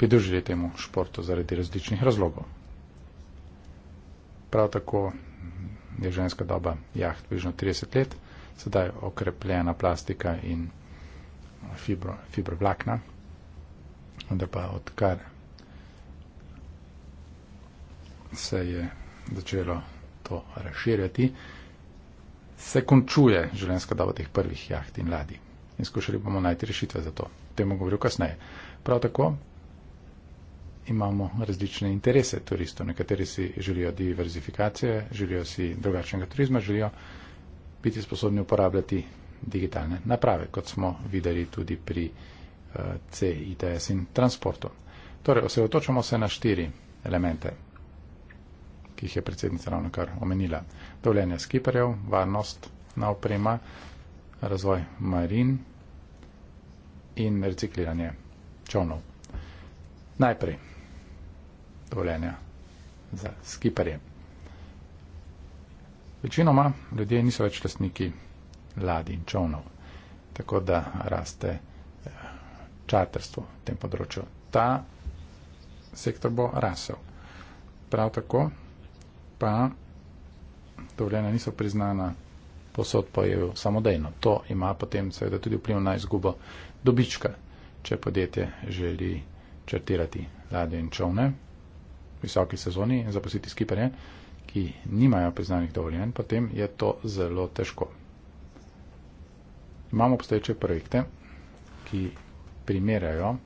C: pridružili temu športu zaradi različnih razlogov. Prav tako je ženska doba jaht bližno 30 let, sedaj je okrepljena plastika in fibro, fibrovlakna, vendar pa odkar se je začelo to razširjati, se končuje življenjska doba teh prvih jaht in ladij. In skušali bomo najti rešitve za to. O tem bom govoril kasneje. Prav tako imamo različne interese turistov. Nekateri si želijo diverzifikacije, želijo si drugačnega turizma, želijo biti sposobni uporabljati digitalne naprave, kot smo videli tudi pri uh, eh, CITS in transportu. Torej, osredotočamo se na štiri elemente ki jih je predsednica ravno kar omenila. Dovoljenje skiperjev, varnost na oprema, razvoj marin in recikliranje čovnov. Najprej dovoljenja za skiperje. Večinoma ljudje niso več lastniki ladi in čovnov, tako da raste eh, čarterstvo v tem področju. Ta sektor bo rasel. Prav tako pa dovoljena niso priznana posod po EU samodejno. To ima potem seveda tudi vpliv na izgubo dobička, če podjetje želi črtirati lade in čovne v visoki sezoni in zaposliti skiperje, ki nimajo priznanih dovoljen, potem je to zelo težko. Imamo postoječe projekte, ki primerjajo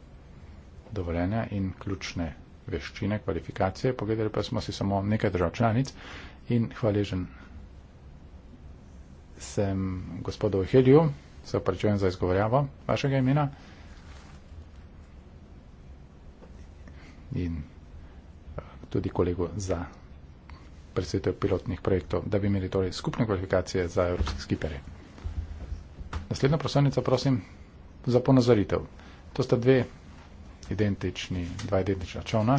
C: dovoljenja in ključne veščine, kvalifikacije, pogledali pa smo si samo nekaj držav članic in hvaležen sem gospodu Helju, se opračujem za izgovorjavo vašega imena. In eh, tudi kolegu za predsedstvo pilotnih projektov, da bi imeli torej skupne kvalifikacije za evropske skipere. Naslednja prosojnica, prosim, za ponazoritev. To sta dve identični, dva identična čovna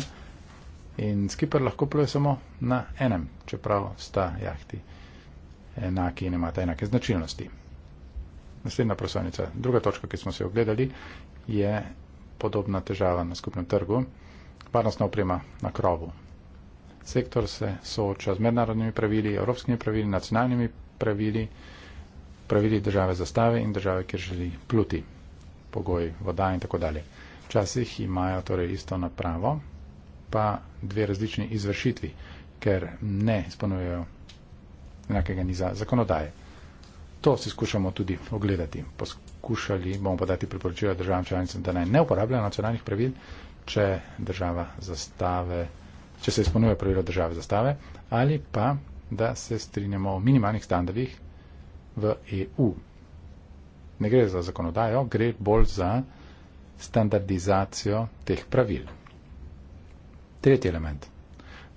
C: in skipper lahko pluje samo na enem, čeprav sta jahti enaki in imata enake značilnosti. Naslednja prosovnica, druga točka, ki smo se ogledali, je podobna težava na skupnem trgu, varnostna oprema na krovu. Sektor se sooča z mednarodnimi pravili, evropskimi pravili, nacionalnimi pravili, pravili države zastave in države, kjer želi pluti, pogoji voda in tako dalje. Včasih imajo torej isto napravo, pa dve različni izvršitvi, ker ne izpolnjujejo enakega niza zakonodaje. To si skušamo tudi ogledati. Poskušali bomo podati priporočila državam članicam, da naj ne uporabljajo nacionalnih pravil, če, zastave, če se izpolnjuje pravilo države zastave, ali pa da se strinjamo o minimalnih standardih v EU. Ne gre za zakonodajo, gre bolj za standardizacijo teh pravil. Tretji element.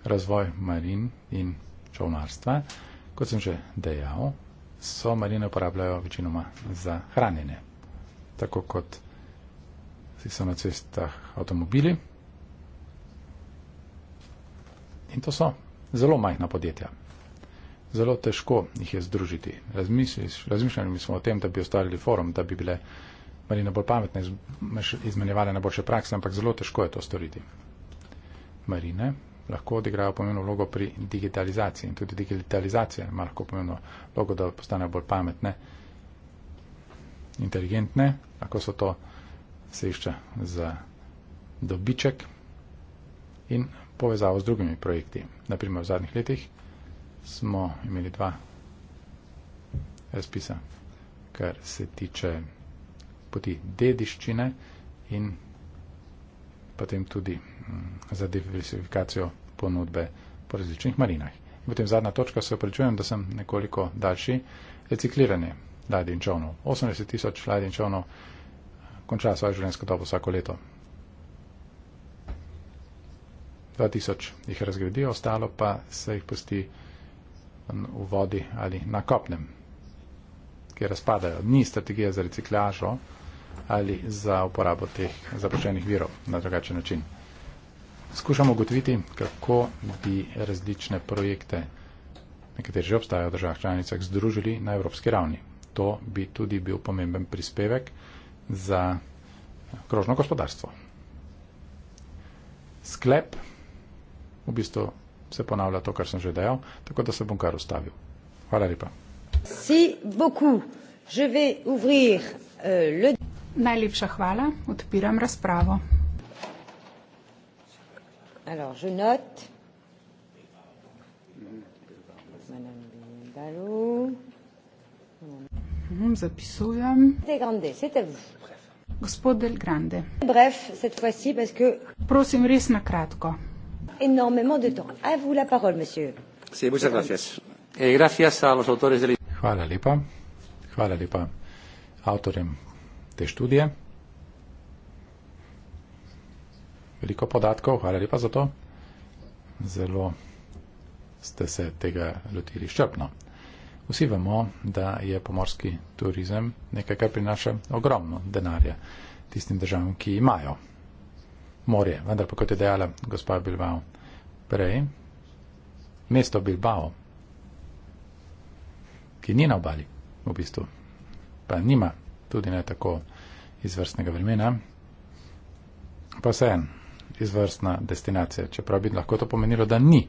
C: Razvoj marin in čovnarstva. Kot sem že dejal, so marine uporabljajo večinoma za hranjenje. Tako kot si so na cestah avtomobili. In to so zelo majhna podjetja. Zelo težko jih je združiti. Razmišljali smo o tem, da bi ustvarili forum, da bi bile Marina bolj pametna izmenjevala na boljše prakse, ampak zelo težko je to storiti. Marine lahko odigrajo pomembno vlogo pri digitalizaciji in tudi digitalizacija ima lahko pomembno vlogo, da postanejo bolj pametne, inteligentne, lahko so to sešča za dobiček in povezavo z drugimi projekti. Naprimer, v zadnjih letih smo imeli dva razpisa, kar se tiče poti dediščine in potem tudi mm, za diversifikacijo ponudbe po različnih marinah. In potem zadnja točka, se opravičujem, da sem nekoliko daljši, recikliranje ladij in čovnov. 80 tisoč ladij in čovnov eh, konča svojo življenjsko dobo vsako leto. 2000 jih razgradijo, ostalo pa se jih pusti v vodi ali na kopnem, ki razpadajo. Ni strategije za reciklažo ali za uporabo teh zapuščenih virov na drugačen način. Skušamo ugotoviti, kako bi različne projekte, nekateri že obstajajo v državah članicah, združili na evropski ravni. To bi tudi bil pomemben prispevek za krožno gospodarstvo. Sklep, v bistvu se ponavlja to, kar sem že dejal, tako da se bom kar ustavil. Hvala lepa.
A: Si beaucoup.
B: Je vais ouvrir euh, le. Najlepša hvala. Odpiram razpravo.
A: Alors, je note.
B: Mhm, zapisujem. Gospod Del Grande.
A: Bref, cette fois-ci, parce que... Prosim, res na kratko. Énormément de temps. À vous la parole, monsieur.
C: Sí, muchas gracias. Eh, gracias a los autores del... Hvala lepa. Hvala lepa. Autorem te študije. Veliko podatkov, hvala lepa za to. Zelo ste se tega lotili ščepno. Vsi vemo, da je pomorski turizem nekaj, kar prinaša ogromno denarja tistim državam, ki imajo morje. Vendar pa, kot je dejala gospa Bilbao prej, mesto Bilbao, ki ni na obali, v bistvu, pa nima tudi ne tako izvrstnega vremena. Pa vse en, izvrstna destinacija, čeprav bi lahko to pomenilo, da ni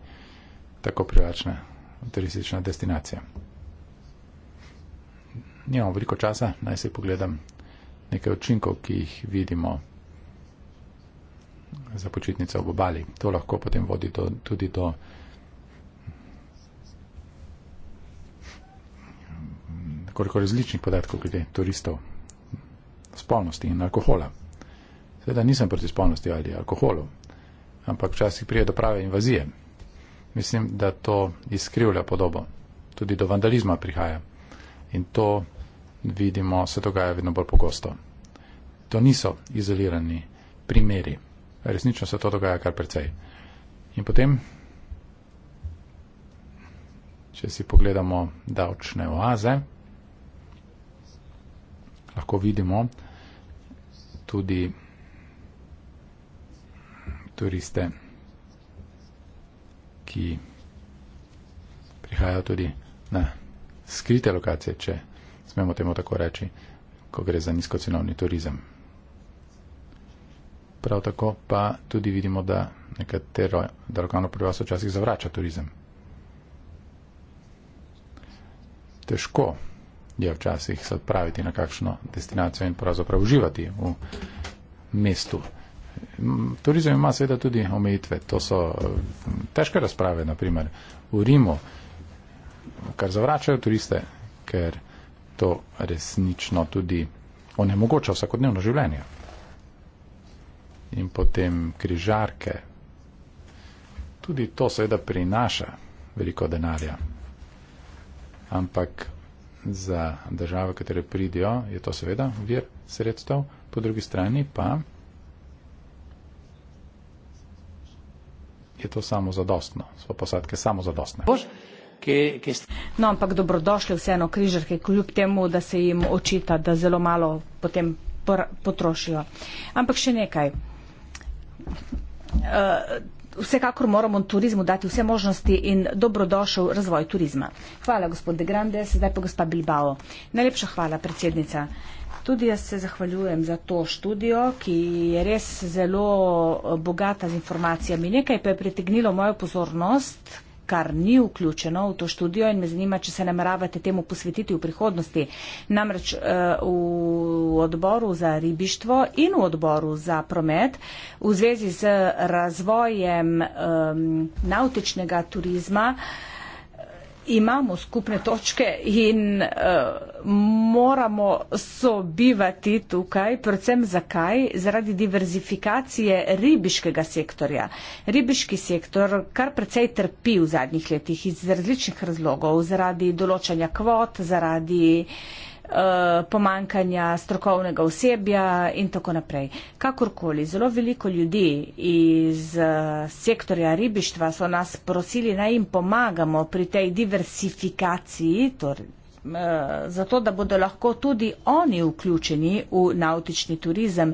C: tako privlačna turistična destinacija. Nimamo veliko časa, naj se pogledam nekaj učinkov, ki jih vidimo za počitnice ob obali. To lahko potem vodi do, tudi do. koliko različnih podatkov glede turistov, spolnosti in alkohola. Seveda nisem proti spolnosti ali alkoholu, ampak včasih prije do prave invazije. Mislim, da to izkrivlja podobo. Tudi do vandalizma prihaja. In to vidimo, se dogaja vedno bolj pogosto. To niso izolirani primeri. Resnično se to dogaja kar precej. In potem, če si pogledamo davčne oaze, lahko vidimo tudi turiste, ki prihajajo tudi na skrite lokacije, če smemo temu tako reči, ko gre za nizkocenovni turizem. Prav tako pa tudi vidimo, da nekatero, da lokalno prebivalstvo včasih zavrača turizem. Težko je včasih se odpraviti na kakšno destinacijo in pravzaprav uživati v mestu. Turizem ima seveda tudi omejitve. To so mm, težke razprave, naprimer v Rimu, kar zavračajo turiste, ker to resnično tudi onemogoča vsakodnevno življenje. In potem križarke. Tudi to seveda prinaša veliko denarja. Ampak za države, katere pridijo, je to seveda vir sredstev, po drugi strani pa je to samo zadostno, so posadke samo
D: zadostne. No, ampak dobrodošli vseeno križarke, kljub temu, da se jim očita, da zelo malo potem potrošijo. Ampak še nekaj. Uh, vsekakor moramo turizmu dati vse možnosti in dobrodošel razvoj turizma. Hvala, gospod De Grande, zdaj pa gospa Bilbao. Najlepša hvala, predsednica. Tudi jaz se zahvaljujem za to študijo, ki je res zelo bogata z informacijami. Nekaj pa je pritegnilo mojo pozornost, kar ni vključeno v to študijo in me zanima, če se nameravate temu posvetiti v prihodnosti. Namreč eh, v odboru za ribištvo in v odboru za promet v zvezi z razvojem um, ehm, nautičnega turizma imamo skupne točke in uh, moramo sobivati tukaj, predvsem zakaj? Zaradi diverzifikacije ribiškega sektorja. Ribiški sektor kar precej trpi v zadnjih letih iz različnih razlogov, zaradi določanja kvot, zaradi uh, Eh, pomankanja strokovnega osebja in tako naprej. Kakorkoli, zelo veliko ljudi iz eh, sektorja ribištva so nas prosili, naj jim pomagamo pri tej diversifikaciji, torej, eh, zato da bodo lahko tudi oni vključeni v nautični turizem.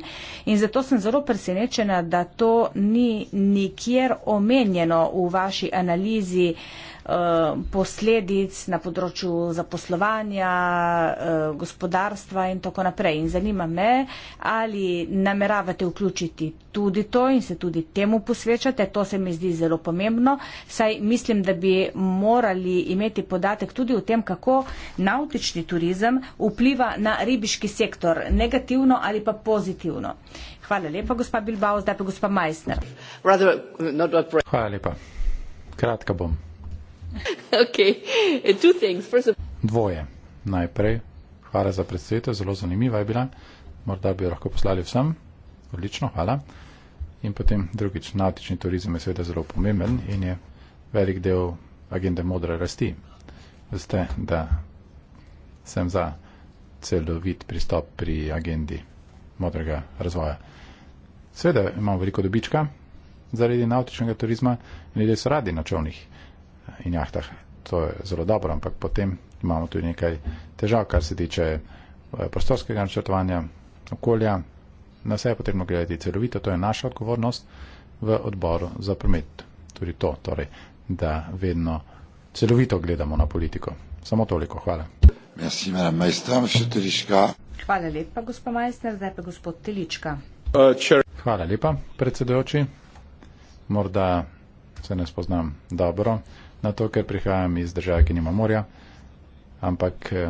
D: In zato sem zelo presenečena, da to ni nikjer omenjeno v vaši analizi. Eh, posledic na področju zaposlovanja, eh, gospodarstva in tako naprej. In zanima me, ali nameravate vključiti tudi to in se tudi temu posvečate. To se mi zdi zelo pomembno, saj mislim, da bi morali imeti podatek tudi o tem, kako nautični turizem vpliva na ribiški sektor negativno ali pa pozitivno. Hvala lepa, gospa Bilbao, zdaj pa gospa Meissner.
C: Uh, Hvala lepa. Kratka bom.
D: Uh,
C: Dvoje. Najprej, hvala za predstavitev, zelo zanimiva je bila. Morda bi jo lahko poslali vsem. Odlično, hvala. In potem drugič, nautični turizem je seveda zelo pomemben in je velik del agende modre rasti. Veste, da sem za celovit pristop pri agendi modrega razvoja. Seveda imamo veliko dobička zaradi nautičnega turizma in ljudje so radi na čovnih in jahtah. To je zelo dobro, ampak potem imamo tudi nekaj težav, kar se tiče eh, prostorskega načrtovanja okolja. Na vse je potrebno gledati celovito, to je naša odgovornost v odboru za promet. Tudi to, torej, da vedno celovito gledamo na politiko. Samo toliko, hvala. Merci, maestram,
D: hvala lepa, gospod majster, zdaj pa gospod Telička.
C: Uh, hvala lepa, predsedojoči. Morda se ne spoznam dobro na to, ker prihajam iz države, ki nima morja, ampak eh,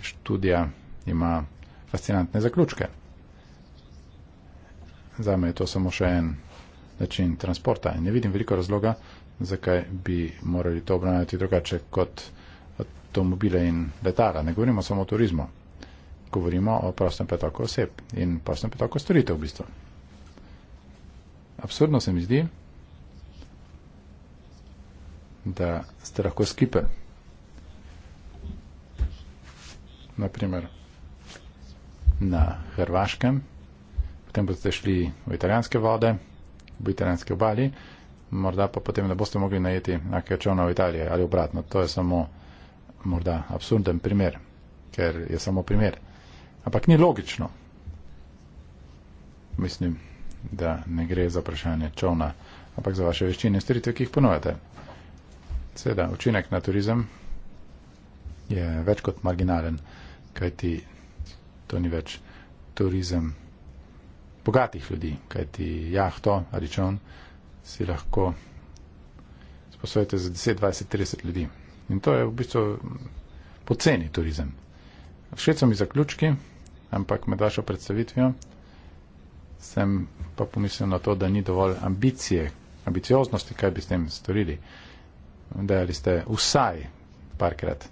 C: študija ima fascinantne zaključke. Zame je to samo še en način transporta in ne vidim veliko razloga, zakaj bi morali to obravnavati drugače kot avtomobile in letala. Ne govorimo samo o turizmu, govorimo o prostem petoku oseb in prostem petoku storitev v bistvu. Absurdno se mi zdi, da ste lahko skipe. Naprimer, na Hrvaškem, potem boste šli v italijanske vode, v italijanske obali, morda pa potem ne boste mogli najeti na kačona v Italiji ali obratno. To je samo morda absurden primer, ker je samo primer. Ampak ni logično. Mislim, da ne gre za vprašanje čovna, ampak za vaše veščine in storitve, ki jih ponujate. Seveda, učinek na turizem je več kot marginalen, kajti to ni več turizem bogatih ljudi, kajti jahto, aričon, si lahko sposojite za 10, 20, 30 ljudi. In to je v bistvu poceni turizem. Všeč so mi zaključki, ampak med vašo predstavitvijo sem pa pomislil na to, da ni dovolj ambicije, ambicioznosti, kaj bi s tem storili dejali ste vsaj parkrat.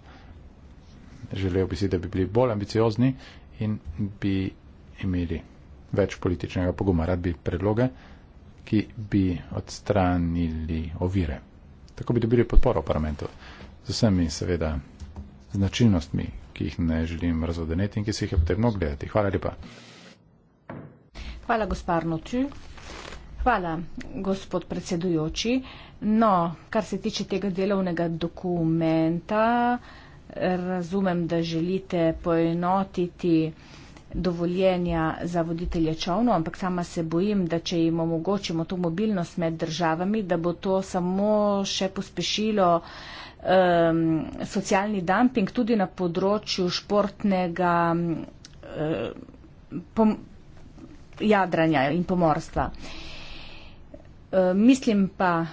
C: Želel bi si, da bi bili bolj ambiciozni in bi imeli več političnega poguma. Rad bi predloge, ki bi odstranili ovire. Tako bi dobili podporo v parlamentu. Z vsemi seveda značilnostmi, ki jih ne želim razvodeneti in ki si jih je potrebno gledati. Hvala lepa.
D: Hvala, gospod Arnoči. Hvala, gospod predsedujoči. No, kar se tiče tega delovnega dokumenta, razumem, da želite poenotiti dovoljenja za voditelje čovnov, ampak sama se bojim, da če jim omogočimo to mobilnost med državami, da bo to samo še pospešilo um, socialni dumping tudi na področju športnega um, pom, jadranja in pomorstva. Uh, Eh, mislim pa,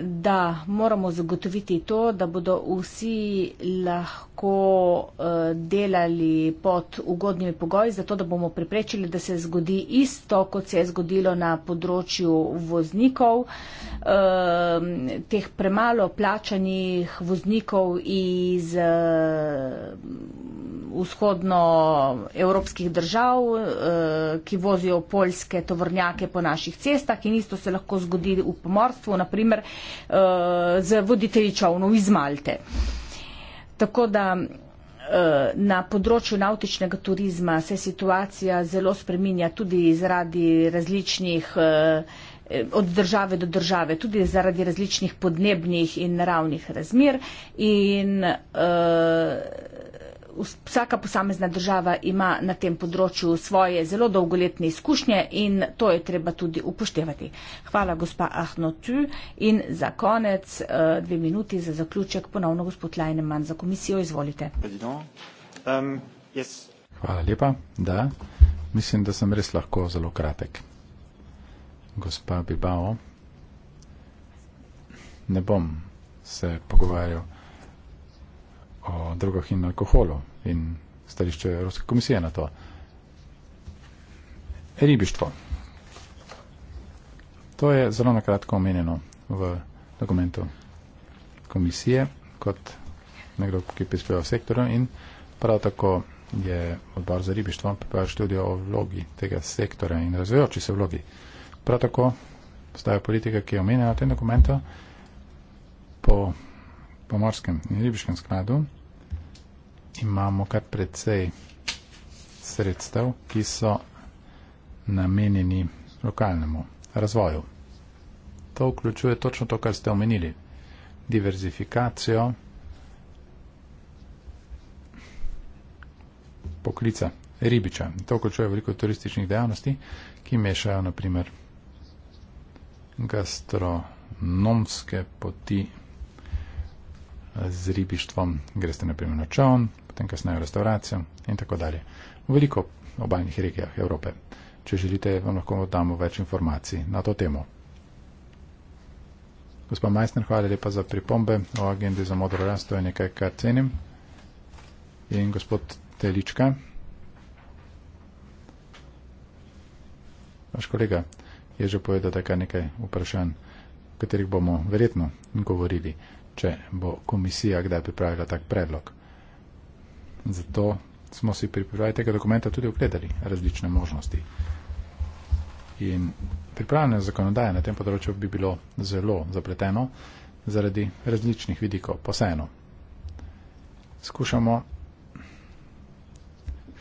D: da moramo zagotoviti to, da bodo vsi lahko eh, delali pod ugodnimi pogoji, zato da bomo preprečili, da se zgodi isto, kot se je zgodilo na področju voznikov, ehm, teh premalo plačanih voznikov iz eh, vzhodnoevropskih držav, eh, ki vozijo polske tovrnjake po naših cestah in isto se lahko zgodi v pomorstvu, naprimer, z voditelji čovnov iz Malte. Tako da eh, na področju nautičnega turizma se situacija zelo spreminja tudi zaradi različnih eh, od države do države, tudi zaradi različnih podnebnih in naravnih razmir in uh, vsaka posamezna država ima na tem področju svoje zelo dolgoletne izkušnje in to je treba tudi upoštevati. Hvala, gospa Ahnotu. In za konec, eh, dve minuti za zaključek, ponovno gospod Lajneman za komisijo. Izvolite. Um,
C: Hvala lepa. Da, mislim, da sem res lahko zelo kratek. Gospa Bibao, ne bom se pogovarjal o drogah in alkoholu in stališče Evropske komisije na to. Ribištvo. To je zelo nakratko omenjeno v dokumentu komisije kot nekdo, ki prispeva v sektorju in prav tako je odbor za ribištvo pripravil študijo o vlogi tega sektora in razvojoči se vlogi. Prav tako obstaja politika, ki je omenjena v tem dokumentu po pomorskem in ribiškem skladu imamo kar precej sredstev, ki so namenjeni lokalnemu razvoju. To vključuje točno to, kar ste omenili. Diverzifikacijo poklica ribiča. To vključuje veliko turističnih dejavnosti, ki mešajo naprimer gastronomske poti z ribištvom, greste naprimer na čovn, potem kasneje v restauracijo in tako dalje. V veliko obaljnih regijah Evrope. Če želite, vam lahko damo več informacij na to temo. Gospod Majstner, hvala lepa za pripombe o agendi za modro rast, to je nekaj, kar cenim. In gospod Telička, vaš kolega je že povedal, da je kar nekaj vprašanj, o katerih bomo verjetno govorili če bo komisija kdaj pripravila tak predlog. Zato smo si pri pripravi tega dokumenta tudi ogledali različne možnosti. In pripravljanje zakonodaje na tem področju bi bilo zelo zapleteno zaradi različnih vidikov. Posejeno, skušamo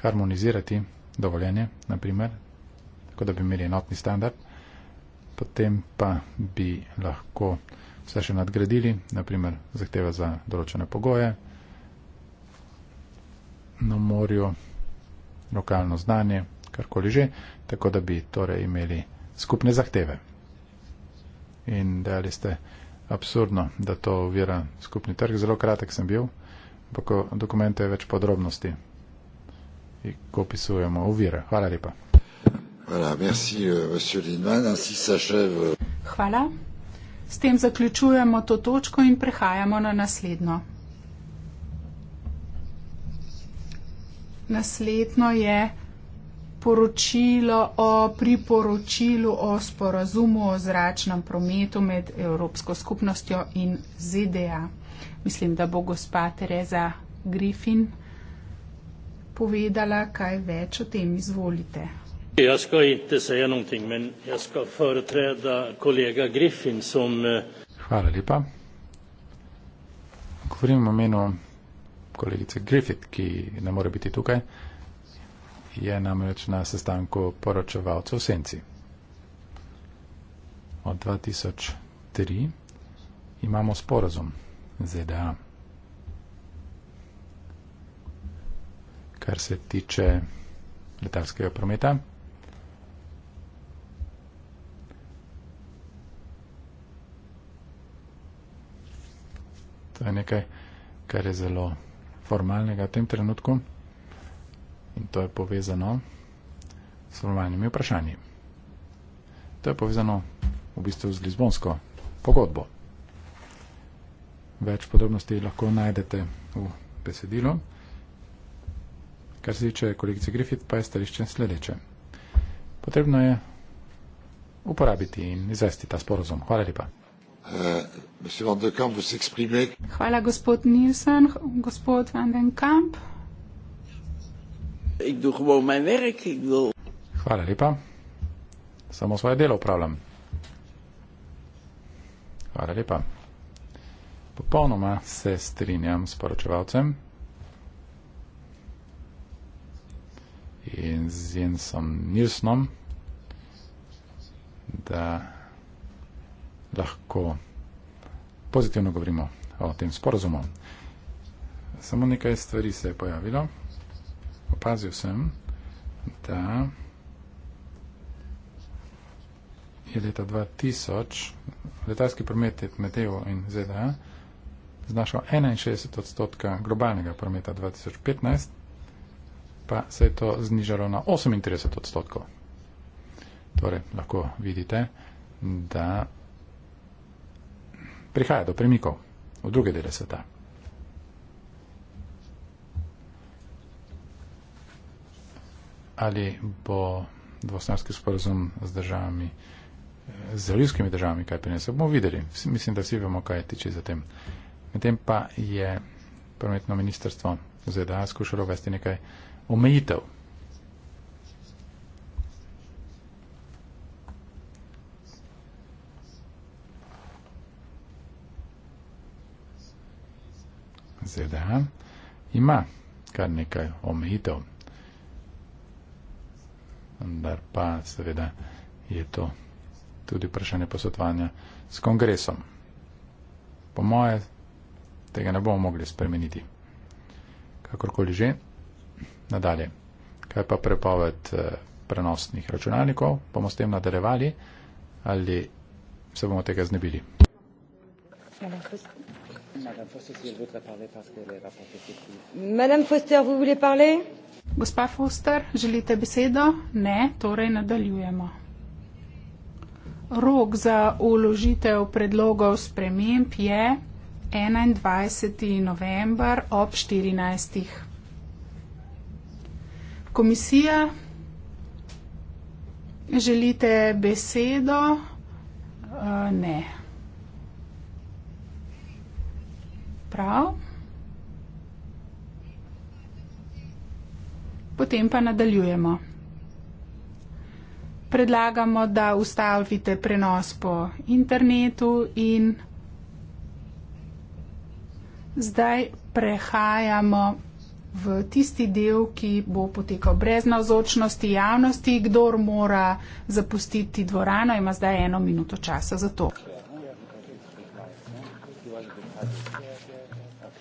C: harmonizirati dovoljenje, naprimer, tako da bi imeli enotni standard, potem pa bi lahko vse še nadgradili, naprimer zahteva za določene pogoje na morju, lokalno znanje, karkoli že, tako da bi torej imeli skupne zahteve. In dejali ste, absurdno, da to uvira skupni trg, zelo kratek sem bil, ampak dokumente je več podrobnosti, ko opisujemo uvire. Hvala lepa.
A: Voilà, merci, euh, monsieur Lindman. Ainsi s'achève. Euh,
B: voilà. S tem zaključujemo to točko in prehajamo na naslednjo. Naslednjo je poročilo o priporočilu o sporazumu o zračnem prometu med Evropsko skupnostjo in ZDA. Mislim, da bo gospa Tereza Griffin povedala kaj več o tem. Izvolite.
A: Jag ska inte säga någonting, men jag ska företräda kollega Griffin som... Eh,
C: Hvala lepa. Govorim o imenu kolegice Griffith, ki ne more biti tukaj. Je namreč na sestanku poročevalcev v Senci. Od 2003 imamo sporazum ZDA. Kar se tiče letalskega prometa, To je nekaj, kar je zelo formalnega v tem trenutku in to je povezano s formalnimi vprašanji. To je povezano v bistvu z Lizbonsko pogodbo. Več podrobnosti lahko najdete v besedilu. Kar se tiče kolegice Griffith, pa je stališče sledeče. Potrebno je uporabiti in izvesti ta sporozum. Hvala lepa. Euh, monsieur Van den Kamp, vous exprimez.
B: Hvala, gospod Nielsen. Gospod Van den Kamp.
C: Ik doe gewoon mijn werk. Ik wil... Hvala lepa. Samo svoje delo upravljam. Hvala lepa. Popolnoma se strinjam s poročevalcem. In z Jensom Nielsenom, da lahko pozitivno govorimo o tem sporozumu. Samo nekaj stvari se je pojavilo. Opazil sem, da je leta 2000 letalski promet med EU in ZDA znašal 61 odstotka globalnega prometa 2015, pa se je to znižalo na 38 odstotkov. Torej, lahko vidite, da prihaja do premikov v druge dele sveta. Ali bo dvosnarski sporozum z državami, z ruskimi državami, kaj prinesel, bomo videli. Mislim, da vsi vemo, kaj tiče za tem. Medtem pa je prometno ministrstvo ZDA skušalo uvesti nekaj omejitev ZDA ima kar nekaj omejitev. Vendar pa seveda je to tudi vprašanje posvetovanja s kongresom. Po moje tega ne bomo mogli spremeniti. Kakorkoli že, nadalje. Kaj pa prepoved eh, prenosnih računalnikov? Bomo s tem nadaljevali ali se bomo tega znebili?
B: Hvala. Ja, Madame Foster, vous voulez parler? Gospa Foster, želite besedo? Ne, torej nadaljujemo. Rok za uložitev predlogov sprememb je 21. november ob 14. Komisija, želite besedo? Eh, ne. prav. Potem pa nadaljujemo. Predlagamo, da ustavite prenos po internetu in zdaj prehajamo v tisti del, ki bo potekal brez navzočnosti javnosti. Kdor mora zapustiti dvorano, ima zdaj eno minuto časa za to.